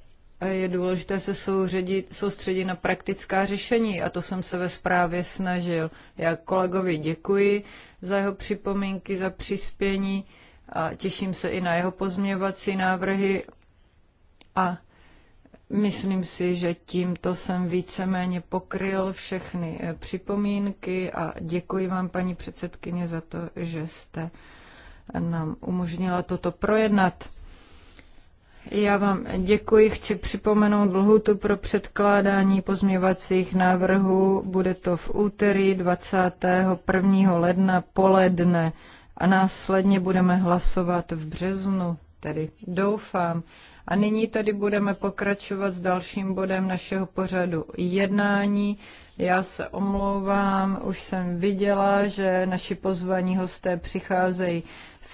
je důležité se souředit, soustředit na praktická řešení a to jsem se ve zprávě snažil. Já kolegovi děkuji za jeho připomínky, za přispění a těším se i na jeho pozměvací návrhy a myslím si, že tímto jsem víceméně pokryl všechny eh, připomínky a děkuji vám, paní předsedkyně, za to, že jste nám umožnila toto projednat. Já vám děkuji. Chci připomenout lhůtu pro předkládání pozměvacích návrhů. Bude to v úterý 21. ledna poledne a následně budeme hlasovat v březnu, tedy doufám. A nyní tady budeme pokračovat s dalším bodem našeho pořadu jednání. Já se omlouvám, už jsem viděla, že naši pozvaní hosté přicházejí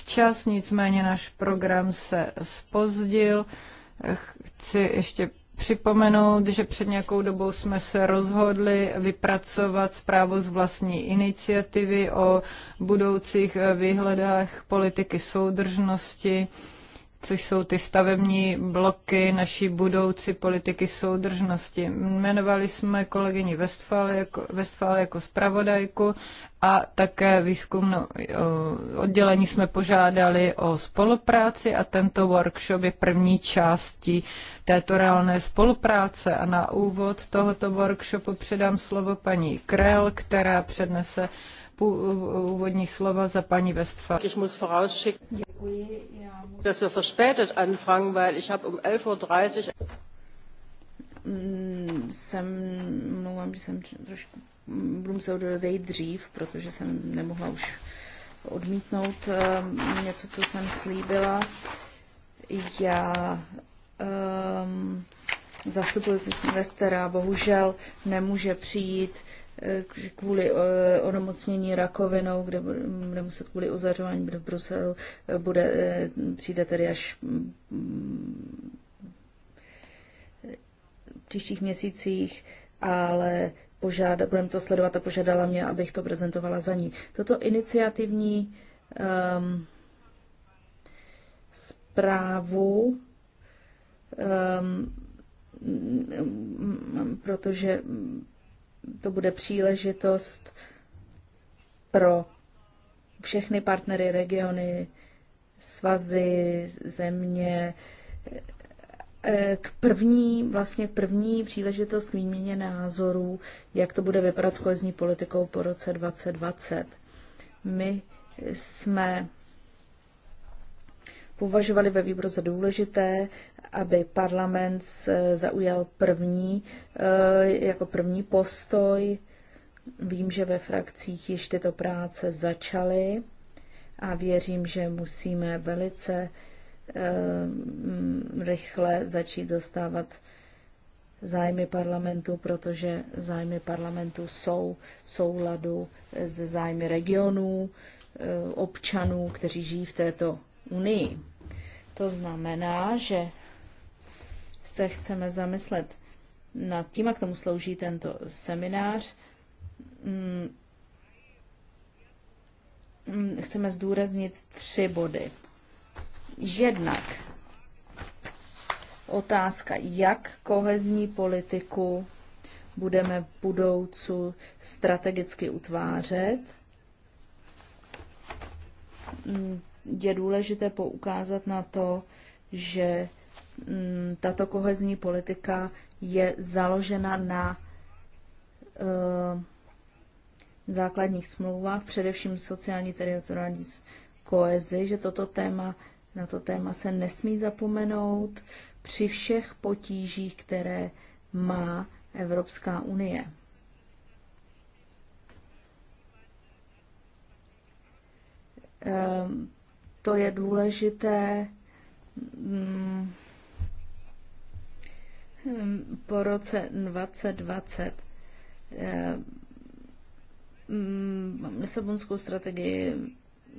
včas, nicméně náš program se spozdil. Chci ještě připomenout, že před nějakou dobou jsme se rozhodli vypracovat zprávu z vlastní iniciativy o budoucích eh, výhledách politiky soudržnosti což jsou ty stavební bloky naší budoucí politiky soudržnosti. Jmenovali jsme kolegyni Westfál jako, Westfál jako spravodajku a také výzkumno oddělení jsme požádali o spolupráci a tento workshop je první částí této reálné spolupráce. A na úvod tohoto workshopu předám slovo paní Krell, která přednese úvodní slova za paní Westfal. Dass wir verspätet anfangen, weil ich habe um 11.30 Uhr mm, jsem, mluvám, že jsem trošku, budu muset dřív, protože jsem nemohla už odmítnout um, něco, co jsem slíbila. Já um, zastupuji investera, bohužel nemůže přijít kvůli onemocnění rakovinou, kde bude muset kvůli ozařování v Bruselu, bude, přijde tedy až v příštích měsících, ale požáda, budeme to sledovat a požádala mě, abych to prezentovala za ní. Toto iniciativní um, zprávu um, protože to bude příležitost pro všechny partnery, regiony, svazy, země, k první, vlastně první příležitost k výměně názorů, jak to bude vypadat s kohezní politikou po roce 2020. My jsme považovali ve výboru za důležité, aby parlament zaujal první, eh, jako první postoj. Vím, že ve frakcích již tyto práce začaly a věřím, že musíme velice eh, rychle začít zastávat zájmy parlamentu, protože zájmy parlamentu jsou v souladu s zájmy regionů, eh, občanů, kteří žijí v této unii. To znamená, že se chceme zamyslet nad tím, a k tomu slouží tento seminář, mm, mm, chceme zdůraznit tři body. Jednak otázka, jak kohezní politiku budeme v budoucnu strategicky utvářet. Mm, je důležité poukázat na to, že mm, tato kohezní politika je založena na eh, základních smlouvách, především sociální teritoriální koezi, že toto téma, na to téma se nesmí zapomenout při všech potížích, které má Evropská unie. Ehm, to je důležité mm, po roce 2020 eh, mm, Lisabonskou strategii,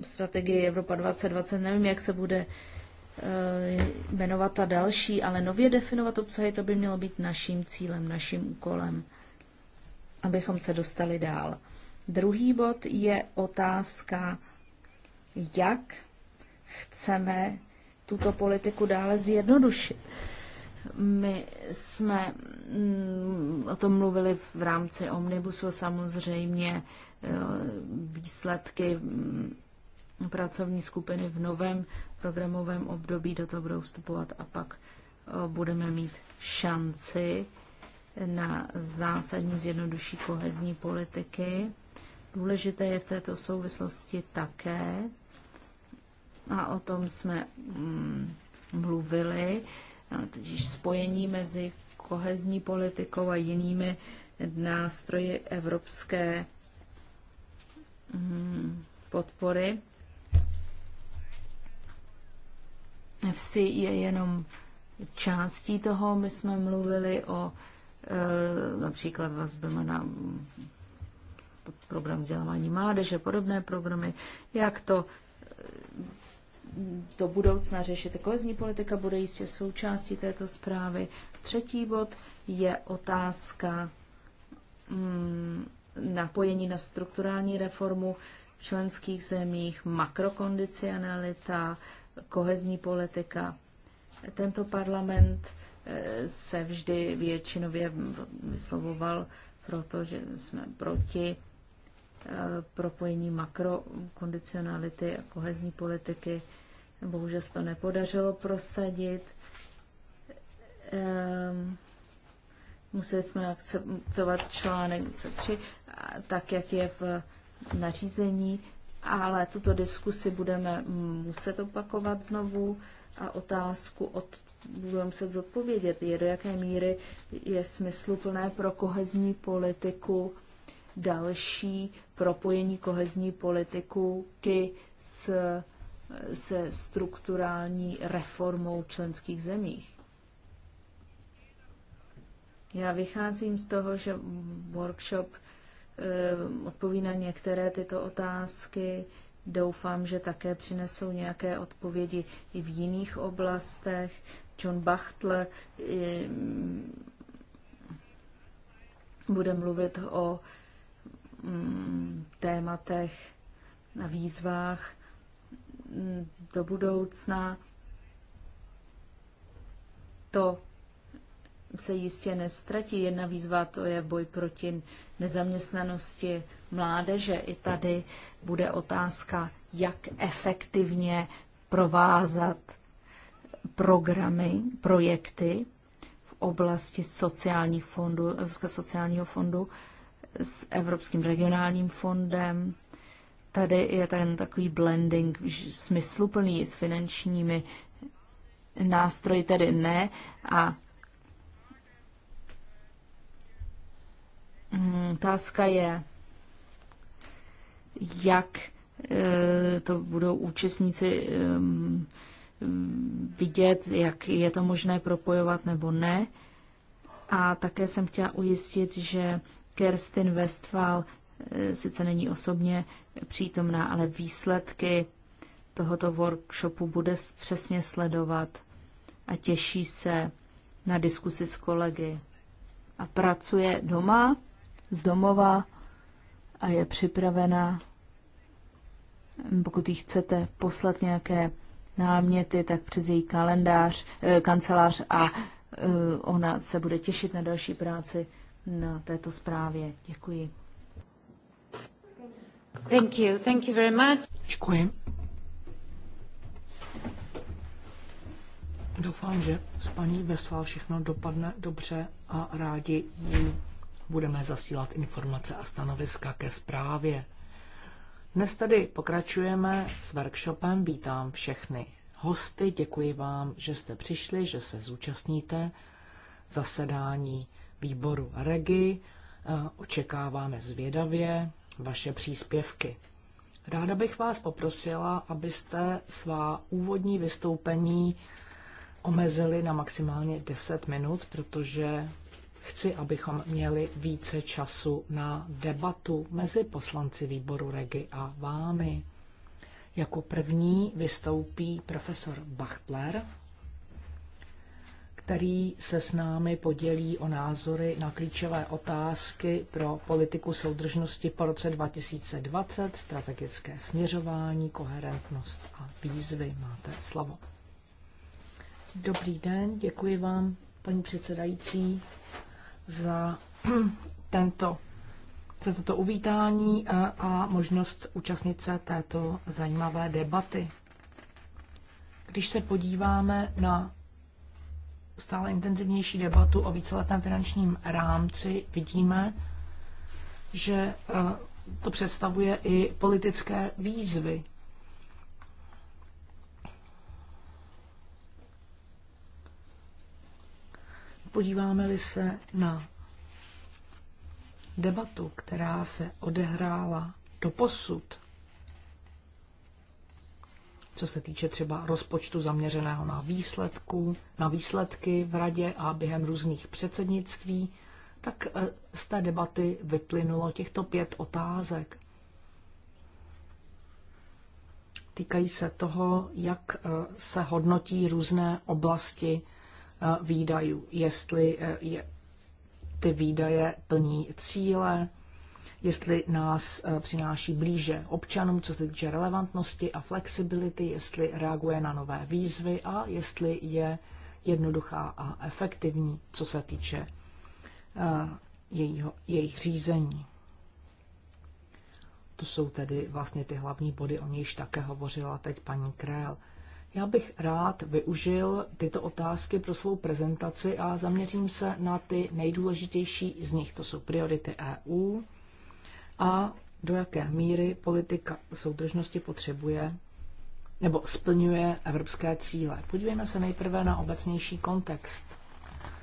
strategii Evropa 2020, nevím, jak se bude eh, jmenovat ta další, ale nově definovat obsahy, to by mělo být naším cílem, naším úkolem, abychom se dostali dál. Druhý bod je otázka, jak chceme tuto politiku dále zjednodušit. My jsme mm, o tom mluvili v rámci Omnibusu samozřejmě e, výsledky mm, pracovní skupiny v novém programovém období do toho budou vstupovat a pak e, budeme mít šanci na zásadní zjednodušší kohezní politiky. Důležité je v této souvislosti také a o tom jsme mm, mluvili, totiž spojení mezi kohezní politikou a jinými nástroji evropské mm, podpory. FSI je jenom částí toho. My jsme mluvili o e, například vazbeme na mm, program vzdělávání mládeže, podobné programy, jak to do budoucna řešit. Kohezní politika bude jistě součástí této zprávy. Třetí bod je otázka mm, napojení na strukturální reformu v členských zemích, makrokondicionalita, kohezní politika. Tento parlament eh, se vždy většinově vyslovoval proto, že jsme proti eh, propojení makrokondicionality a kohezní politiky Bohužel se to nepodařilo prosadit. Um, museli jsme akceptovat článek 3, tak jak je v nařízení, ale tuto diskusi budeme muset opakovat znovu a otázku od, budeme muset zodpovědět, je do jaké míry je smysluplné pro kohezní politiku další propojení kohezní politiky s se strukturální reformou členských zemích. Já vycházím z toho, že workshop eh, odpoví na některé tyto otázky. Doufám, že také přinesou nějaké odpovědi i v jiných oblastech. John Bachtler eh, bude mluvit o mm, tématech na výzvách Mm, do budoucna to se jistě nestratí. Jedna výzva to je boj proti nezaměstnanosti mládeže. I tady bude otázka, jak efektivně provázat programy, projekty v oblasti sociálních fondů, Evropského sociálního fondu s Evropským regionálním fondem, Tady je ten takový blending smysluplný s finančními nástroji, tedy ne. A mm, otázka je, jak e, to budou účastníci vidět, jak je to možné propojovat nebo ne. A také jsem chtěla ujistit, že Kerstin Westphal e, sice není osobně přítomná, ale výsledky tohoto workshopu bude přesně sledovat a těší se na diskusi s kolegy. A pracuje doma, z domova a je připravena, pokud jí chcete poslat nějaké náměty, tak přes její kalendář, eh, kancelář a eh, ona se bude těšit na další práci na této zprávě. Děkuji. Thank you. Thank you very much. Děkuji. Doufám, že s paní Vesval všechno dopadne dobře a rádi jí budeme zasílat informace a stanoviska ke zprávě. Dnes tady pokračujeme s workshopem. Vítám všechny hosty. Děkuji vám, že jste přišli, že se zúčastníte zasedání výboru REGI. Očekáváme zvědavě vaše příspěvky. Ráda bych vás poprosila, abyste svá úvodní vystoupení omezili na maximálně 10 minut, protože chci, abychom měli více času na debatu mezi poslanci výboru Regi a vámi. Jako první vystoupí profesor Bachtler, který se s námi podělí o názory na klíčové otázky pro politiku soudržnosti po roce 2020, strategické směřování, koherentnost a výzvy. Máte slovo. Dobrý den, děkuji vám, paní předsedající, za tento za toto uvítání a, a možnost účastnit se této zajímavé debaty. Když se podíváme na stále intenzivnější debatu o víceletém finančním rámci, vidíme, že e, to představuje i politické výzvy. Podíváme-li se na debatu, která se odehrála do posud co se týče třeba rozpočtu zaměřeného na, výsledku, na výsledky v radě a během různých předsednictví, tak eh, z té debaty vyplynulo těchto pět otázek. Týkají se toho, jak eh, se hodnotí různé oblasti eh, výdajů, jestli je, ty výdaje plní cíle, jestli nás eh, přináší blíže občanům, co se týče relevantnosti a flexibility, jestli reaguje na nové výzvy a jestli je jednoduchá a efektivní, co se týče eh, jejího, jejich řízení. To jsou tedy vlastně ty hlavní body, o nichž také hovořila teď paní Krél. Já bych rád využil tyto otázky pro svou prezentaci a zaměřím se na ty nejdůležitější z nich. To jsou priority EU, a do jaké míry politika soudržnosti potřebuje nebo splňuje evropské cíle. Podívejme se nejprve na obecnější kontext.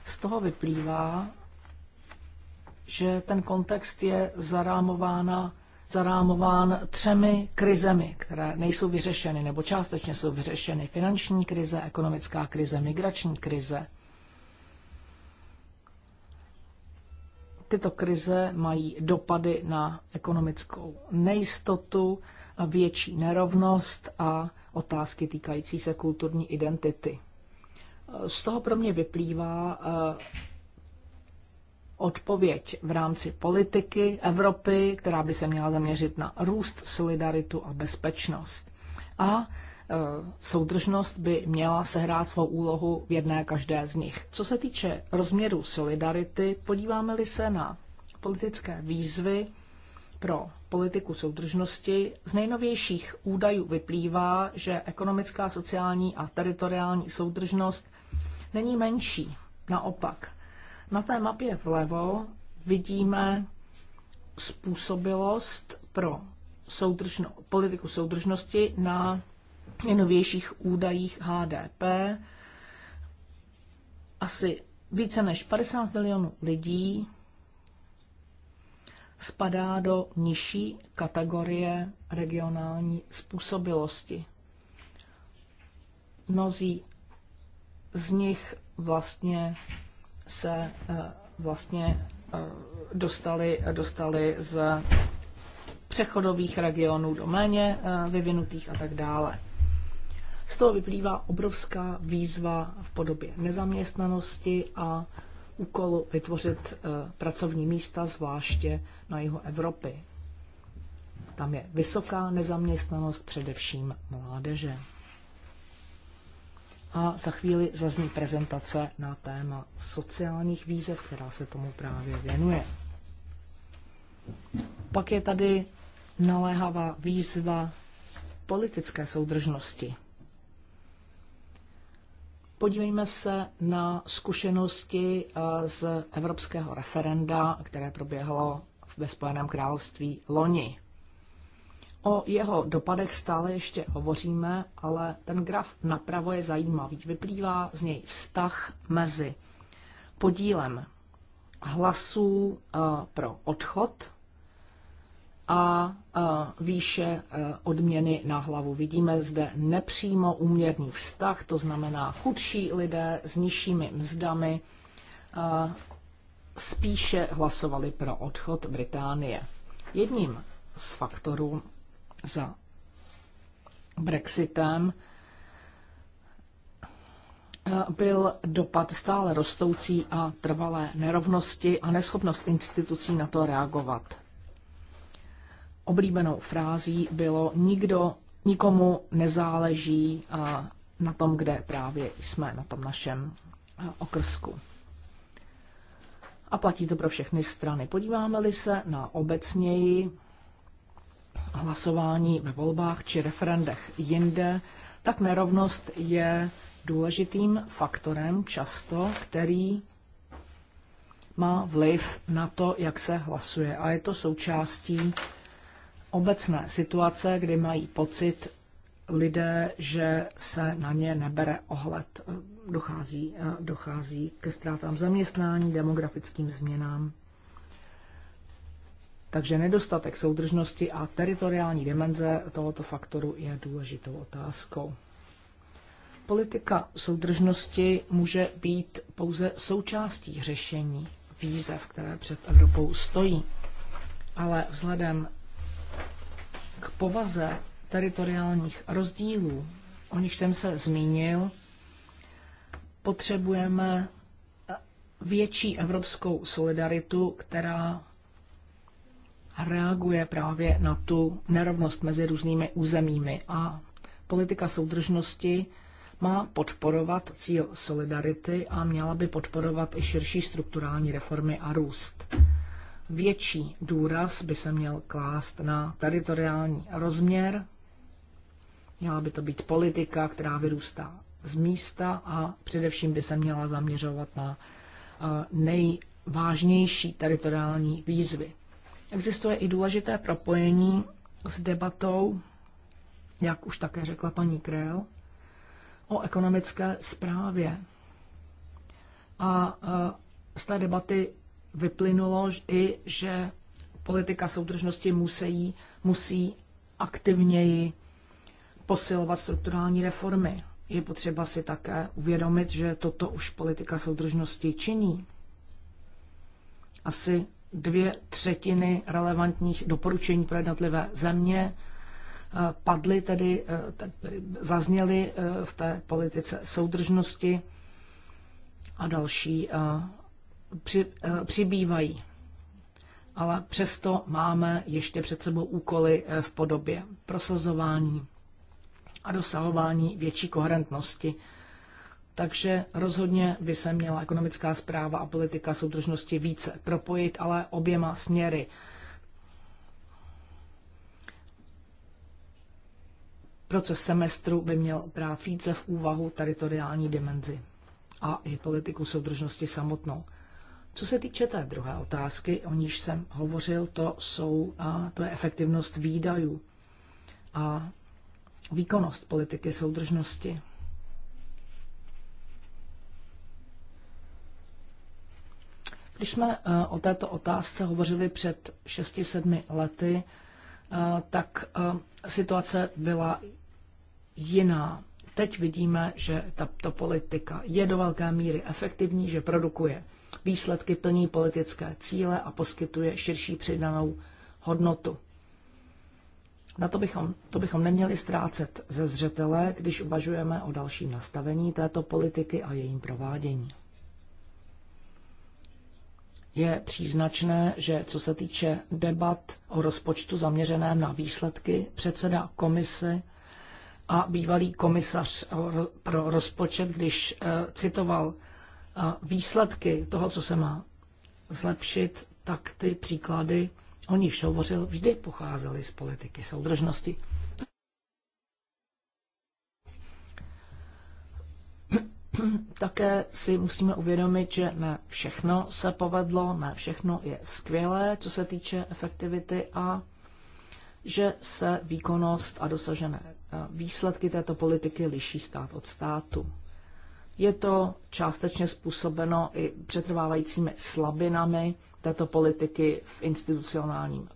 Z toho vyplývá, že ten kontext je zarámována, zarámován třemi krizemi, které nejsou vyřešeny nebo částečně jsou vyřešeny. Finanční krize, ekonomická krize, migrační krize – tyto krize mají dopady na ekonomickou nejistotu, větší nerovnost a otázky týkající se kulturní identity. Z toho pro mě vyplývá eh, odpověď v rámci politiky Evropy, která by se měla zaměřit na růst, solidaritu a bezpečnost. A Eh, soudržnost by měla sehrát svou úlohu v jedné každé z nich. Co se týče rozměru solidarity, podíváme-li se na politické výzvy pro politiku soudržnosti, z nejnovějších údajů vyplývá, že ekonomická, sociální a teritoriální soudržnost není menší. Naopak, na té mapě vlevo vidíme způsobilost pro soudržno, politiku soudržnosti na nejnovějších údajích HDP asi více než 50 milionů lidí spadá do nižší kategorie regionální způsobilosti. Mnozí z nich vlastně se eh, vlastně eh, dostali, dostali z přechodových regionů do méně eh, vyvinutých a tak dále. Z toho vyplývá obrovská výzva v podobě nezaměstnanosti a úkolu vytvořit eh, pracovní místa, zvláště na jihu Evropy. Tam je vysoká nezaměstnanost především mládeže. A za chvíli zazní prezentace na téma sociálních výzev, která se tomu právě věnuje. Pak je tady naléhavá výzva politické soudržnosti. Podívejme se na zkušenosti eh, z evropského referenda, které proběhlo ve Spojeném království loni. O jeho dopadech stále ještě hovoříme, ale ten graf napravo je zajímavý. Vyplývá z něj vztah mezi podílem hlasů eh, pro odchod a výše e, odměny na hlavu. Vidíme zde nepřímo úměrný vztah, to znamená chudší lidé s nižšími mzdami e, spíše hlasovali pro odchod Británie. Jedním z faktorů za Brexitem e, byl dopad stále rostoucí a trvalé nerovnosti a neschopnost institucí na to reagovat oblíbenou frází bylo nikdo, nikomu nezáleží na tom, kde právě jsme, na tom našem okrsku. A platí to pro všechny strany. Podíváme-li se na obecněji hlasování ve volbách či referendech jinde, tak nerovnost je důležitým faktorem často, který má vliv na to, jak se hlasuje. A je to součástí obecné situace, kdy mají pocit lidé, že se na ně nebere ohled. Dochází, eh, dochází ke ztrátám zaměstnání, demografickým změnám. Takže nedostatek soudržnosti a teritoriální dimenze tohoto faktoru je důležitou otázkou. Politika soudržnosti může být pouze součástí řešení výzev, které před Evropou stojí. Ale vzhledem k povaze teritoriálních rozdílů, o nich jsem se zmínil, potřebujeme větší evropskou solidaritu, která reaguje právě na tu nerovnost mezi různými územími. A politika soudržnosti má podporovat cíl solidarity a měla by podporovat i širší strukturální reformy a růst. Větší důraz by se měl klást na teritoriální rozměr. Měla by to být politika, která vyrůstá z místa a především by se měla zaměřovat na eh, nejvážnější teritoriální výzvy. Existuje i důležité propojení s debatou, jak už také řekla paní Krell, o ekonomické správě. A eh, z té debaty vyplynulo i, že politika soudržnosti musí, musí aktivněji posilovat strukturální reformy. Je potřeba si také uvědomit, že toto už politika soudržnosti činí. Asi dvě třetiny relevantních doporučení pro jednotlivé země eh, padly tedy, eh, zazněly eh, v té politice soudržnosti a další při, eh, přibývají. Ale přesto máme ještě před sebou úkoly eh, v podobě prosazování a dosahování větší koherentnosti. Takže rozhodně by se měla ekonomická zpráva a politika soudržnosti více propojit, ale oběma směry. Proces semestru by měl brát více v úvahu teritoriální dimenzi a i politiku soudržnosti samotnou. Co se týče té druhé otázky, o níž jsem hovořil, to, jsou, a to je efektivnost výdajů a výkonnost politiky soudržnosti. Když jsme e, o této otázce hovořili před 6-7 lety, e, tak e, situace byla jiná. Teď vidíme, že tato politika je do velké míry efektivní, že produkuje výsledky plní politické cíle a poskytuje širší přidanou hodnotu. Na to bychom, to bychom neměli ztrácet ze zřetele, když uvažujeme o dalším nastavení této politiky a jejím provádění. Je příznačné, že co se týče debat o rozpočtu zaměřeném na výsledky, předseda komise a bývalý komisař pro rozpočet, když eh, citoval a výsledky toho, co se má zlepšit, tak ty příklady, o nich hovořil, vždy pocházely z politiky soudržnosti. Také si musíme uvědomit, že ne všechno se povedlo, ne všechno je skvělé, co se týče efektivity a že se výkonnost a dosažené eh, výsledky této politiky liší stát od státu. Je to částečně způsobeno i přetrvávajícími slabinami této politiky v institucionálním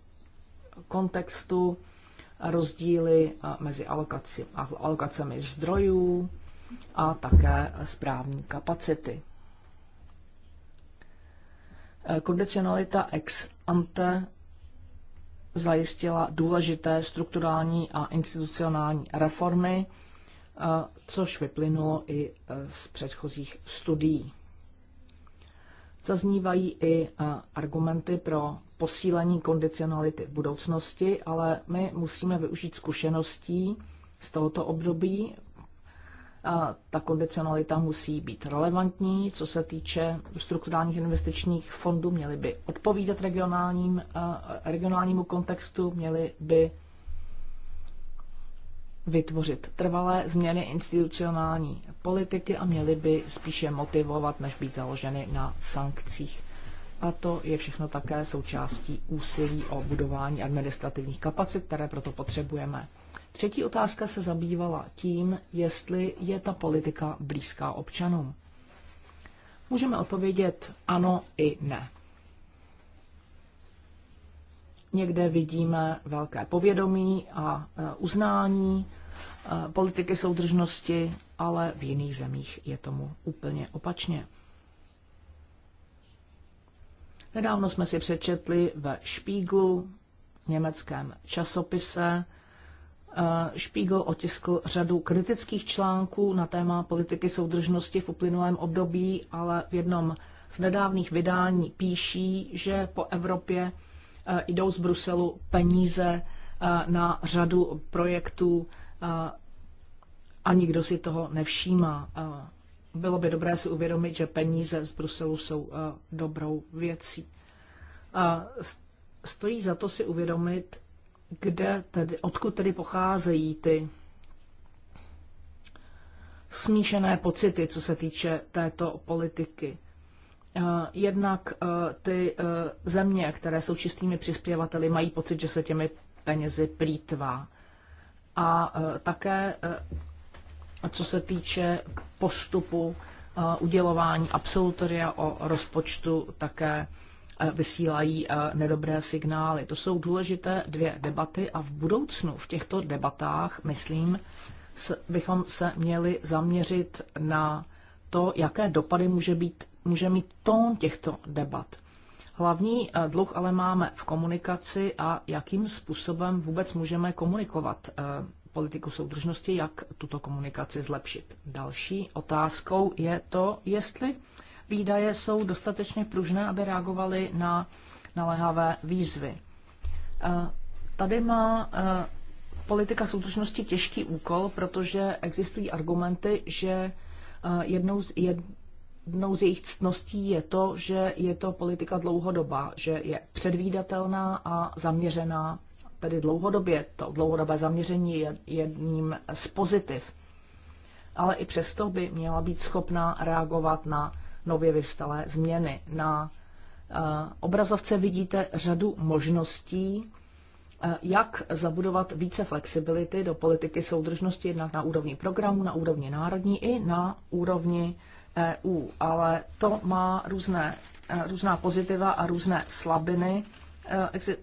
kontextu, rozdíly mezi alokaci, alokacemi zdrojů a také správní kapacity. Kondicionalita ex ante zajistila důležité strukturální a institucionální reformy, což vyplynulo i e, z předchozích studií. Zaznívají i e, argumenty pro posílení kondicionality v budoucnosti, ale my musíme využít zkušeností z tohoto období. A ta kondicionalita musí být relevantní, co se týče strukturálních investičních fondů, měly by odpovídat regionálním, e, regionálnímu kontextu, měly by vytvořit trvalé změny institucionální politiky a měly by spíše motivovat, než být založeny na sankcích. A to je všechno také součástí úsilí o budování administrativních kapacit, které proto potřebujeme. Třetí otázka se zabývala tím, jestli je ta politika blízká občanům. Můžeme odpovědět ano i ne. Někde vidíme velké povědomí a e, uznání, politiky soudržnosti, ale v jiných zemích je tomu úplně opačně. Nedávno jsme si přečetli ve Špíglu, německém časopise, eh, Špígl otiskl řadu kritických článků na téma politiky soudržnosti v uplynulém období, ale v jednom z nedávných vydání píší, že po Evropě eh, jdou z Bruselu peníze eh, na řadu projektů a nikdo si toho nevšímá. Bylo by dobré si uvědomit, že peníze z Bruselu jsou dobrou věcí. Stojí za to si uvědomit, kde tedy, odkud tedy pocházejí ty smíšené pocity, co se týče této politiky. Jednak ty země, které jsou čistými přispěvateli, mají pocit, že se těmi penězi plítvá a e, také e, co se týče postupu e, udělování absolutoria o rozpočtu, také vysílají nedobré signály. To jsou důležité dvě debaty a v budoucnu v těchto debatách, myslím, bychom se měli zaměřit na to, jaké dopady může, být, může mít tón těchto debat. Hlavní eh, dluh ale máme v komunikaci a jakým způsobem vůbec můžeme komunikovat eh, politiku soudržnosti, jak tuto komunikaci zlepšit. Další otázkou je to, jestli výdaje jsou dostatečně pružné, aby reagovaly na naléhavé výzvy. Eh, tady má politika soudržnosti těžký úkol, protože existují argumenty, že jednou z, jed, jednou z jejich ctností je to, že je to politika dlouhodobá, že je předvídatelná a zaměřená, tedy dlouhodobě. To dlouhodobé zaměření je jedním z pozitiv. Ale i přesto by měla být schopná reagovat na nově vyvstalé změny. Na eh, obrazovce vidíte řadu možností, eh, jak zabudovat více flexibility do politiky soudržnosti jednak na úrovni programu, na úrovni národní i na úrovni EU, ale to má různé, e, různá pozitiva a různé slabiny. E,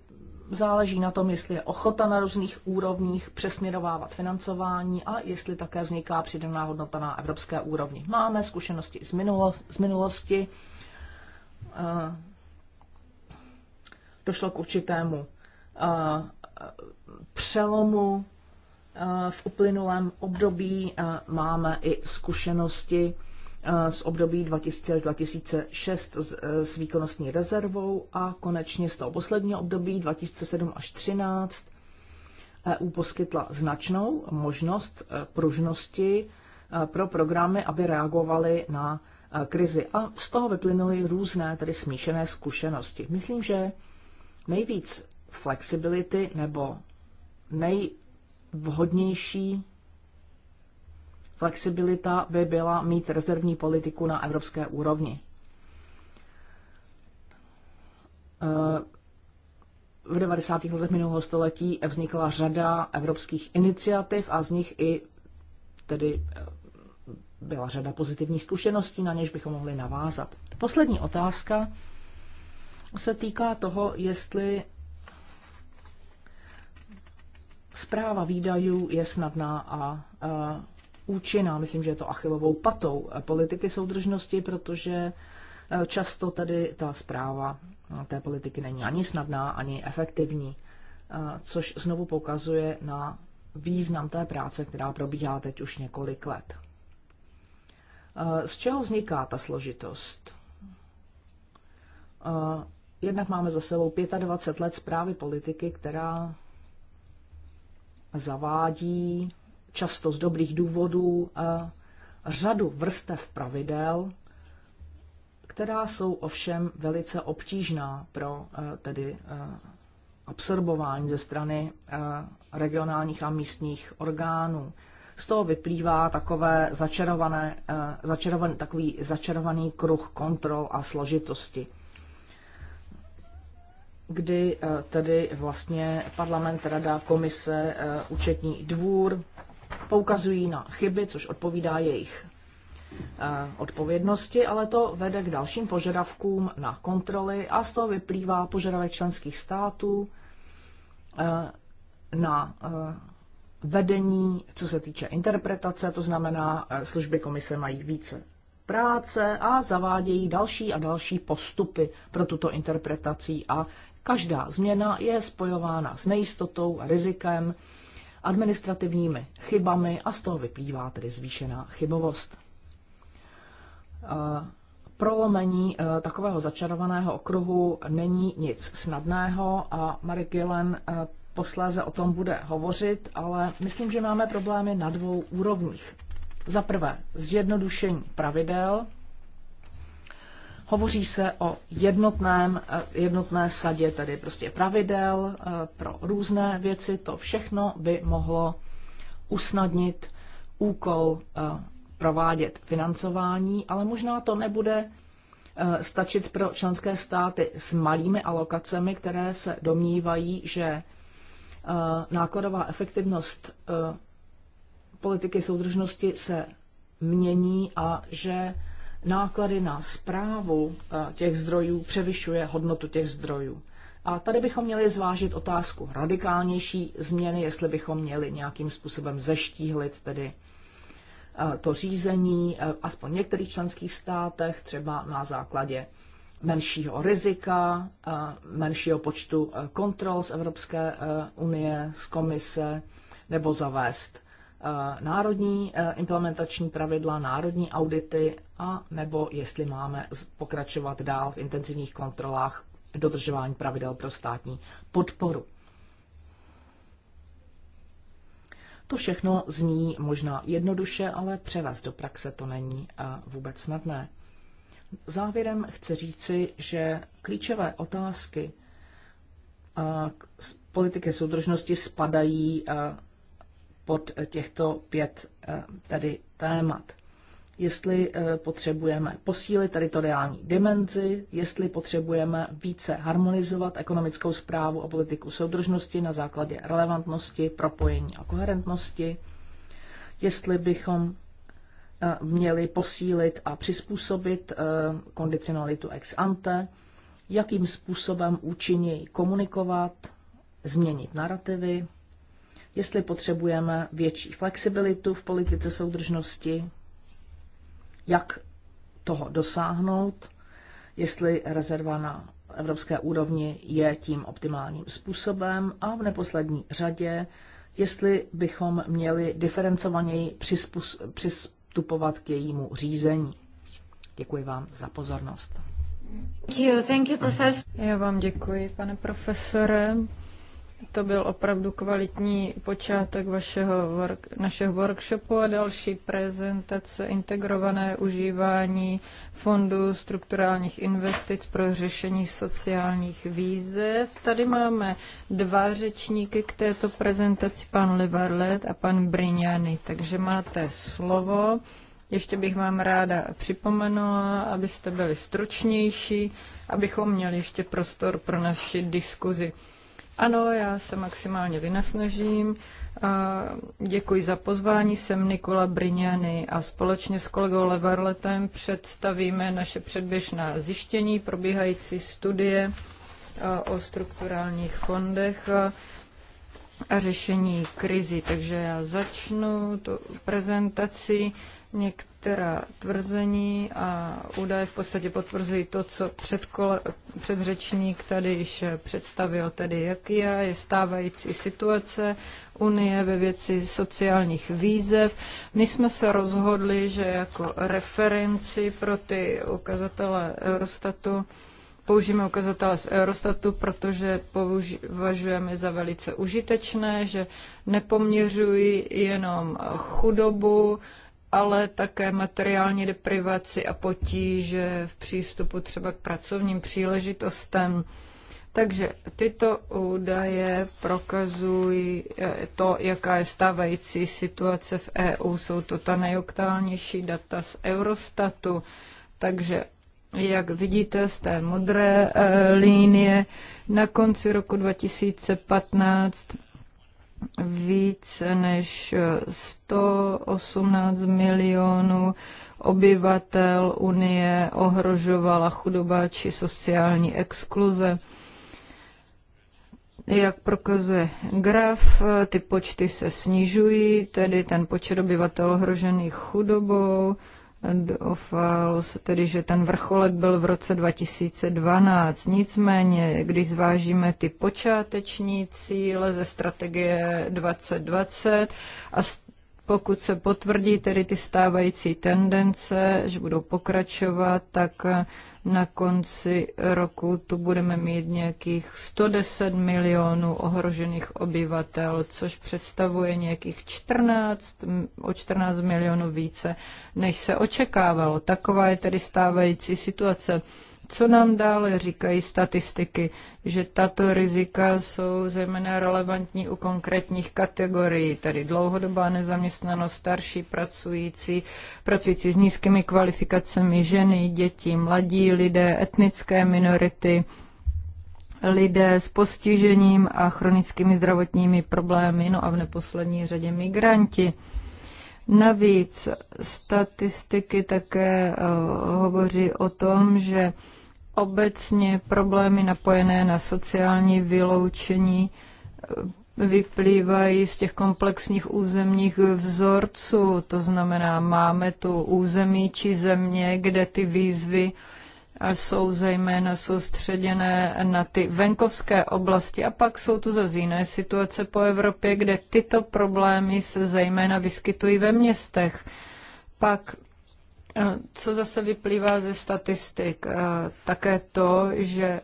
záleží na tom, jestli je ochota na různých úrovních přesměrovávat financování a jestli také vzniká přidaná hodnota na evropské úrovni. Máme zkušenosti z, minulost, z minulosti. E, došlo k určitému přelomu v uplynulém období máme i zkušenosti Eh, z období 2000 až 2006 s, eh, s výkonnostní rezervou a konečně z toho posledního období 2007 až 2013 EU poskytla značnou možnost eh, pružnosti pro programy, aby reagovaly na krizi. A z toho vyplynuly různé, tedy smíšené zkušenosti. Myslím, že nejvíc flexibility nebo nejvhodnější Flexibilita by byla mít rezervní politiku na evropské úrovni. Eh, v 90. letech minulého století vznikla řada evropských iniciativ a z nich i tedy eh, byla řada pozitivních zkušeností, na něž bychom mohli navázat. Poslední otázka se týká toho, jestli zpráva výdajů je snadná a eh, účinná. Myslím, že je to achilovou patou politiky soudržnosti, protože eh, často tedy ta zpráva eh, té politiky není ani snadná, ani efektivní, eh, což znovu poukazuje na význam té práce, která probíhá teď už několik let. Z čeho vzniká ta složitost? Jednak máme za sebou 25 let zprávy politiky, která zavádí často z dobrých důvodů eh, řadu vrstev pravidel, která jsou ovšem velice obtížná pro eh, tedy eh, absorbování ze strany regionálních a místních orgánů. Z toho vyplývá takové začarované, začarovan, takový začarovaný kruh kontrol a složitosti kdy tedy vlastně parlament, rada, komise, účetní dvůr poukazují na chyby, což odpovídá jejich eh, odpovědnosti, ale to vede k dalším požadavkům na kontroly a z toho vyplývá požadavek členských států eh, na eh, vedení, co se týče interpretace, to znamená, služby komise mají více práce a zavádějí další a další postupy pro tuto interpretaci a každá změna je spojována s nejistotou a rizikem, administrativními chybami a z toho vyplývá tedy zvýšená chybovost. Eh, prolomení eh, takového začarovaného okruhu není nic snadného a Marek Gillen eh, posléze o tom bude hovořit, ale myslím, že máme problémy na dvou úrovních. Za prvé, zjednodušení pravidel, Hovoří se o jednotném, eh, jednotné sadě, tedy prostě pravidel eh, pro různé věci. To všechno by mohlo usnadnit úkol eh, provádět financování, ale možná to nebude stačit pro členské státy s malými alokacemi, které se domnívají, že nákladová efektivnost politiky soudržnosti se mění a že náklady na zprávu eh, těch zdrojů převyšuje hodnotu těch zdrojů. A tady bychom měli zvážit otázku radikálnější změny, jestli bychom měli nějakým způsobem zeštíhlit tedy eh, to řízení, eh, aspoň v některých členských státech, třeba na základě menšího rizika, menšího počtu kontrol z Evropské unie, z komise, nebo zavést národní implementační pravidla, národní audity a nebo jestli máme pokračovat dál v intenzivních kontrolách dodržování pravidel pro státní podporu. To všechno zní možná jednoduše, ale převést do praxe to není eh, vůbec snadné. Závěrem chci říci, že klíčové otázky z eh, politiky soudržnosti spadají eh, pod těchto pět tedy témat jestli eh, potřebujeme posílit teritoriální dimenzi, jestli potřebujeme více harmonizovat ekonomickou zprávu a politiku soudržnosti na základě relevantnosti, propojení a koherentnosti, jestli bychom eh, měli posílit a přizpůsobit eh, kondicionalitu ex ante, jakým způsobem účinněji komunikovat, změnit narrativy, jestli potřebujeme větší flexibilitu v politice soudržnosti, jak toho dosáhnout, jestli rezerva na evropské úrovni je tím optimálním způsobem a v neposlední řadě, jestli bychom měli diferencovaněji přistupovat k jejímu řízení. Děkuji vám za pozornost. Thank you, thank you, professor. Já vám děkuji, pane profesore. To byl opravdu kvalitní počátek vašeho work, našeho workshopu a další prezentace integrované užívání fondů strukturálních investic pro řešení sociálních výzev. Tady máme dva řečníky k této prezentaci, pan Livarlet a pan Briňany, takže máte slovo. Ještě bych vám ráda připomenula, abyste byli stručnější, abychom měli ještě prostor pro naši diskuzi. Ano, já se maximálně vynasnažím. Děkuji za pozvání, jsem Nikola Briňany a společně s kolegou Levarletem představíme naše předběžná zjištění, probíhající studie o strukturálních fondech a řešení krizi. Takže já začnu tu prezentaci. Některá tvrzení a údaje v podstatě potvrzují to, co předkole, předřečník tady již představil, tedy jaký je stávající situace Unie ve věci sociálních výzev. My jsme se rozhodli, že jako referenci pro ty ukazatele Eurostatu použijeme ukazatele z Eurostatu, protože považujeme za velice užitečné, že nepoměřují jenom chudobu, ale také materiální deprivaci a potíže v přístupu třeba k pracovním příležitostem. Takže tyto údaje prokazují eh, to, jaká je stávající situace v EU. Jsou to ta nejoktálnější data z Eurostatu. Takže jak vidíte z té modré e, linie, na konci roku 2015 víc než 118 eh, milionů obyvatel Unie ohrožovala chudoba či sociální exkluze. Jak prokazuje graf, eh, ty počty se snižují, tedy ten počet obyvatel ohrožených chudobou Doufal tedy, že ten vrcholek byl v roce 2012. Nicméně, když zvážíme ty počáteční cíle ze strategie 2020 a z pokud se potvrdí tedy ty stávající tendence, že budou pokračovat, tak na konci roku tu budeme mít nějakých 110 milionů ohrožených obyvatel, což představuje nějakých 14, o 14 milionů více, než se očekávalo. Taková je tedy stávající situace. Co nám dále říkají statistiky, že tato rizika jsou zejména relevantní u konkrétních kategorií, tedy dlouhodobá nezaměstnanost, starší pracující, pracující s nízkými kvalifikacemi, ženy, děti, mladí lidé, etnické minority, lidé s postižením a chronickými zdravotními problémy, no a v neposlední řadě migranti. Navíc statistiky také eh, hovoří o tom, že obecně problémy napojené na sociální vyloučení eh, vyplývají z těch komplexních územních vzorců. To znamená, máme tu území či země, kde ty výzvy jsou zejména soustředěné na ty venkovské oblasti a pak jsou tu zase jiné situace po Evropě, kde tyto problémy se zejména vyskytují ve městech. Pak eh, co zase vyplývá ze statistik? Eh, také to, že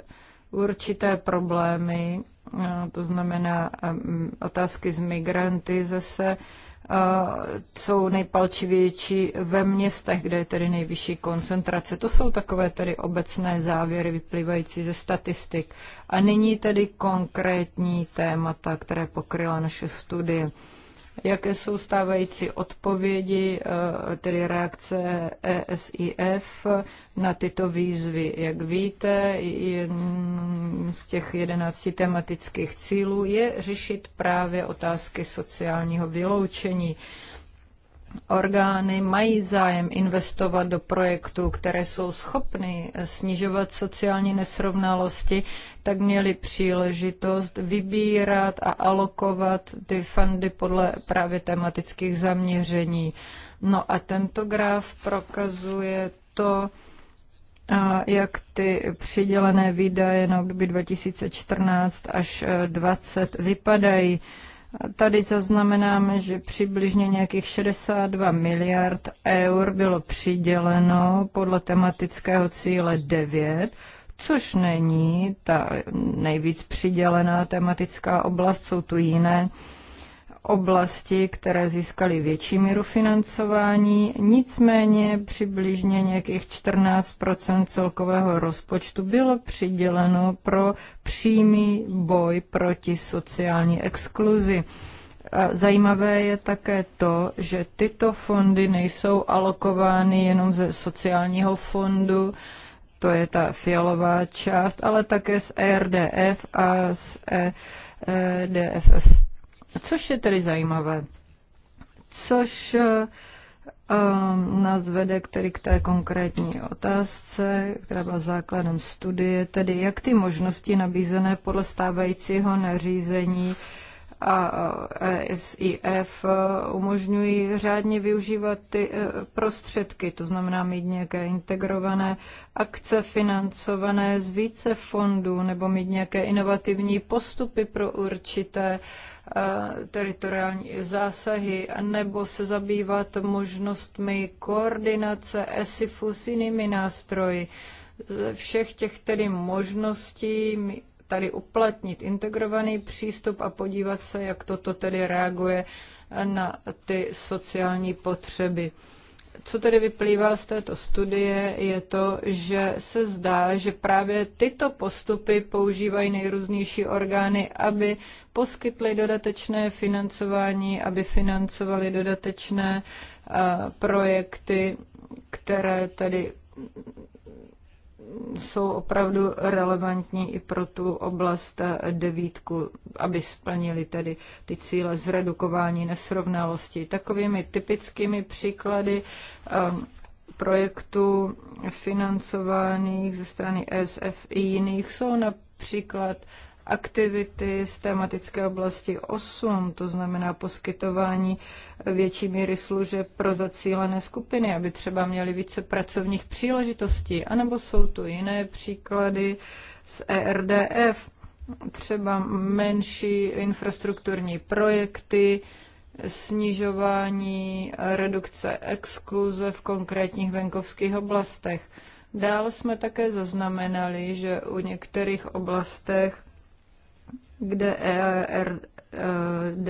určité problémy, eh, to znamená otázky z migranty zase, jsou nejpalčivější ve městech, kde je tedy nejvyšší koncentrace. To jsou takové tedy obecné závěry vyplývající ze statistik. A nyní tedy konkrétní témata, které pokryla naše studie jaké jsou stávající odpovědi, eh, tedy reakce ESIF na tyto výzvy. Jak víte, z těch jedenácti tematických cílů je řešit právě otázky sociálního vyloučení orgány mají zájem investovat do projektů, které jsou schopny snižovat sociální nesrovnalosti, tak měli příležitost vybírat a alokovat ty fundy podle právě tematických zaměření. No a tento graf prokazuje to, jak ty přidělené výdaje na období 2014 až eh, 2020 vypadají. Tady zaznamenáme, že přibližně nějakých 62 miliard eur bylo přiděleno podle tematického cíle 9, což není ta nejvíc přidělená tematická oblast, jsou tu jiné oblasti, které získaly větší míru financování, nicméně přibližně nějakých 14 celkového rozpočtu bylo přiděleno pro přímý boj proti sociální exkluzi. Zajímavé je také to, že tyto fondy nejsou alokovány jenom ze sociálního fondu, to je ta fialová část, ale také z ERDF a z EDFFP e Což je tedy zajímavé. Což eh, eh, nás vede k, tedy k té konkrétní otázce, která byla základem studie, tedy jak ty možnosti nabízené podle stávajícího nařízení a ESIF e, umožňují řádně využívat ty e, prostředky, to znamená mít nějaké integrované akce financované z více fondů nebo mít nějaké inovativní postupy pro určité e, teritoriální zásahy, nebo se zabývat možnostmi koordinace ESIFu s jinými nástroji ze všech těch tedy možností my tady uplatnit integrovaný přístup a podívat se, jak toto tedy reaguje na ty sociální potřeby. Co tedy vyplývá z této studie, je to, že se zdá, že právě tyto postupy používají nejrůznější orgány, aby poskytly dodatečné financování, aby financovali dodatečné projekty, které tedy jsou opravdu relevantní i pro tu oblast devítku, aby splnili tedy ty cíle zredukování nesrovnalosti. Takovými typickými příklady ehm, projektů financovaných ze strany SF i jiných jsou například aktivity z tématické oblasti 8, to znamená poskytování větší míry služeb pro zacílené skupiny, aby třeba měli více pracovních příležitostí, anebo jsou tu jiné příklady z ERDF, třeba menší infrastrukturní projekty, snižování redukce exkluze v konkrétních venkovských oblastech. Dále jsme také zaznamenali, že u některých oblastech kde ERD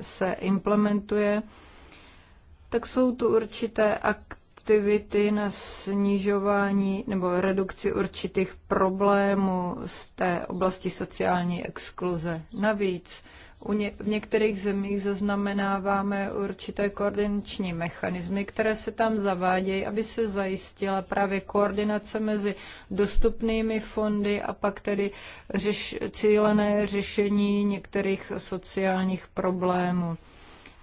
se implementuje, tak jsou tu určité aktivity na snižování nebo redukci určitých problémů z té oblasti sociální exkluze. Navíc v některých zemích zaznamenáváme určité koordinační mechanismy, které se tam zavádějí, aby se zajistila právě koordinace mezi dostupnými fondy a pak tedy řeš, cílené řešení některých sociálních problémů.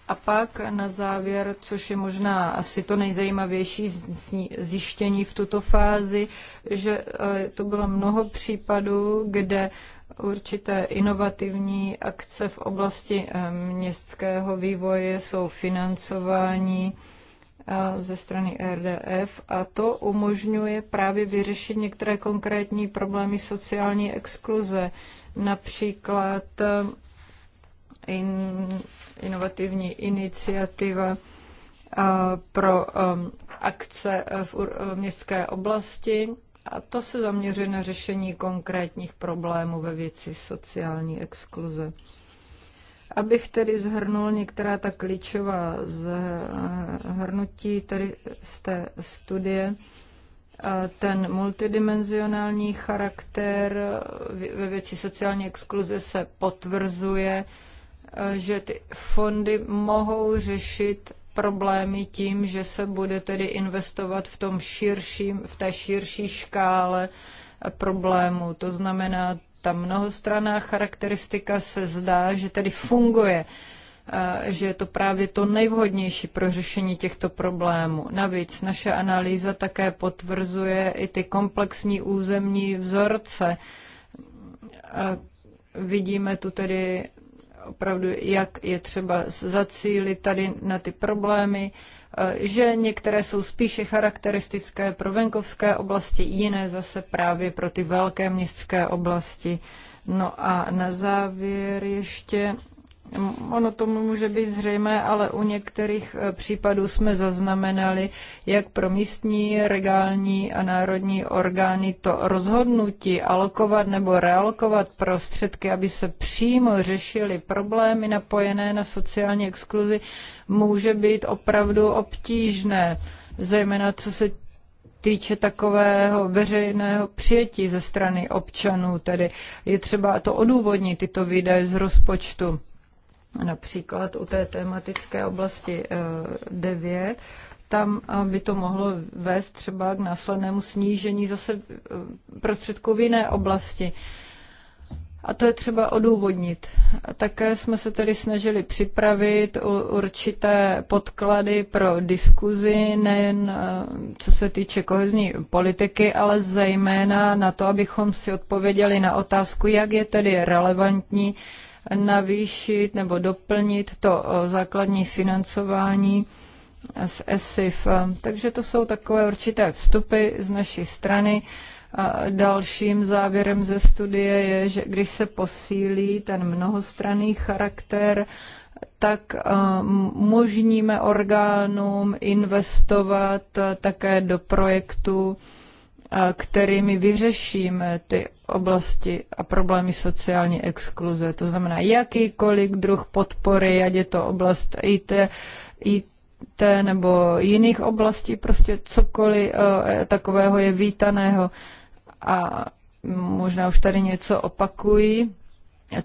A pak na závěr, což je možná asi to nejzajímavější zjištění v tuto fázi, že eh, to bylo mnoho případů, kde Určité inovativní akce v oblasti eh, městského vývoje jsou financování eh, ze strany RDF a to umožňuje právě vyřešit některé konkrétní problémy sociální exkluze, například eh, in, inovativní iniciativa pro akce v městské oblasti a to se zaměřuje na řešení konkrétních problémů ve věci sociální exkluze. Abych tedy zhrnul některá ta klíčová zhrnutí tedy z té studie, ten multidimenzionální charakter ve věci sociální exkluze se potvrzuje, že ty fondy mohou řešit problémy tím, že se bude tedy investovat v, tom širším, v té širší škále problémů. To znamená, ta mnohostranná charakteristika se zdá, že tedy funguje, eh, že je to právě to nejvhodnější pro řešení těchto problémů. Navíc naše analýza také potvrzuje i ty komplexní územní vzorce. Eh, vidíme tu tedy opravdu, jak je třeba zacílit tady na ty problémy, eh, že některé jsou spíše charakteristické pro venkovské oblasti, jiné zase právě pro ty velké městské oblasti. No a na závěr ještě Ono tomu může být zřejmé, ale u některých eh, případů jsme zaznamenali, jak pro místní, regální a národní orgány to rozhodnutí alokovat nebo realokovat prostředky, aby se přímo řešily problémy napojené na sociální exkluzi, může být opravdu obtížné, zejména co se týče takového veřejného přijetí ze strany občanů, tedy je třeba to odůvodnit, tyto výdaje z rozpočtu. Například u té tematické oblasti 9 eh, tam eh, by to mohlo vést třeba k následnému snížení zase eh, prostředků v jiné oblasti. A to je třeba odůvodnit. A také jsme se tedy snažili připravit určité podklady pro diskuzi, nejen co se týče kohezní politiky, ale zejména na to, abychom si odpověděli na otázku, jak je tedy relevantní navýšit nebo doplnit to eh, základní financování z ESIF. Eh, takže to jsou takové určité vstupy z naší strany. A dalším závěrem ze studie je, že když se posílí ten mnohostranný charakter, tak eh, umožníme orgánům investovat také do projektu kterými vyřešíme ty oblasti a problémy sociální exkluze. To znamená jakýkoliv druh podpory, ať je to oblast IT, IT nebo jiných oblastí, prostě cokoliv e, takového je vítaného. A možná už tady něco opakují,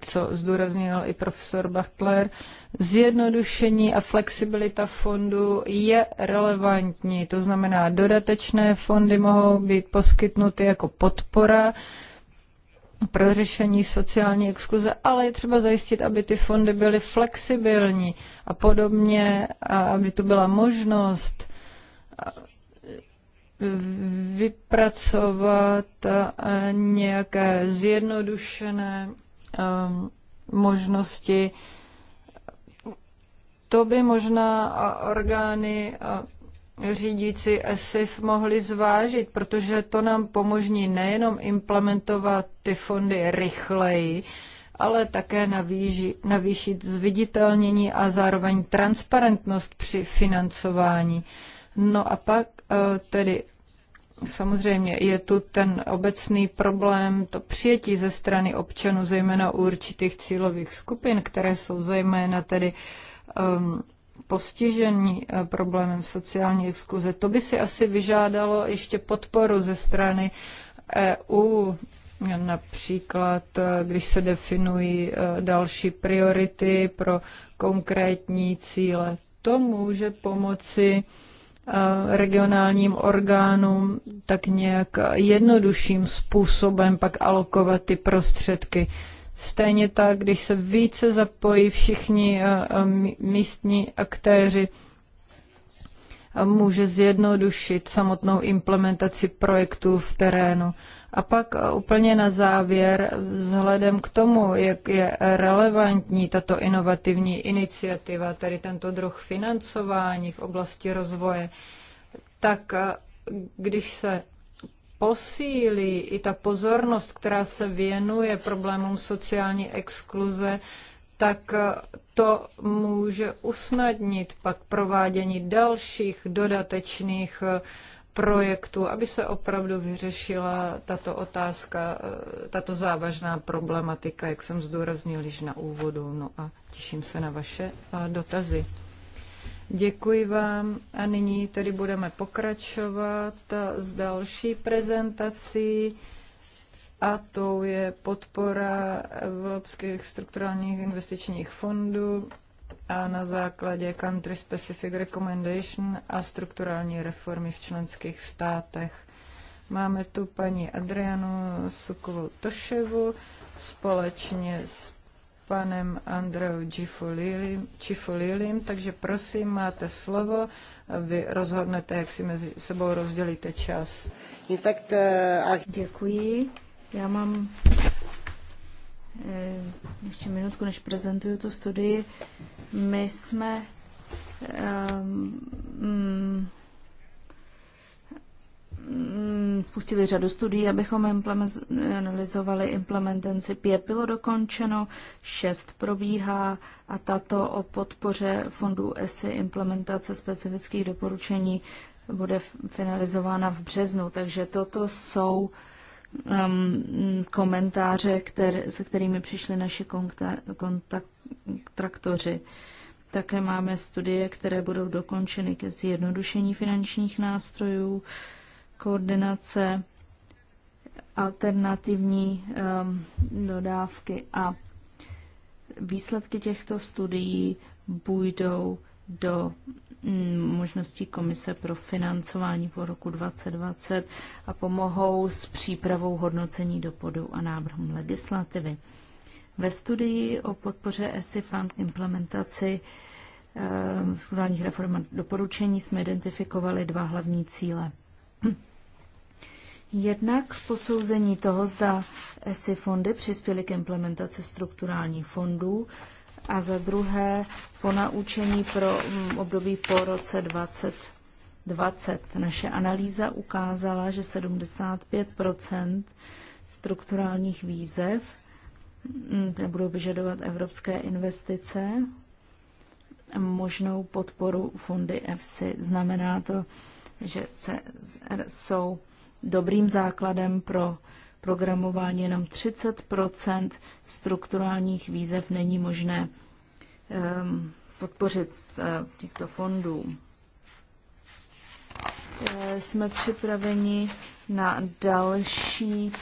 co zdůraznil i profesor Butler, zjednodušení a flexibilita fondu je relevantní. To znamená, dodatečné fondy mohou být poskytnuty jako podpora pro řešení sociální exkluze, ale je třeba zajistit, aby ty fondy byly flexibilní a podobně, a aby tu byla možnost vypracovat nějaké zjednodušené Um, možnosti. To by možná orgány uh, řídící ESIF mohli zvážit, protože to nám pomožní nejenom implementovat ty fondy rychleji, ale také navýži, navýšit zviditelnění a zároveň transparentnost při financování. No a pak uh, tedy Samozřejmě je tu ten obecný problém, to přijetí ze strany občanů, zejména u určitých cílových skupin, které jsou zejména tedy um, postižení eh, problémem sociální exkluze. To by si asi vyžádalo ještě podporu ze strany EU, například eh, když se definují eh, další priority pro konkrétní cíle. To může pomoci regionálním orgánům tak nějak jednodušším způsobem pak alokovat ty prostředky. Stejně tak, když se více zapojí všichni místní aktéři, může zjednodušit samotnou implementaci projektů v terénu. A pak eh, úplně na závěr, vzhledem k tomu, jak je relevantní tato inovativní iniciativa, tedy tento druh financování v oblasti rozvoje, tak eh, když se posílí i ta pozornost, která se věnuje problémům sociální exkluze, tak eh, to může usnadnit pak provádění dalších dodatečných uh, projektu, aby se opravdu vyřešila tato otázka, eh, tato závažná problematika, jak jsem zdůraznil již na úvodu. No a těším se na vaše eh, dotazy. Děkuji vám a nyní tedy budeme pokračovat eh, s další prezentací a to je podpora Evropských strukturálních investičních fondů a na základě Country Specific Recommendation a strukturální reformy v členských státech. Máme tu paní Adrianu Sukovou Toševu společně s panem Andreou Čifolilim, takže prosím, máte slovo, vy rozhodnete, jak si mezi sebou rozdělíte čas. fact, uh, eh, Děkuji. Já mám eh, ještě minutku, než prezentuju tu studii. My jsme um, mm, pustili řadu studií, abychom analyzovali implementenci. Pět bylo dokončeno, šest probíhá a tato o podpoře fondů ESI implementace specifických doporučení bude finalizována v březnu. Takže toto jsou uh, um, komentáře, kter, se kterými přišli naši kontraktoři. Také máme studie, které budou dokončeny ke zjednodušení finančních nástrojů, koordinace, alternativní um, dodávky a výsledky těchto studií budou do mm, možností Komise pro financování po roku 2020 a pomohou s přípravou hodnocení dopadu a návrhům legislativy. Ve studii o podpoře ESI Fund k implementaci eh, strukturálních reform a doporučení jsme identifikovali dva hlavní cíle. Jednak v posouzení toho, zda ESI fondy přispěly k implementaci strukturálních fondů a za druhé po naučení pro mm, období po roce 2020. Naše analýza ukázala, že 75 strukturálních výzev, mm, které budou vyžadovat evropské investice, možnou podporu fondy EFSI. Znamená to, že CSR jsou dobrým základem pro programování jenom 30 strukturálních výzev není možné ehm, podpořit z eh, těchto fondů. Eh, jsme připraveni na další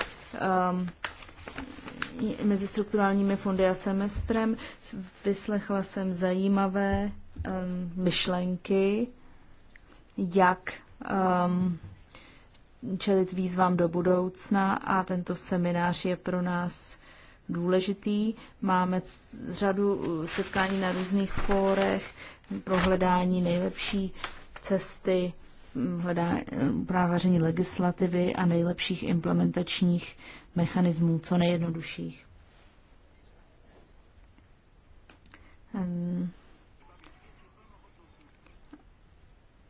ehm, mezi strukturálními fondy a semestrem. Vyslechla jsem zajímavé ehm, myšlenky, jak um, čelit výzvám do budoucna a tento seminář je pro nás důležitý. Máme řadu uh, setkání na různých fórech pro hledání nejlepší cesty, mm, uh, právaření legislativy a nejlepších implementačních mechanismů, co nejjednodušších.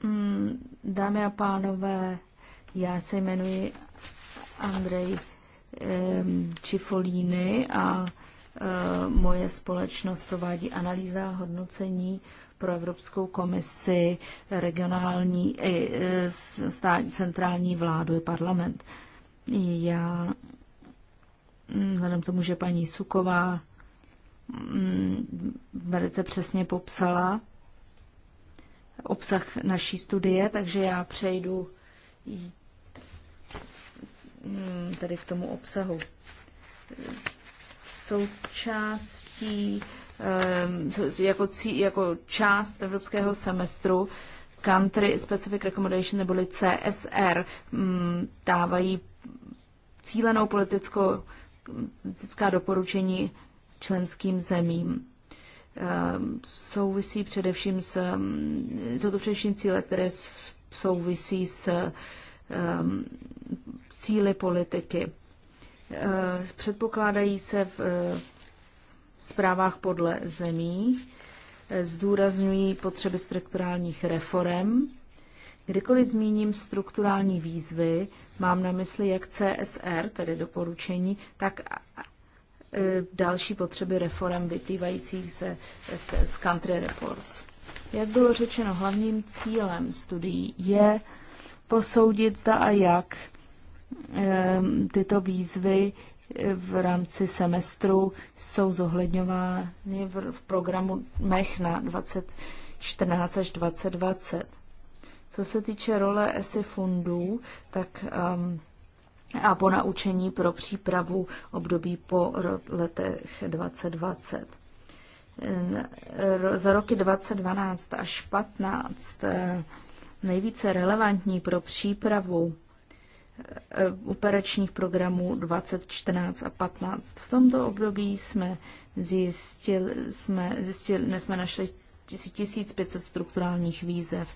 Mm, dámy a pánové, já se jmenuji Andrej Čifolíny a moje společnost provádí analýza a hodnocení pro Evropskou komisi, regionální i e, stát, centrální vládu i parlament. Já, vzhledem tomu, že paní Suková velice přesně popsala obsah naší studie, takže já přejdu Mm, tady k tomu obsahu. Součástí, eh, jako, cí, jako část evropského semestru, Country Specific Recommendation neboli CSR mm, dávají cílenou politickou, politická doporučení členským zemím. Eh, souvisí především s, mm, jsou to především cíle, které souvisí s eh, cíly politiky. E, předpokládají se v e, zprávách podle zemí, e, zdůrazňují potřeby strukturálních reform. Kdykoliv zmíním strukturální výzvy, mám na mysli jak CSR, tedy doporučení, tak další potřeby reform vyplývajících se z country reports. Jak bylo řečeno, hlavním cílem studií je posoudit, zda a jak Ehm, tyto výzvy eh, v rámci semestru jsou zohledňovány v programu MECH na 2014 až 2020. Co se týče role ESI fundů, tak um, a po naučení pro přípravu období po letech 2020. Ehm, za roky 2012 až 2015 eh, nejvíce relevantní pro přípravu Eh, operačních programů 2014 a 15. V tomto období jsme zjistili, jsme, zjistili, jsme našli 1500 strukturálních výzev.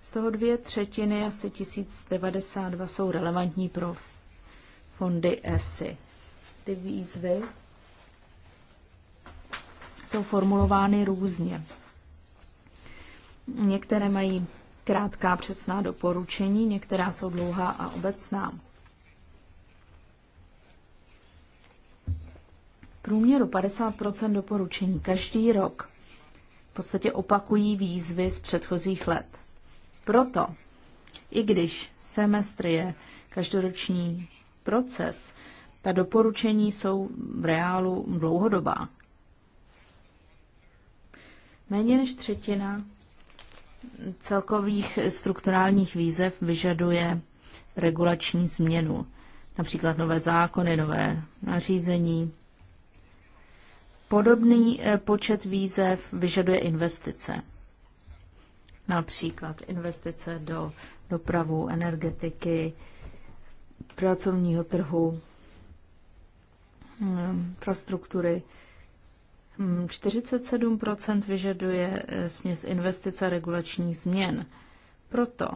Z toho dvě třetiny, asi 1092, jsou relevantní pro fondy ESI. Ty výzvy jsou formulovány různě. Některé mají krátká přesná doporučení, některá jsou dlouhá a obecná. průměru 50 doporučení každý rok v podstatě opakují výzvy z předchozích let. Proto, i když semestr je každoroční proces, ta doporučení jsou v reálu dlouhodobá. Méně než třetina celkových strukturálních výzev vyžaduje regulační změnu, například nové zákony, nové nařízení. Podobný eh, počet výzev vyžaduje investice. Například investice do dopravu, energetiky, pracovního trhu, eh, infrastruktury. 47 hmm, vyžaduje eh, směs investice a regulačních změn. Proto,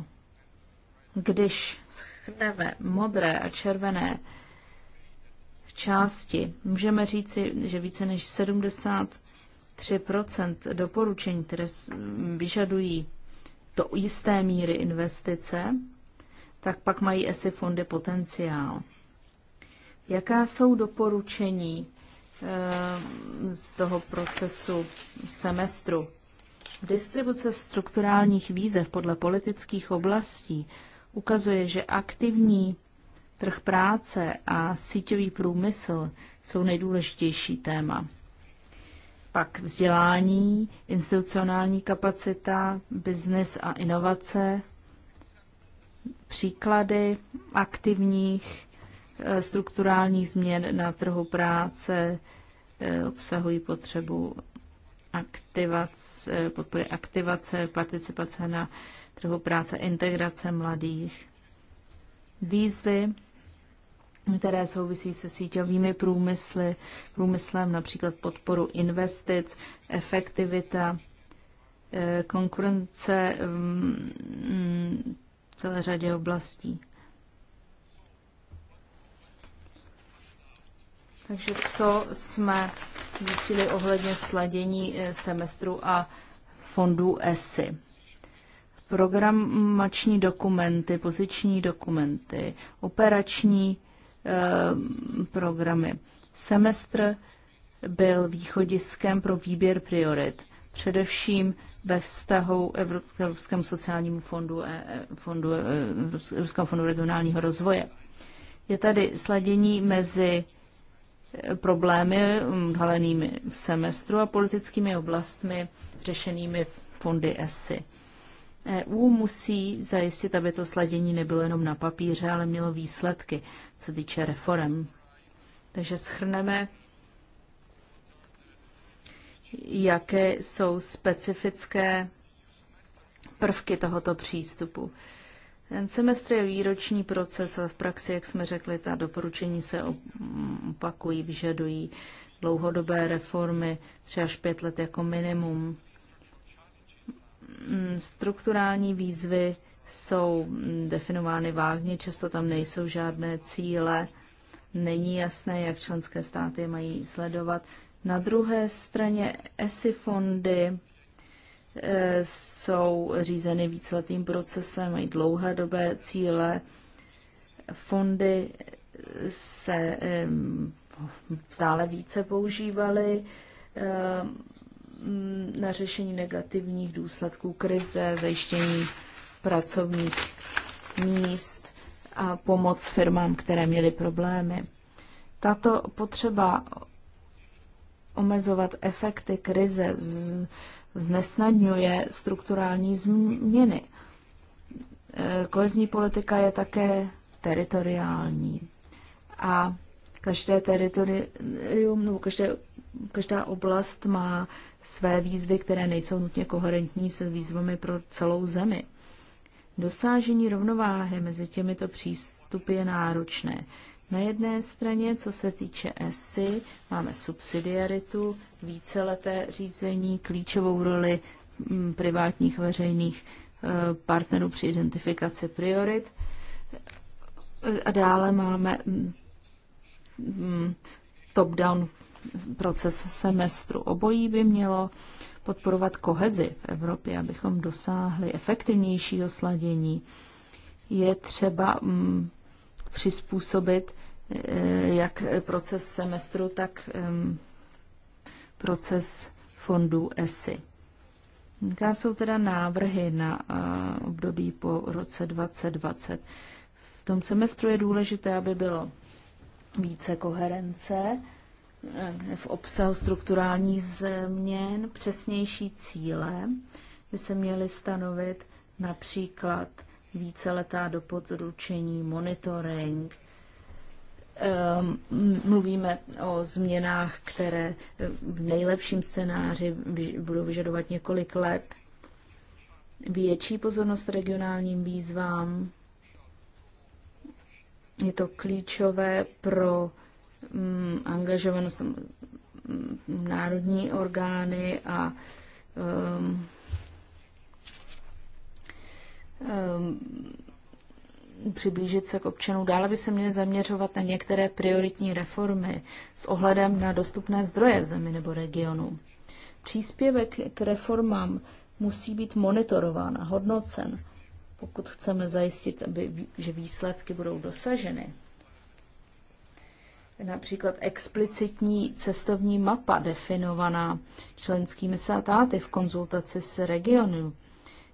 když schneme modré a červené části, můžeme říci, že více než 73 doporučení, které vyžadují do jisté míry investice, tak pak mají ESI fondy potenciál. Jaká jsou doporučení Eh, z toho procesu semestru. Distribuce strukturálních výzev podle politických oblastí ukazuje, že aktivní trh práce a síťový průmysl jsou nejdůležitější téma. Pak vzdělání, institucionální kapacita, biznis a inovace, příklady aktivních Eh, strukturálních změn na trhu práce eh, obsahují potřebu aktivace, eh, podpory aktivace, participace na trhu práce, integrace mladých, výzvy, které souvisí se síťovými průmysly, průmyslem, například podporu investic, efektivita, konkurence mm, v celé řadě oblastí. Takže co jsme zjistili ohledně sladění eh, semestru a fondů ESI? Programační dokumenty, poziční dokumenty, operační e, programy. Semestr byl východiskem pro výběr priorit, především ve vztahu k Evropskému sociálnímu fondu, eh, fondu Evropského fondu regionálního rozvoje. Je tady sladění mezi problémy odhalenými mm, v semestru a politickými oblastmi řešenými fondy ESI. EU musí zajistit, aby to sladění nebylo jenom na papíře, ale mělo výsledky, co týče reform. Takže schrneme, jaké jsou specifické prvky tohoto přístupu. Ten semestr je výroční proces a v praxi, jak jsme řekli, ta doporučení se opakují, vyžadují dlouhodobé reformy, třeba až pět let jako minimum. Mm, strukturální výzvy jsou mm, definovány vágně, často tam nejsou žádné cíle, není jasné, jak členské státy mají sledovat. Na druhé straně ESI fondy jsou řízeny víceletým procesem, mají dlouhodobé cíle. Fondy se stále více používaly na řešení negativních důsledků krize, zajištění pracovních míst a pomoc firmám, které měly problémy. Tato potřeba omezovat efekty krize, z znesnadňuje strukturální změny. E, Kohezní politika je také teritoriální a každé teritorium nebo každé, každá oblast má své výzvy, které nejsou nutně koherentní s výzvami pro celou zemi. Dosážení rovnováhy mezi těmito přístupy je náročné. Na jedné straně, co se týče ESI, máme subsidiaritu, víceleté řízení, klíčovou roli mm, privátních veřejných eh, partnerů při identifikaci priorit. A dále máme mm, mm, top-down proces semestru. Obojí by mělo podporovat kohezi v Evropě, abychom dosáhli efektivnějšího sladění. Je třeba přizpůsobit eh, jak proces semestru, tak proces fondů ESI. Jaká jsou teda návrhy na eh, období po roce 2020? V tom semestru je důležité, aby bylo více koherence eh, v obsahu strukturálních změn, přesnější cíle by se měly stanovit například víceletá doporučení, monitoring. Ehm, mluvíme o změnách, které eh, v nejlepším scénáři budou vyžadovat několik let. Větší pozornost regionálním výzvám. Je to klíčové pro mm, angažovanost mm, národní orgány a um, Ehm, přiblížit se k občanům. Dále by se měly zaměřovat na některé prioritní reformy s ohledem na dostupné zdroje v zemi nebo regionu. Příspěvek k reformám musí být monitorován a hodnocen, pokud chceme zajistit, aby, že výsledky budou dosaženy. Například explicitní cestovní mapa definovaná členskými státy v konzultaci s regionu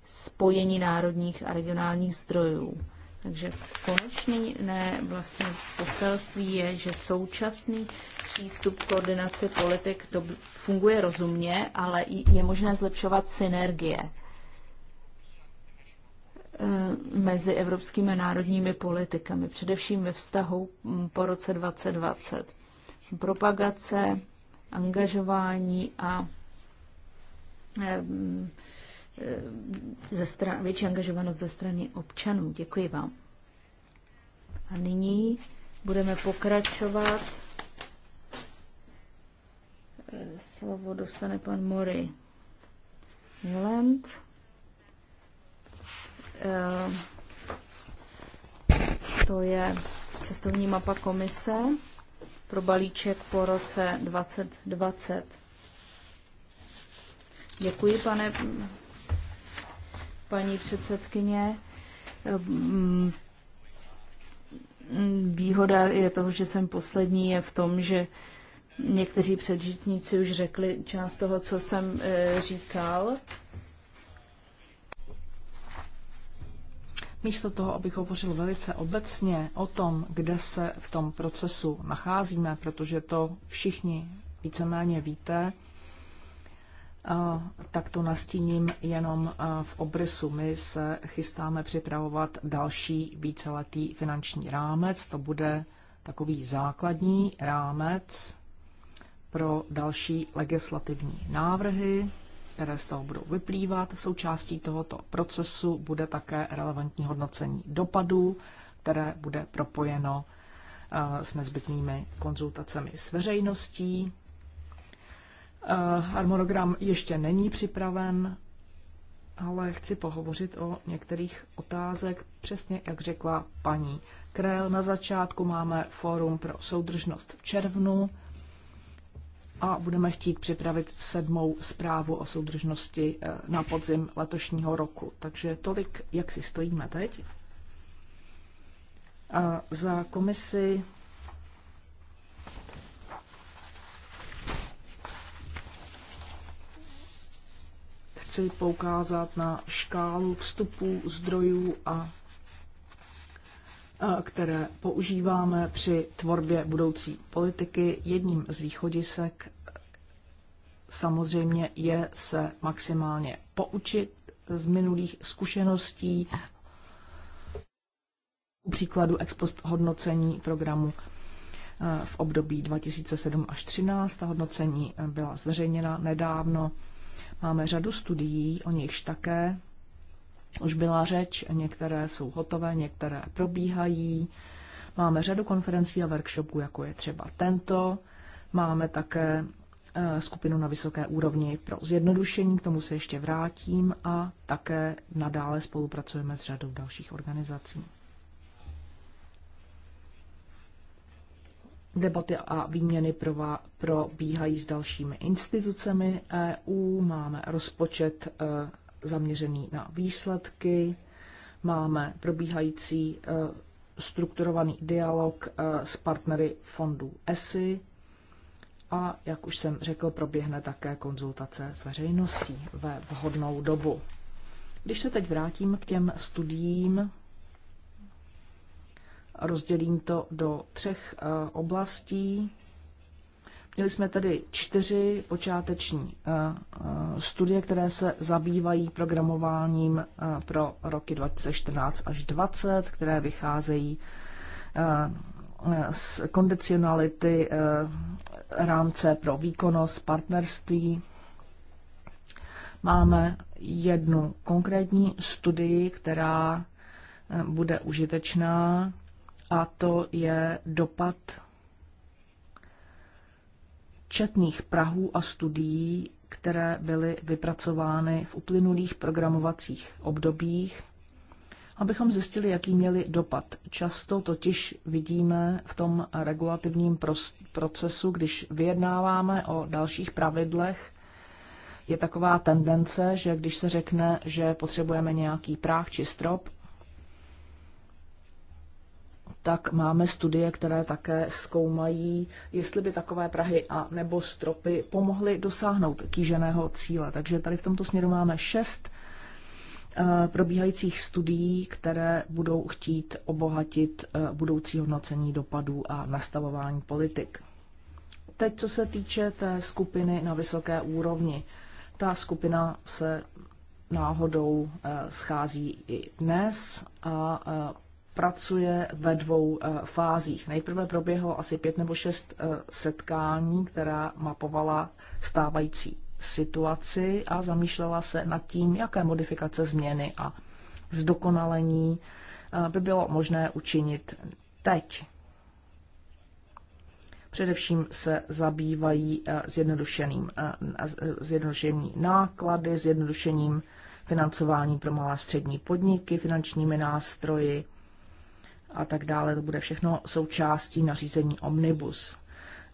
spojení národních a regionálních zdrojů. Takže konečný ne, vlastně poselství je, že současný přístup koordinace politik to funguje rozumně, ale je možné zlepšovat synergie eh, mezi evropskými národními politikami, především ve vztahu hm, po roce 2020. Propagace, angažování a eh, hm, Eh, ze stran, větší angažovanost ze strany občanů. Děkuji vám. A nyní budeme pokračovat. Eh, slovo dostane pan Mori Milent. Eh, to je cestovní mapa komise pro balíček po roce 2020. Děkuji, pane paní předsedkyně. Ehm, Výhoda je toho, že jsem poslední, je v tom, že někteří předžitníci už řekli část toho, co jsem e, říkal. Místo toho, abych hovořil velice obecně o tom, kde se v tom procesu nacházíme, protože to všichni víceméně víte, tak to nastíním jenom v obrysu. My se chystáme připravovat další víceletý finanční rámec. To bude takový základní rámec pro další legislativní návrhy, které z toho budou vyplývat. Součástí tohoto procesu bude také relevantní hodnocení dopadů, které bude propojeno s nezbytnými konzultacemi s veřejností Eh, harmonogram ještě není připraven, ale chci pohovořit o některých otázek, přesně jak řekla paní Krel. Na začátku máme fórum pro soudržnost v červnu a budeme chtít připravit sedmou zprávu o soudržnosti eh, na podzim letošního roku. Takže tolik, jak si stojíme teď. A eh, za komisi chci poukázat na škálu vstupů, zdrojů a které používáme při tvorbě budoucí politiky. Jedním z východisek e, samozřejmě je se maximálně poučit z minulých zkušeností, u příkladu ex post hodnocení programu e, v období 2007 až 2013. Ta hodnocení e, byla zveřejněna nedávno Máme řadu studií, o nichž také už byla řeč, některé jsou hotové, některé probíhají. Máme řadu konferencí a workshopů, jako je třeba tento. Máme také eh, skupinu na vysoké úrovni pro zjednodušení, k tomu se ještě vrátím a také nadále spolupracujeme s řadou dalších organizací. Debaty a výměny probíhají s dalšími institucemi EU. Máme rozpočet e, zaměřený na výsledky, máme probíhající e, strukturovaný dialog e, s partnery fondů ESI a, jak už jsem řekl, proběhne také konzultace s veřejností ve vhodnou dobu. Když se teď vrátím k těm studiím, Rozdělím to do třech eh, oblastí. Měli jsme tedy čtyři počáteční eh, eh, studie, které se zabývají programováním pro roky 2014 až 2020, které vycházejí z kondicionality rámce pro výkonnost partnerství. Máme jednu konkrétní studii, která bude užitečná a to je dopad četných prahů a studií, které byly vypracovány v uplynulých programovacích obdobích, abychom zjistili, jaký měli dopad. Často totiž vidíme v tom regulativním procesu, když vyjednáváme o dalších pravidlech, je taková tendence, že když se řekne, že potřebujeme nějaký práv či strop, tak máme studie, které také zkoumají, jestli by takové Prahy a nebo stropy pomohly dosáhnout kýženého cíle. Takže tady v tomto směru máme šest eh, probíhajících studií, které budou chtít obohatit eh, budoucí hodnocení dopadů a nastavování politik. Teď, co se týče té skupiny na vysoké úrovni. Ta skupina se náhodou eh, schází i dnes a pracuje ve dvou eh, fázích. Nejprve proběhlo asi pět nebo šest eh, setkání, která mapovala stávající situaci a zamýšlela se nad tím, jaké modifikace změny a zdokonalení eh, by bylo možné učinit teď. Především se zabývají zjednodušeným, zjednodušení náklady, zjednodušením financování pro malé střední podniky, finančními nástroji, a tak dále. To bude všechno součástí nařízení Omnibus.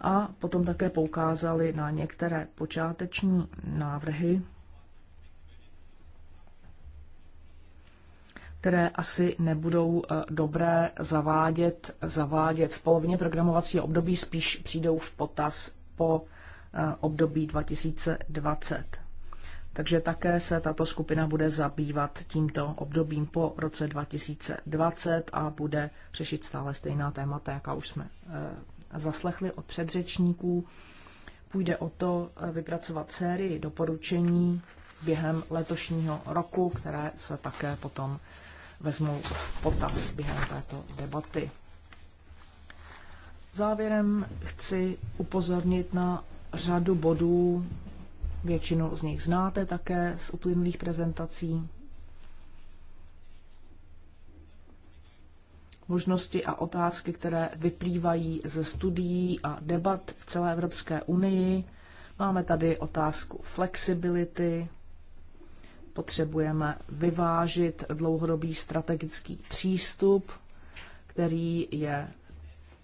A potom také poukázali na některé počáteční návrhy, které asi nebudou eh, dobré zavádět, zavádět v polovině programovacího období, spíš přijdou v potaz po eh, období 2020. Takže také se tato skupina bude zabývat tímto obdobím po roce 2020 a bude řešit stále stejná témata, jaká už jsme eh, zaslechli od předřečníků. Půjde o to eh, vypracovat sérii doporučení během letošního roku, které se také potom vezmou v potaz během této debaty. Závěrem chci upozornit na řadu bodů, Většinu z nich znáte také z uplynulých prezentací. možnosti a otázky, které vyplývají ze studií a debat v celé Evropské unii. Máme tady otázku flexibility, potřebujeme vyvážit dlouhodobý strategický přístup, který je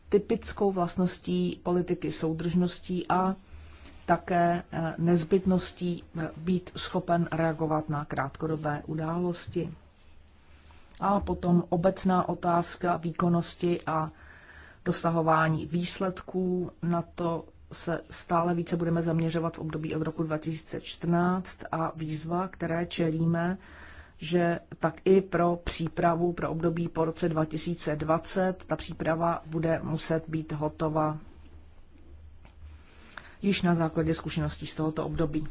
typickou vlastností politiky soudržností a také eh, nezbytností eh, být schopen reagovat na krátkodobé události. A potom obecná otázka výkonnosti a dosahování výsledků. Na to se stále více budeme zaměřovat v období od roku 2014 a výzva, které čelíme, že tak i pro přípravu pro období po roce 2020 ta příprava bude muset být hotova již na základě zkušeností z tohoto období.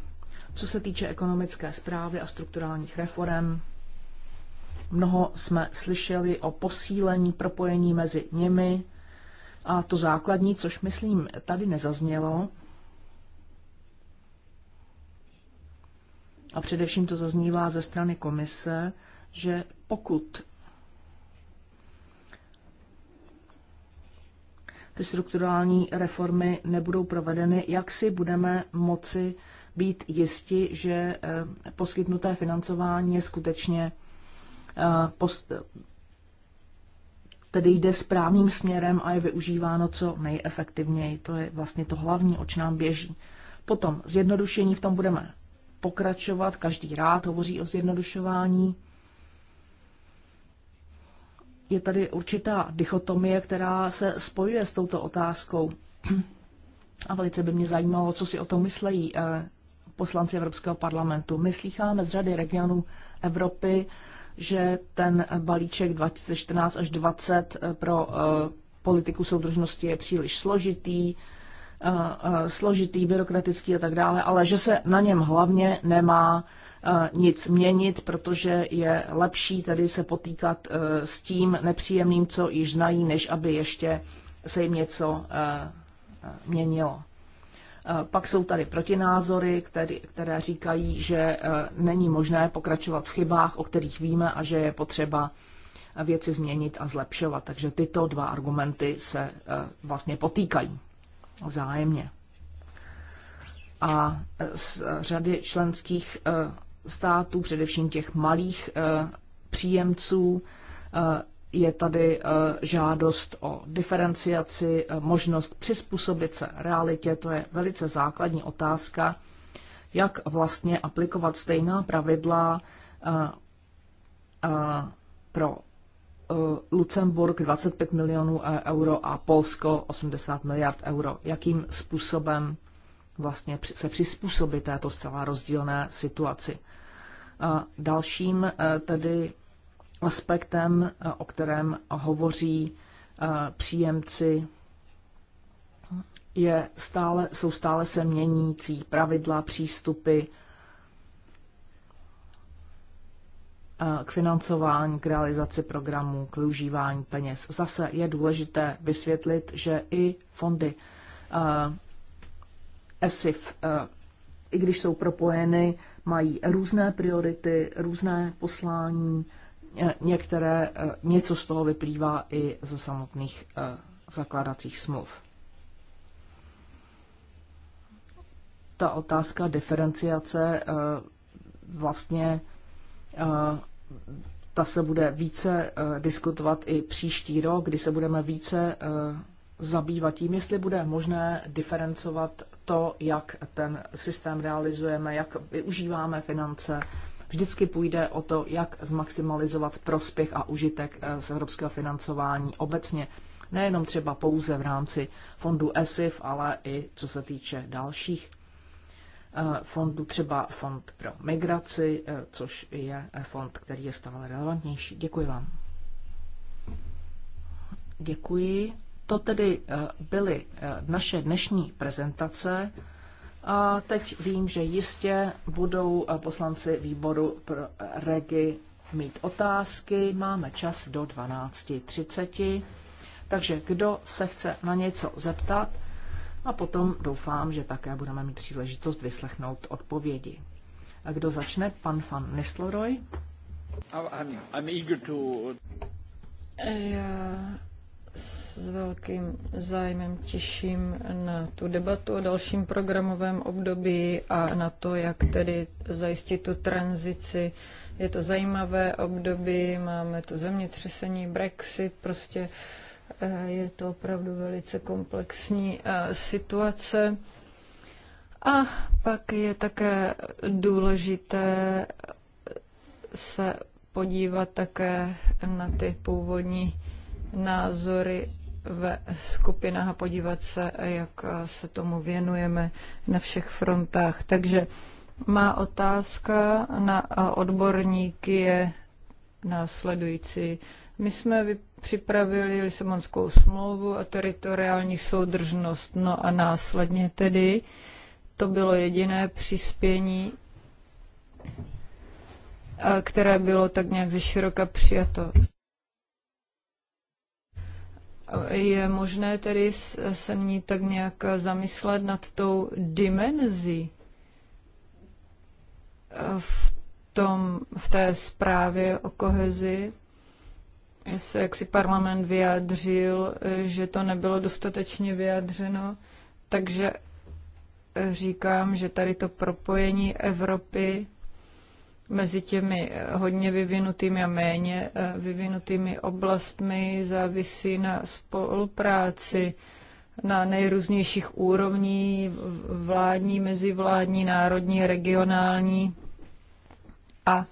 Co se týče ekonomické zprávy a strukturálních reform, mnoho jsme slyšeli o posílení propojení mezi nimi a to základní, což myslím tady nezaznělo, a především to zaznívá ze strany komise, že pokud ty strukturální reformy nebudou provedeny, jak si budeme moci být jisti, že eh, poskytnuté financování je skutečně eh, tedy jde správným směrem a je využíváno co nejefektivněji. To je vlastně to hlavní, oč nám běží. Potom zjednodušení, v tom budeme pokračovat, každý rád hovoří o zjednodušování je tady určitá dichotomie, která se spojuje s touto otázkou. A velice by mě zajímalo, co si o tom myslejí eh, poslanci Evropského parlamentu. My slycháme z řady regionů Evropy, že ten balíček 2014 až 20 eh, pro eh, politiku soudržnosti je příliš složitý, Eh, eh, složitý, byrokratický a tak dále, ale že se na něm hlavně nemá eh, nic měnit, protože je lepší tedy se potýkat s tím nepříjemným, co již znají, než aby ještě se jim něco měnilo. Pak jsou tady protinázory, které říkají, že není možné pokračovat v chybách, o kterých víme, a že je potřeba věci změnit a zlepšovat. Takže tyto dva argumenty se vlastně potýkají vzájemně. A z řady členských e, států, především těch malých e, příjemců, e, je tady žádost o diferenciaci, možnost přizpůsobit se realitě. To je velice základní otázka, jak vlastně aplikovat stejná pravidla pro Eh, Lucemburg 25 milionů eh, euro a Polsko 80 miliard euro. Jakým způsobem vlastně se přizpůsobí této zcela rozdílné situaci? A eh, dalším tedy aspektem, o kterém hovoří příjemci, je stále, jsou stále se měnící pravidla, přístupy, Eh, k financování, k realizaci programů, k využívání peněz. Zase je důležité vysvětlit, že i fondy eh, ESIF, eh, i když jsou propojeny, mají různé priority, různé poslání, některé, něco z toho vyplývá i ze samotných zakladacích smluv. Ta otázka diferenciace vlastně ta se bude více eh, diskutovat i příští rok, kdy se budeme více eh, zabývat tím, jestli bude možné diferencovat to, jak ten systém realizujeme, jak využíváme finance. Vždycky půjde o to, jak zmaximalizovat prospěch a užitek eh, z evropského financování obecně. Nejenom třeba pouze v rámci fondu ESIF, ale i co se týče dalších Eh, fondu třeba fond pro migraci, eh, což je fond, který je stále relevantnější. Děkuji vám. Děkuji. To tedy eh, byly naše dnešní prezentace. A teď vím, že jistě budou poslanci výboru pro regi mít otázky. Máme čas do 12.30. Takže kdo se chce na něco zeptat, a potom doufám, že také budeme mít příležitost vyslechnout odpovědi. A kdo začne? Pan van Nistelrooy. Oh, I'm, I'm eager to... Já s velkým zájmem těším na tu debatu o dalším programovém období a na to, jak tedy zajistit tu tranzici. Je to zajímavé období, máme to zemětřesení, Brexit, prostě uh, Eh, je to opravdu velice komplexní eh, situace. A pak je také důležité se podívat také na ty původní názory ve skupinách a podívat se, jak eh, se tomu věnujeme na všech frontách. Takže má otázka na odborníky je následující. My jsme připravili Lisabonskou smlouvu a teritoriální soudržnost, no a následně tedy to bylo jediné přispění, které bylo tak nějak ze široka přijato. Je možné tedy se nyní tak nějak zamyslet nad tou dimenzí eh, v, tom, v té zprávě o kohezi, se jaksi parlament vyjádřil, že to nebylo dostatečně vyjádřeno, takže říkám, že tady to propojení Evropy mezi těmi eh, hodně vyvinutými a méně eh, vyvinutými oblastmi závisí na spolupráci na nejrůznějších úrovní, vládní, mezivládní, národní, regionální a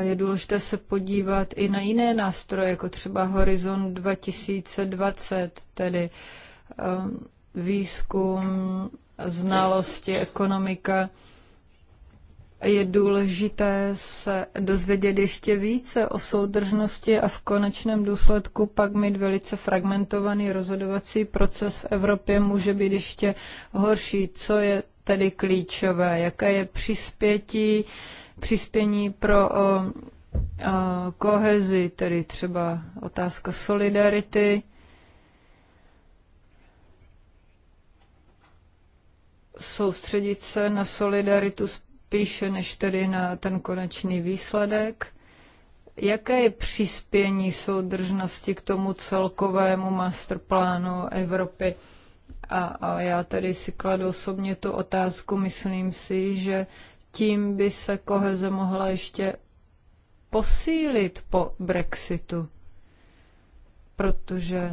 je důležité se podívat i na jiné nástroje, jako třeba Horizon 2020, tedy ehm, výzkum, znalosti, ekonomika. Je důležité se dozvědět ještě více o soudržnosti a v konečném důsledku pak mít velice fragmentovaný rozhodovací proces v Evropě může být ještě horší. Co je tedy klíčové? Jaké je přispětí? přispění pro kohezi, tedy třeba otázka solidarity. Soustředit se na solidaritu spíše než tedy na ten konečný výsledek. Jaké je přispění soudržnosti k tomu celkovému masterplánu Evropy? A, a já tady si kladu osobně tu otázku, myslím si, že tím by se koheze mohla ještě posílit po Brexitu, protože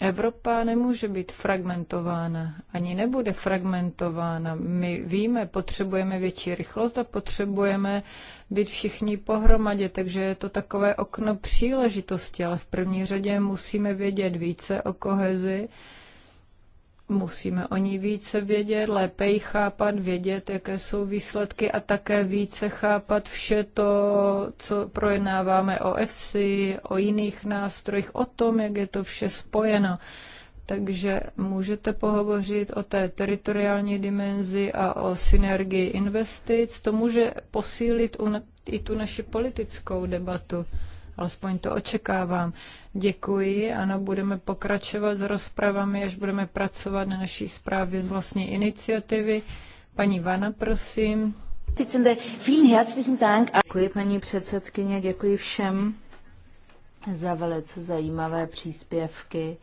Evropa nemůže být fragmentována, ani nebude fragmentována. My víme, potřebujeme větší rychlost a potřebujeme být všichni pohromadě, takže je to takové okno příležitosti, ale v první řadě musíme vědět více o kohezi Musíme o ní více vědět, lépe ji chápat, vědět, jaké jsou výsledky a také více chápat vše to, co projednáváme o EFSI, o jiných nástrojích, o tom, jak je to vše spojeno. Takže můžete pohovořit o té teritoriální dimenzi a o synergii investic. To může posílit i tu naši politickou debatu. Alespoň to očekávám. Děkuji. Ano, budeme pokračovat s rozpravami, až budeme pracovat na naší zprávě z vlastní iniciativy. Paní Vana, prosím. Děkuji, paní předsedkyně, děkuji všem za velice zajímavé příspěvky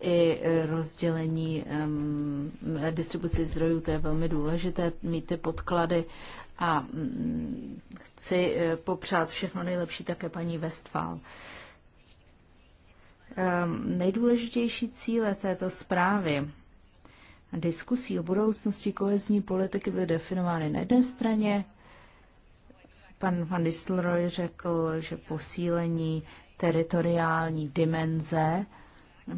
i rozdělení um, distribuci zdrojů, to je velmi důležité mít ty podklady a mm, chci eh, popřát všechno nejlepší také paní Westfal. Ehm, nejdůležitější cíle této zprávy diskusí o budoucnosti kohezní politiky byly definovány na jedné straně. Pan Van Distelrooy řekl, že posílení teritoriální dimenze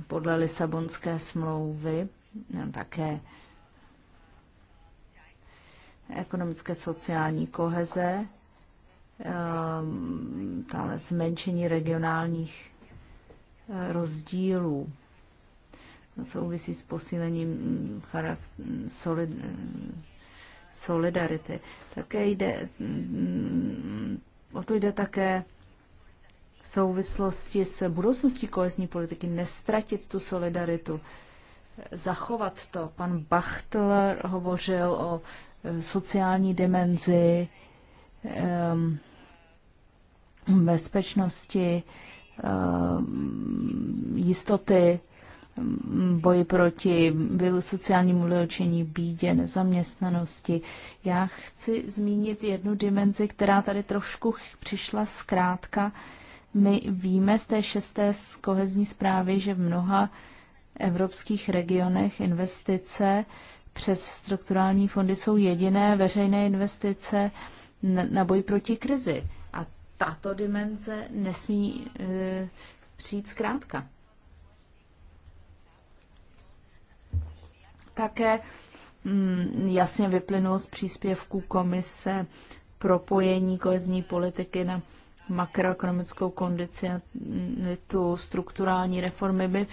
podle Lisabonské smlouvy, no, také ekonomické sociální koheze, ale ehm, zmenšení regionálních eh, rozdílů. Souvisí s posílením mm, solidarity. Také jde, mm, o to jde také v souvislosti s budoucností kohezní politiky nestratit tu solidaritu, zachovat to. Pan Bachtler hovořil o sociální dimenzi, bezpečnosti, jistoty, boji proti sociálnímu léčení, bídě, nezaměstnanosti. Já chci zmínit jednu dimenzi, která tady trošku přišla zkrátka. My víme z té šesté z kohezní zprávy, že v mnoha evropských regionech investice přes strukturální fondy jsou jediné veřejné investice na boj proti krizi. A tato dimenze nesmí e, přijít zkrátka. Také mm, jasně vyplynulo z příspěvků komise propojení kohezní politiky na makroekonomickou kondici tu strukturální reformy, my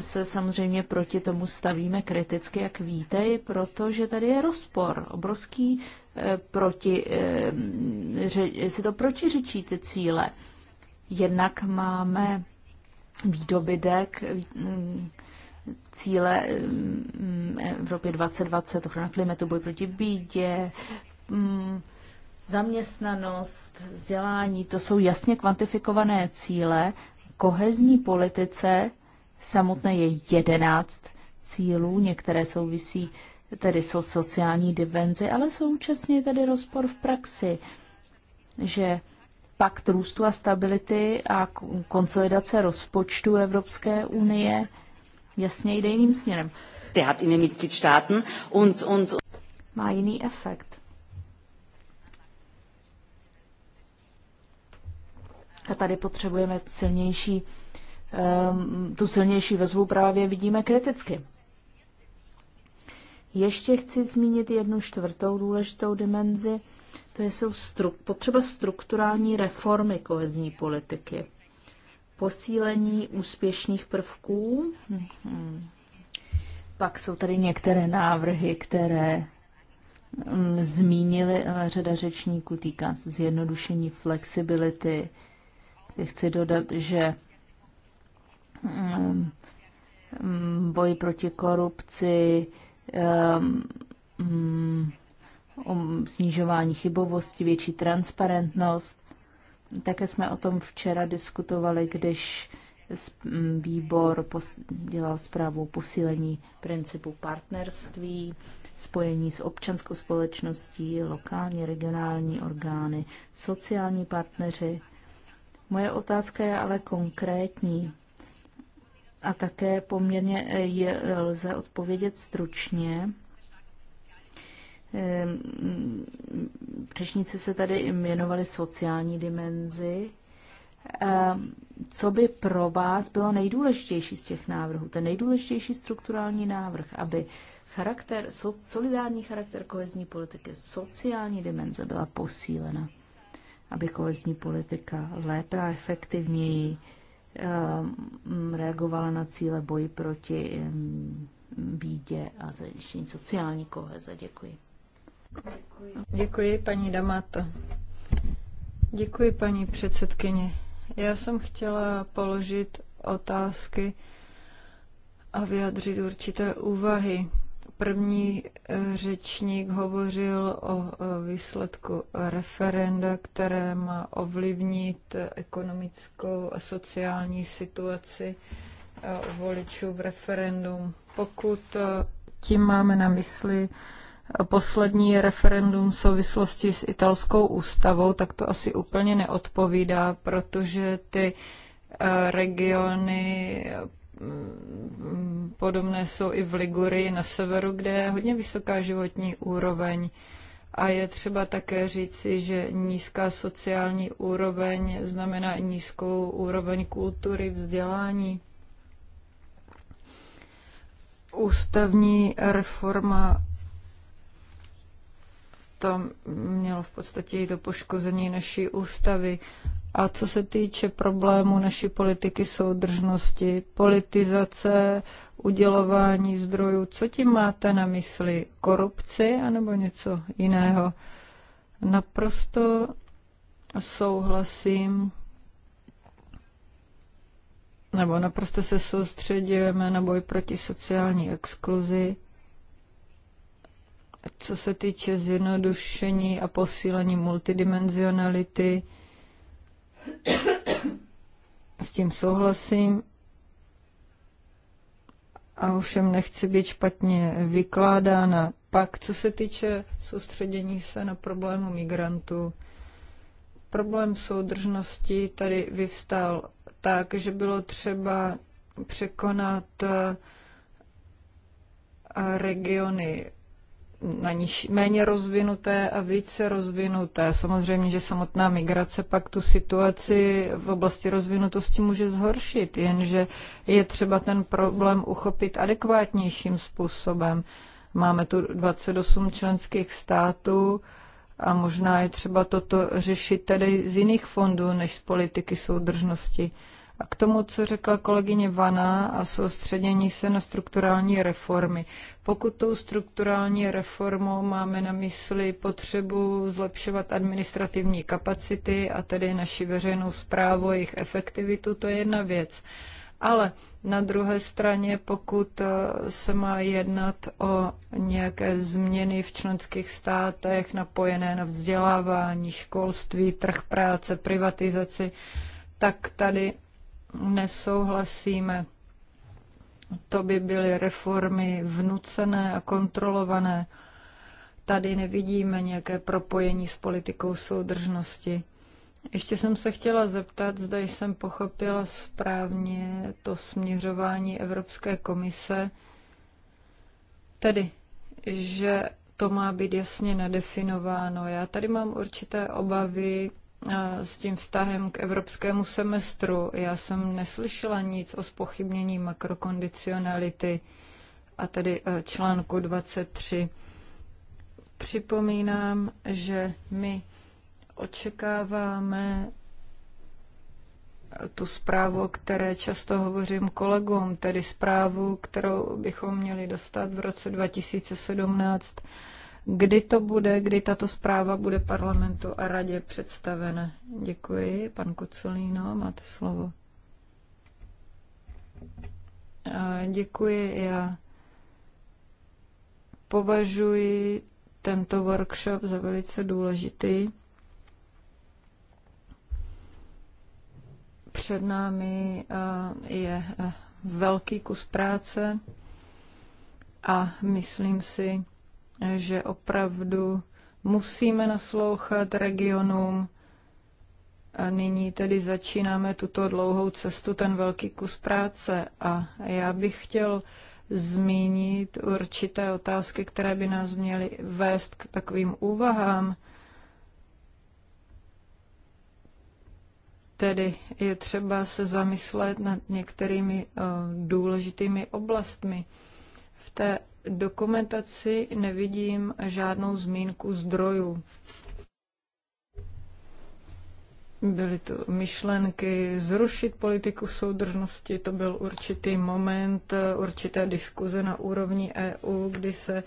se samozřejmě proti tomu stavíme kriticky, jak víte, protože tady je rozpor obrovský eh, proti, eh, si to protiřečí ty cíle. Jednak máme výdobydek, mm, cíle mm, Evropě 2020, ochrana klimatu, boj proti bídě, mm, Zaměstnanost, vzdělání, to jsou jasně kvantifikované cíle. Kohezní politice samotné je jedenáct cílů, některé souvisí tedy jsou sociální dimenzi, ale současně tady rozpor v praxi, že pakt růstu a stability a konsolidace rozpočtu Evropské unie jasně jde jiným směrem. Má jiný efekt. A tady potřebujeme silnější, ehm, tu silnější vezvu právě vidíme kriticky. Ještě chci zmínit jednu čtvrtou důležitou dimenzi, to je jsou stru- potřeba strukturální reformy kohezní politiky. Posílení úspěšných prvků. Hmm. Pak jsou tady některé návrhy, které mm, zmínili řada řečníků, týká se zjednodušení flexibility, chci dodat, že mm, mm, boj proti korupci, ehm, mm, um, snižování chybovosti, větší transparentnost. Také jsme o tom včera diskutovali, když výbor dělal zprávu posílení principu partnerství, spojení s občanskou společností, lokální, regionální orgány, sociální partneři Moje otázka je ale konkrétní a také poměrně eh, je eh, lze odpovědět stručně. Ehm, řečníci se tady jmenovali sociální dimenzi. Ehm, co by pro vás bylo nejdůležitější z těch návrhů? Ten nejdůležitější strukturální návrh, aby charakter, solidární charakter kohezní politiky, sociální dimenze byla posílena aby kohezní politika lépe a efektivněji ehm, reagovala na cíle boji proti ehm, bídě a zajištění sociální koheze. Děkuji. Děkuji. Děkuji, paní Damato. Děkuji, paní předsedkyně. Já jsem chtěla položit otázky a vyjadřit určité úvahy. První eh, řečník hovořil o eh, výsledku referenda, které má ovlivnit ekonomickou a sociální situaci eh, voličů v referendum. Pokud tím máme na mysli poslední referendum v souvislosti s italskou ústavou, tak to asi úplně neodpovídá, protože ty regiony podobné jsou i v Ligurii na severu, kde je hodně vysoká životní úroveň. A je třeba také říci, že nízká sociální úroveň znamená i nízkou úroveň kultury, vzdělání. Ústavní reforma tam mělo v podstatě i to poškození naší ústavy a co se týče problému naší politiky soudržnosti, politizace, udělování zdrojů, co tím máte na mysli? Korupci anebo něco jiného? Naprosto souhlasím, nebo naprosto se soustředujeme na boj proti sociální exkluzi, co se týče zjednodušení a posílení multidimenzionality, s tím souhlasím. A ovšem nechci být špatně vykládána. Pak, co se týče soustředění se na problému migrantů, problém soudržnosti tady vyvstal tak, že bylo třeba překonat eh, regiony na níž méně rozvinuté a více rozvinuté. Samozřejmě, že samotná migrace pak tu situaci v oblasti rozvinutosti může zhoršit, jenže je třeba ten problém uchopit adekvátnějším způsobem. Máme tu 28 členských států a možná je třeba toto řešit tedy z jiných fondů než z politiky soudržnosti. A k tomu, co řekla kolegyně Vana a soustředění se na strukturální reformy. Pokud tou strukturální reformou máme na mysli potřebu zlepšovat administrativní kapacity a tedy naši veřejnou zprávu a jejich efektivitu, to je jedna věc. Ale na druhé straně, pokud eh, se má jednat o nějaké změny v členských státech napojené na vzdělávání, školství, trh práce, privatizaci, tak tady nesouhlasíme. To by byly reformy vnucené a kontrolované. Tady nevidíme nějaké propojení s politikou soudržnosti. Ještě jsem se chtěla zeptat, zda jsem pochopila správně to směřování Evropské komise, tedy, že to má být jasně nadefinováno. Já tady mám určité obavy s tím vztahem k evropskému semestru. Já jsem neslyšela nic o spochybnění makrokondicionality a tedy e, článku 23. Připomínám, že my očekáváme e, tu zprávu, o které často hovořím kolegům, tedy zprávu, kterou bychom měli dostat v roce 2017 kdy to bude, kdy tato zpráva bude parlamentu a radě představena. Děkuji. Pan Kocelíno, máte slovo. děkuji. Já považuji tento workshop za velice důležitý. Před námi je velký kus práce a myslím si, že opravdu musíme naslouchat regionům. A nyní tedy začínáme tuto dlouhou cestu, ten velký kus práce. A já bych chtěl zmínit určité otázky, které by nás měly vést k takovým úvahám. Tedy je třeba se zamyslet nad některými uh, důležitými oblastmi. V té dokumentaci nevidím žádnou zmínku zdrojů. Byly to myšlenky zrušit politiku soudržnosti, to byl určitý moment, určité diskuze na úrovni EU, kdy se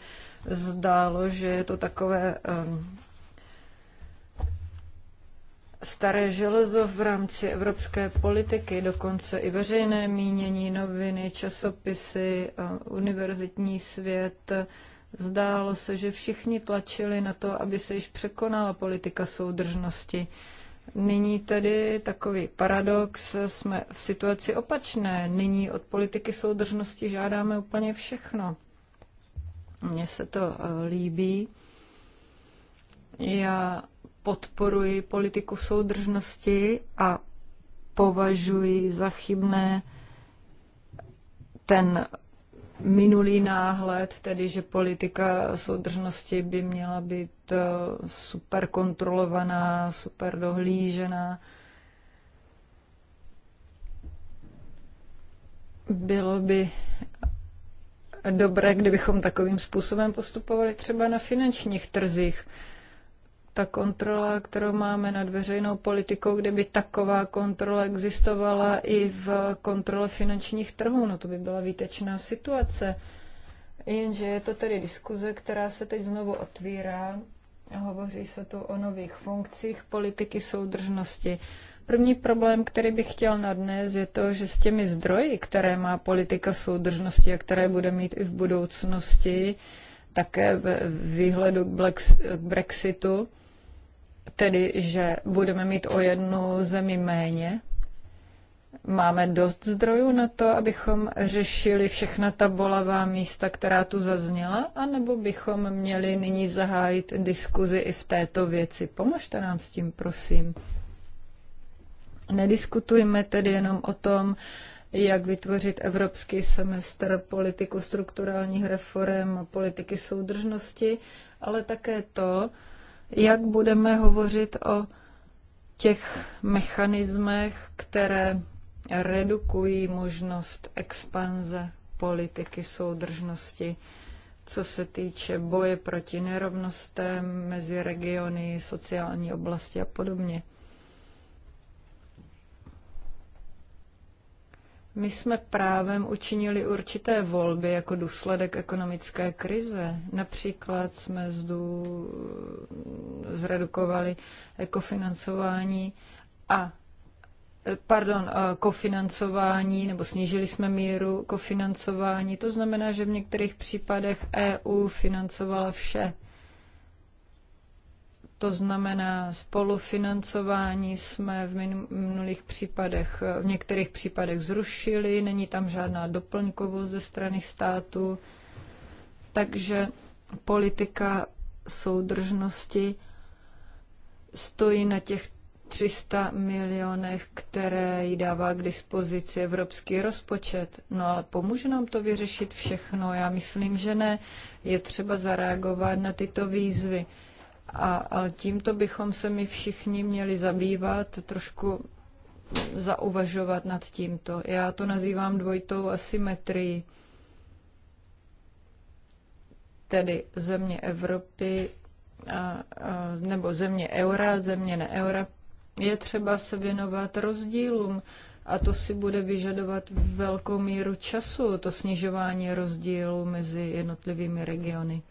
zdálo, že je to takové um, staré železo v rámci evropské politiky, dokonce i veřejné mínění, noviny, časopisy, univerzitní svět. Zdálo se, že všichni tlačili na to, aby se již překonala politika soudržnosti. Nyní tedy takový paradox, jsme v situaci opačné. Nyní od politiky soudržnosti žádáme úplně všechno. Mně se to e, líbí. Já podporuji politiku soudržnosti a považuji za chybné ten minulý náhled, tedy že politika soudržnosti by měla být eh, super kontrolovaná, super dohlížená. Bylo by dobré, kdybychom takovým způsobem postupovali třeba na finančních trzích ta kontrola, kterou máme nad veřejnou politikou, kde by taková kontrola existovala i v kontrole finančních trhů, no to by byla výtečná situace. Jenže je to tedy diskuze, která se teď znovu otvírá. Hovoří se tu o nových funkcích politiky soudržnosti. První problém, který bych chtěl nadnes, je to, že s těmi zdroji, které má politika soudržnosti a které bude mít i v budoucnosti, také ve výhledu k Brexitu, tedy, že budeme mít o jednu zemi méně? Máme dost zdrojů na to, abychom řešili všechna ta bolavá místa, která tu zazněla, anebo bychom měli nyní zahájit diskuzi i v této věci. Pomožte nám s tím, prosím. Nediskutujme tedy jenom o tom, jak vytvořit evropský semestr politiku strukturálních reform a politiky soudržnosti, ale také to, jak budeme hovořit o těch mechanismech, které redukují možnost expanze politiky soudržnosti, co se týče boje proti nerovnostem mezi regiony, sociální oblasti a podobně. My jsme právem učinili určité volby jako důsledek ekonomické krize. Například jsme zdu, zredukovali ekofinancování a pardon, kofinancování, nebo snížili jsme míru kofinancování. To znamená, že v některých případech EU financovala vše. To znamená, spolufinancování jsme v minulých případech, v některých případech zrušili, není tam žádná doplňkovost ze strany státu, takže politika soudržnosti stojí na těch 300 milionech, které jí dává k dispozici evropský rozpočet. No ale pomůže nám to vyřešit všechno? Já myslím, že ne. Je třeba zareagovat na tyto výzvy. A tímto bychom se my všichni měli zabývat, trošku zauvažovat nad tímto. Já to nazývám dvojitou asymetrii. Tedy země Evropy a, a, nebo země eura, země neeura. Je třeba se věnovat rozdílům a to si bude vyžadovat velkou míru času, to snižování rozdílů mezi jednotlivými regiony.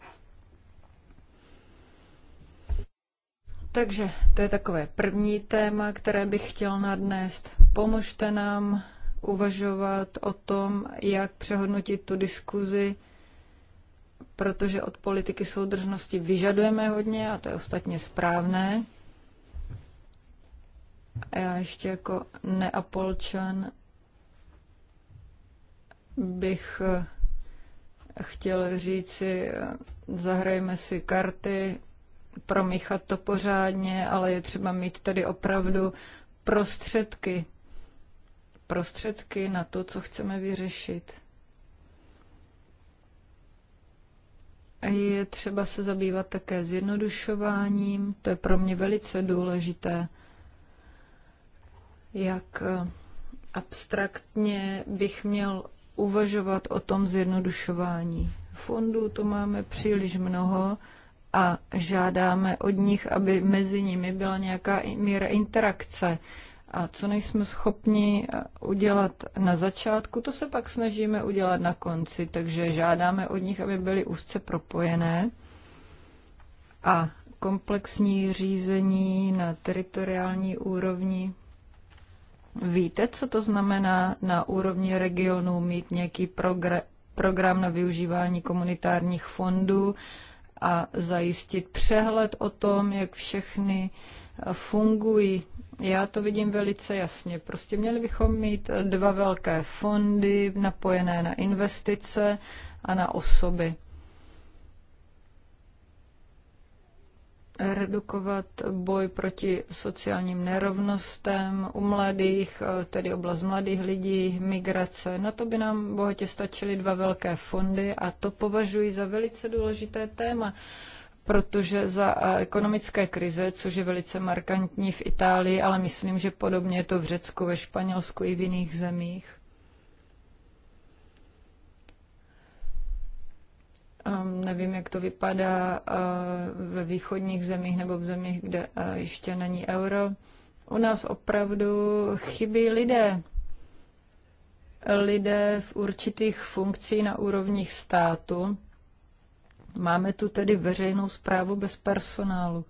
Takže to je takové první téma, které bych chtěl nadnést. Pomožte nám uvažovat o tom, jak přehodnotit tu diskuzi, protože od politiky soudržnosti vyžadujeme hodně, a to je ostatně správné. A já ještě jako neapolčan bych eh, chtěl říci, eh, zahrajeme si karty, promíchat to pořádně, ale je třeba mít tady opravdu prostředky. Prostředky na to, co chceme vyřešit. Je třeba se zabývat také zjednodušováním, to je pro mě velice důležité, jak eh, abstraktně bych měl uvažovat o tom zjednodušování. Fondů to máme příliš mnoho, a žádáme od nich, aby mezi nimi byla nějaká míra interakce. A co nejsme schopni eh, udělat na začátku, to se pak snažíme udělat na konci. Takže žádáme od nich, aby byly úzce propojené a komplexní řízení na teritoriální úrovni. Víte, co to znamená na úrovni regionu mít nějaký program na využívání komunitárních fondů a zajistit přehled o tom, jak všechny fungují. Já to vidím velice jasně. Prostě měli bychom mít dva velké fondy napojené na investice a na osoby. redukovat boj proti sociálním nerovnostem u mladých, eh, tedy oblast mladých lidí, migrace. Na to by nám bohatě stačily dva velké fondy a to považuji za velice důležité téma, protože za eh, ekonomické krize, což je velice markantní v Itálii, ale myslím, že podobně je to v Řecku, ve Španělsku i v jiných zemích, Um, nevím, jak to vypadá uh, ve východních zemích nebo v zemích, kde uh, ještě není euro. U nás opravdu chybí lidé. Lidé v určitých funkcích na úrovních státu. Máme tu tedy veřejnou zprávu bez personálu.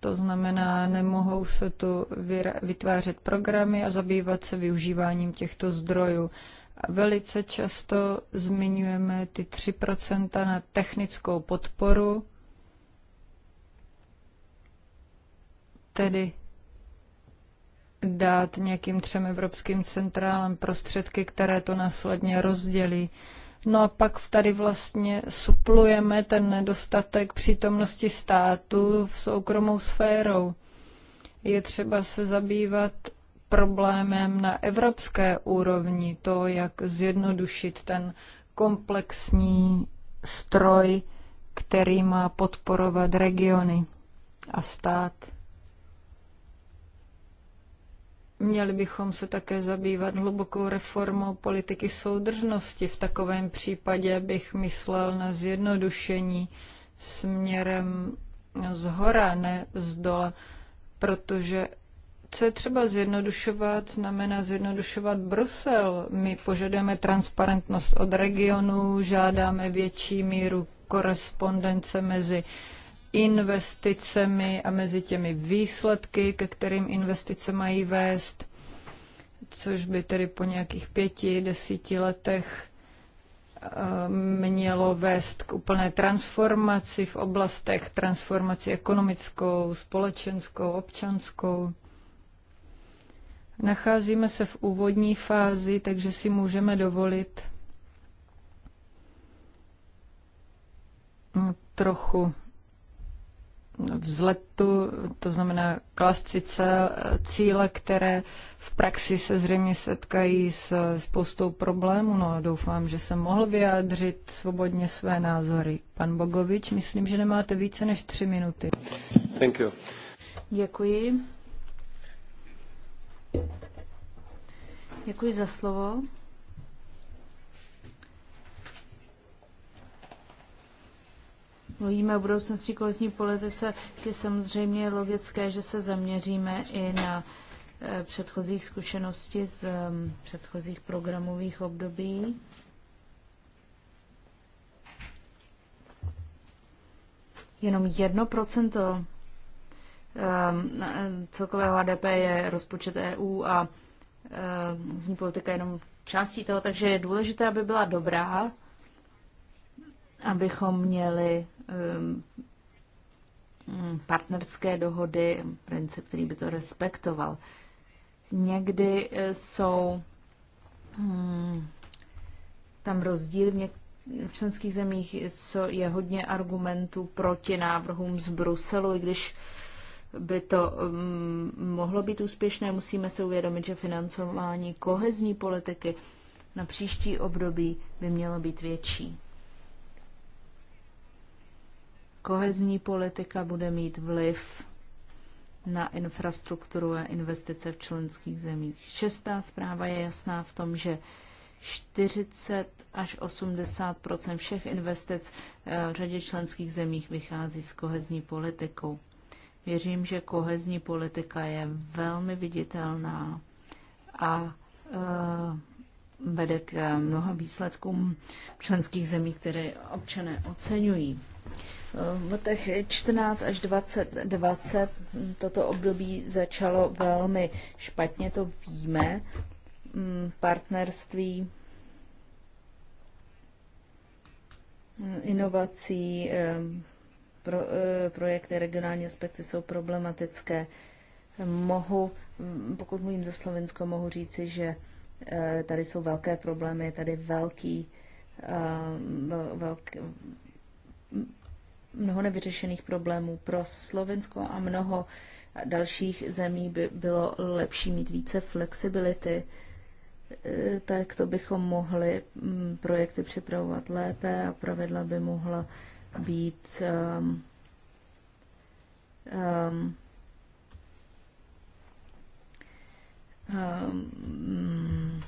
To znamená, nemohou se tu vytvářet programy a zabývat se využíváním těchto zdrojů. Velice často zmiňujeme ty 3 na technickou podporu, tedy dát nějakým třem evropským centrálem prostředky, které to následně rozdělí. No a pak tady vlastně suplujeme ten nedostatek přítomnosti státu v soukromou sférou. Je třeba se zabývat problémem na evropské úrovni, to, jak zjednodušit ten komplexní stroj, který má podporovat regiony a stát. Měli bychom se také zabývat hlubokou reformou politiky soudržnosti. V takovém případě bych myslel na zjednodušení směrem z hora, ne z dola, protože co je třeba zjednodušovat, znamená zjednodušovat Brusel. My požadujeme transparentnost od regionu, žádáme větší míru korespondence mezi investicemi a mezi těmi výsledky, ke kterým investice mají vést, což by tedy po nějakých pěti, desíti letech eh, mělo vést k úplné transformaci v oblastech, transformaci ekonomickou, společenskou, občanskou. Nacházíme se v úvodní fázi, takže si můžeme dovolit mm, trochu vzletu, to znamená klást cíle, které v praxi se zřejmě setkají s spoustou problémů. No doufám, že jsem mohl vyjádřit svobodně své názory. Pan Bogovič, myslím, že nemáte více než tři minuty. Thank you. Děkuji. Děkuji za slovo. Mluvíme o budoucnosti kohezní politice, je samozřejmě logické, že se zaměříme i na eh, předchozích zkušenosti z mm, předchozích programových období. Jenom jedno procento Ehm, celkového HDP je rozpočet EU a ehm, zní politika jenom částí toho, takže je důležité, aby byla dobrá, abychom měli ehm, partnerské dohody, princip, který by to respektoval. Někdy e, jsou hmm, tam rozdíl v, něk- v členských zemích je hodně argumentů proti návrhům z Bruselu, i když by to mm, mohlo být úspěšné, musíme se uvědomit, že financování kohezní politiky na příští období by mělo být větší. Kohezní politika bude mít vliv na infrastrukturu a investice v členských zemích. Šestá zpráva je jasná v tom, že 40 až 80 všech investic eh, v řadě členských zemích vychází z kohezní politikou. Věřím, že kohezní politika je velmi viditelná a eh, vede k mnoha výsledkům členských zemí, které občané oceňují. Eh, v letech 14 až 2020 20, toto období začalo velmi špatně, to víme. Mm, partnerství eh, inovací, pro, eh, projekty, regionální aspekty jsou problematické. Mohu, mm, pokud mluvím za Slovensko, mohu říci, že eh, tady jsou velké problémy, je tady velký, eh, velký mm, mnoho nevyřešených problémů pro Slovensko a mnoho dalších zemí by bylo lepší mít více flexibility, tak to bychom mohli mm, projekty připravovat lépe a pravidla by mohla být um, um, um,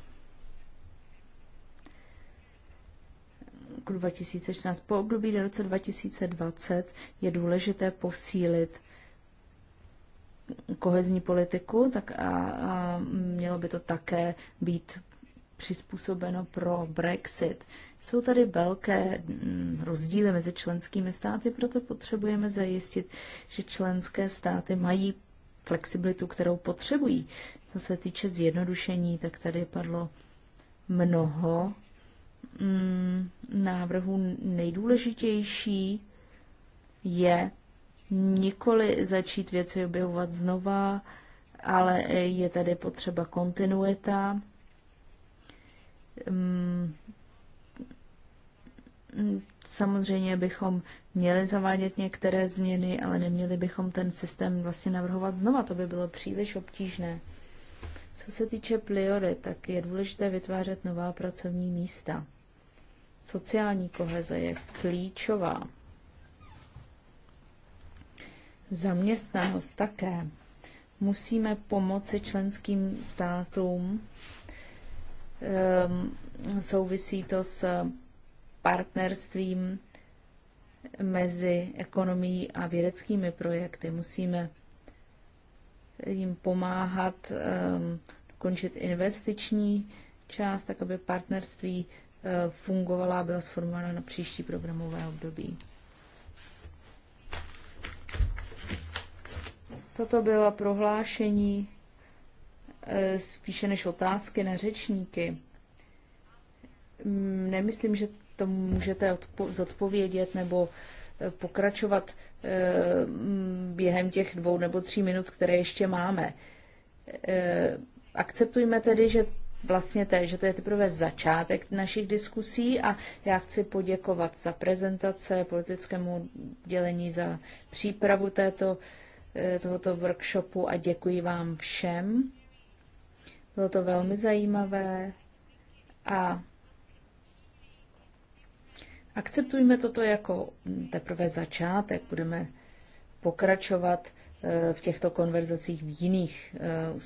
roku 2014. Po období do roce 2020 je důležité posílit kohezní politiku, tak a, a mělo by to také být přizpůsobeno pro Brexit. Jsou tady velké mm, rozdíly mezi členskými státy, proto potřebujeme zajistit, že členské státy mají flexibilitu, kterou potřebují. Co se týče zjednodušení, tak tady padlo mnoho mm, návrhů. Nejdůležitější je nikoli začít věci objevovat znova, ale je tady potřeba kontinuita Mm, samozřejmě bychom měli zavádět některé změny, ale neměli bychom ten systém vlastně navrhovat znova, to by bylo příliš obtížné. Co se týče priory, tak je důležité vytvářet nová pracovní místa. Sociální koheze je klíčová. Zaměstnanost také. Musíme pomoci členským státům Ehm, souvisí to s partnerstvím mezi ekonomií a vědeckými projekty. Musíme jim pomáhat ehm, dokončit investiční část, tak aby partnerství eh, fungovala a byla sformována na příští programové období. Toto bylo prohlášení Eh, spíše než otázky na řečníky. Mm, nemyslím, že to můžete zodpovědět nebo eh, pokračovat eh, mm, během těch dvou nebo tří minut, které ještě máme. Akceptujme tedy, že vlastně té, že to je teprve začátek našich diskusí a já chci poděkovat za prezentace, politickému dělení za přípravu této, tohoto workshopu a děkuji vám všem. Bylo to velmi zajímavé a akceptujme toto jako teprve začátek. Budeme pokračovat eh, v těchto konverzacích v jiných, eh,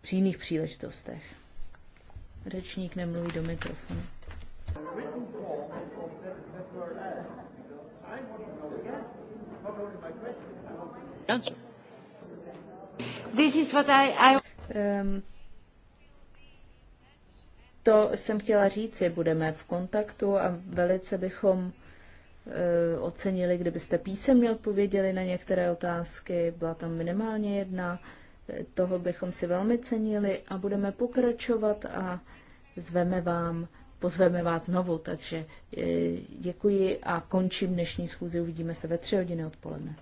při jiných příležitostech. Řečník nemluví do mikrofonu. Answer. This is what I, I... Um, to jsem chtěla říci, budeme v kontaktu a velice bychom uh, ocenili, kdybyste písemně odpověděli na některé otázky, byla tam minimálně jedna, toho bychom si velmi cenili a budeme pokračovat a zveme vám, pozveme vás znovu, takže eh, děkuji a končím dnešní schůzi, uvidíme se ve tři hodiny odpoledne.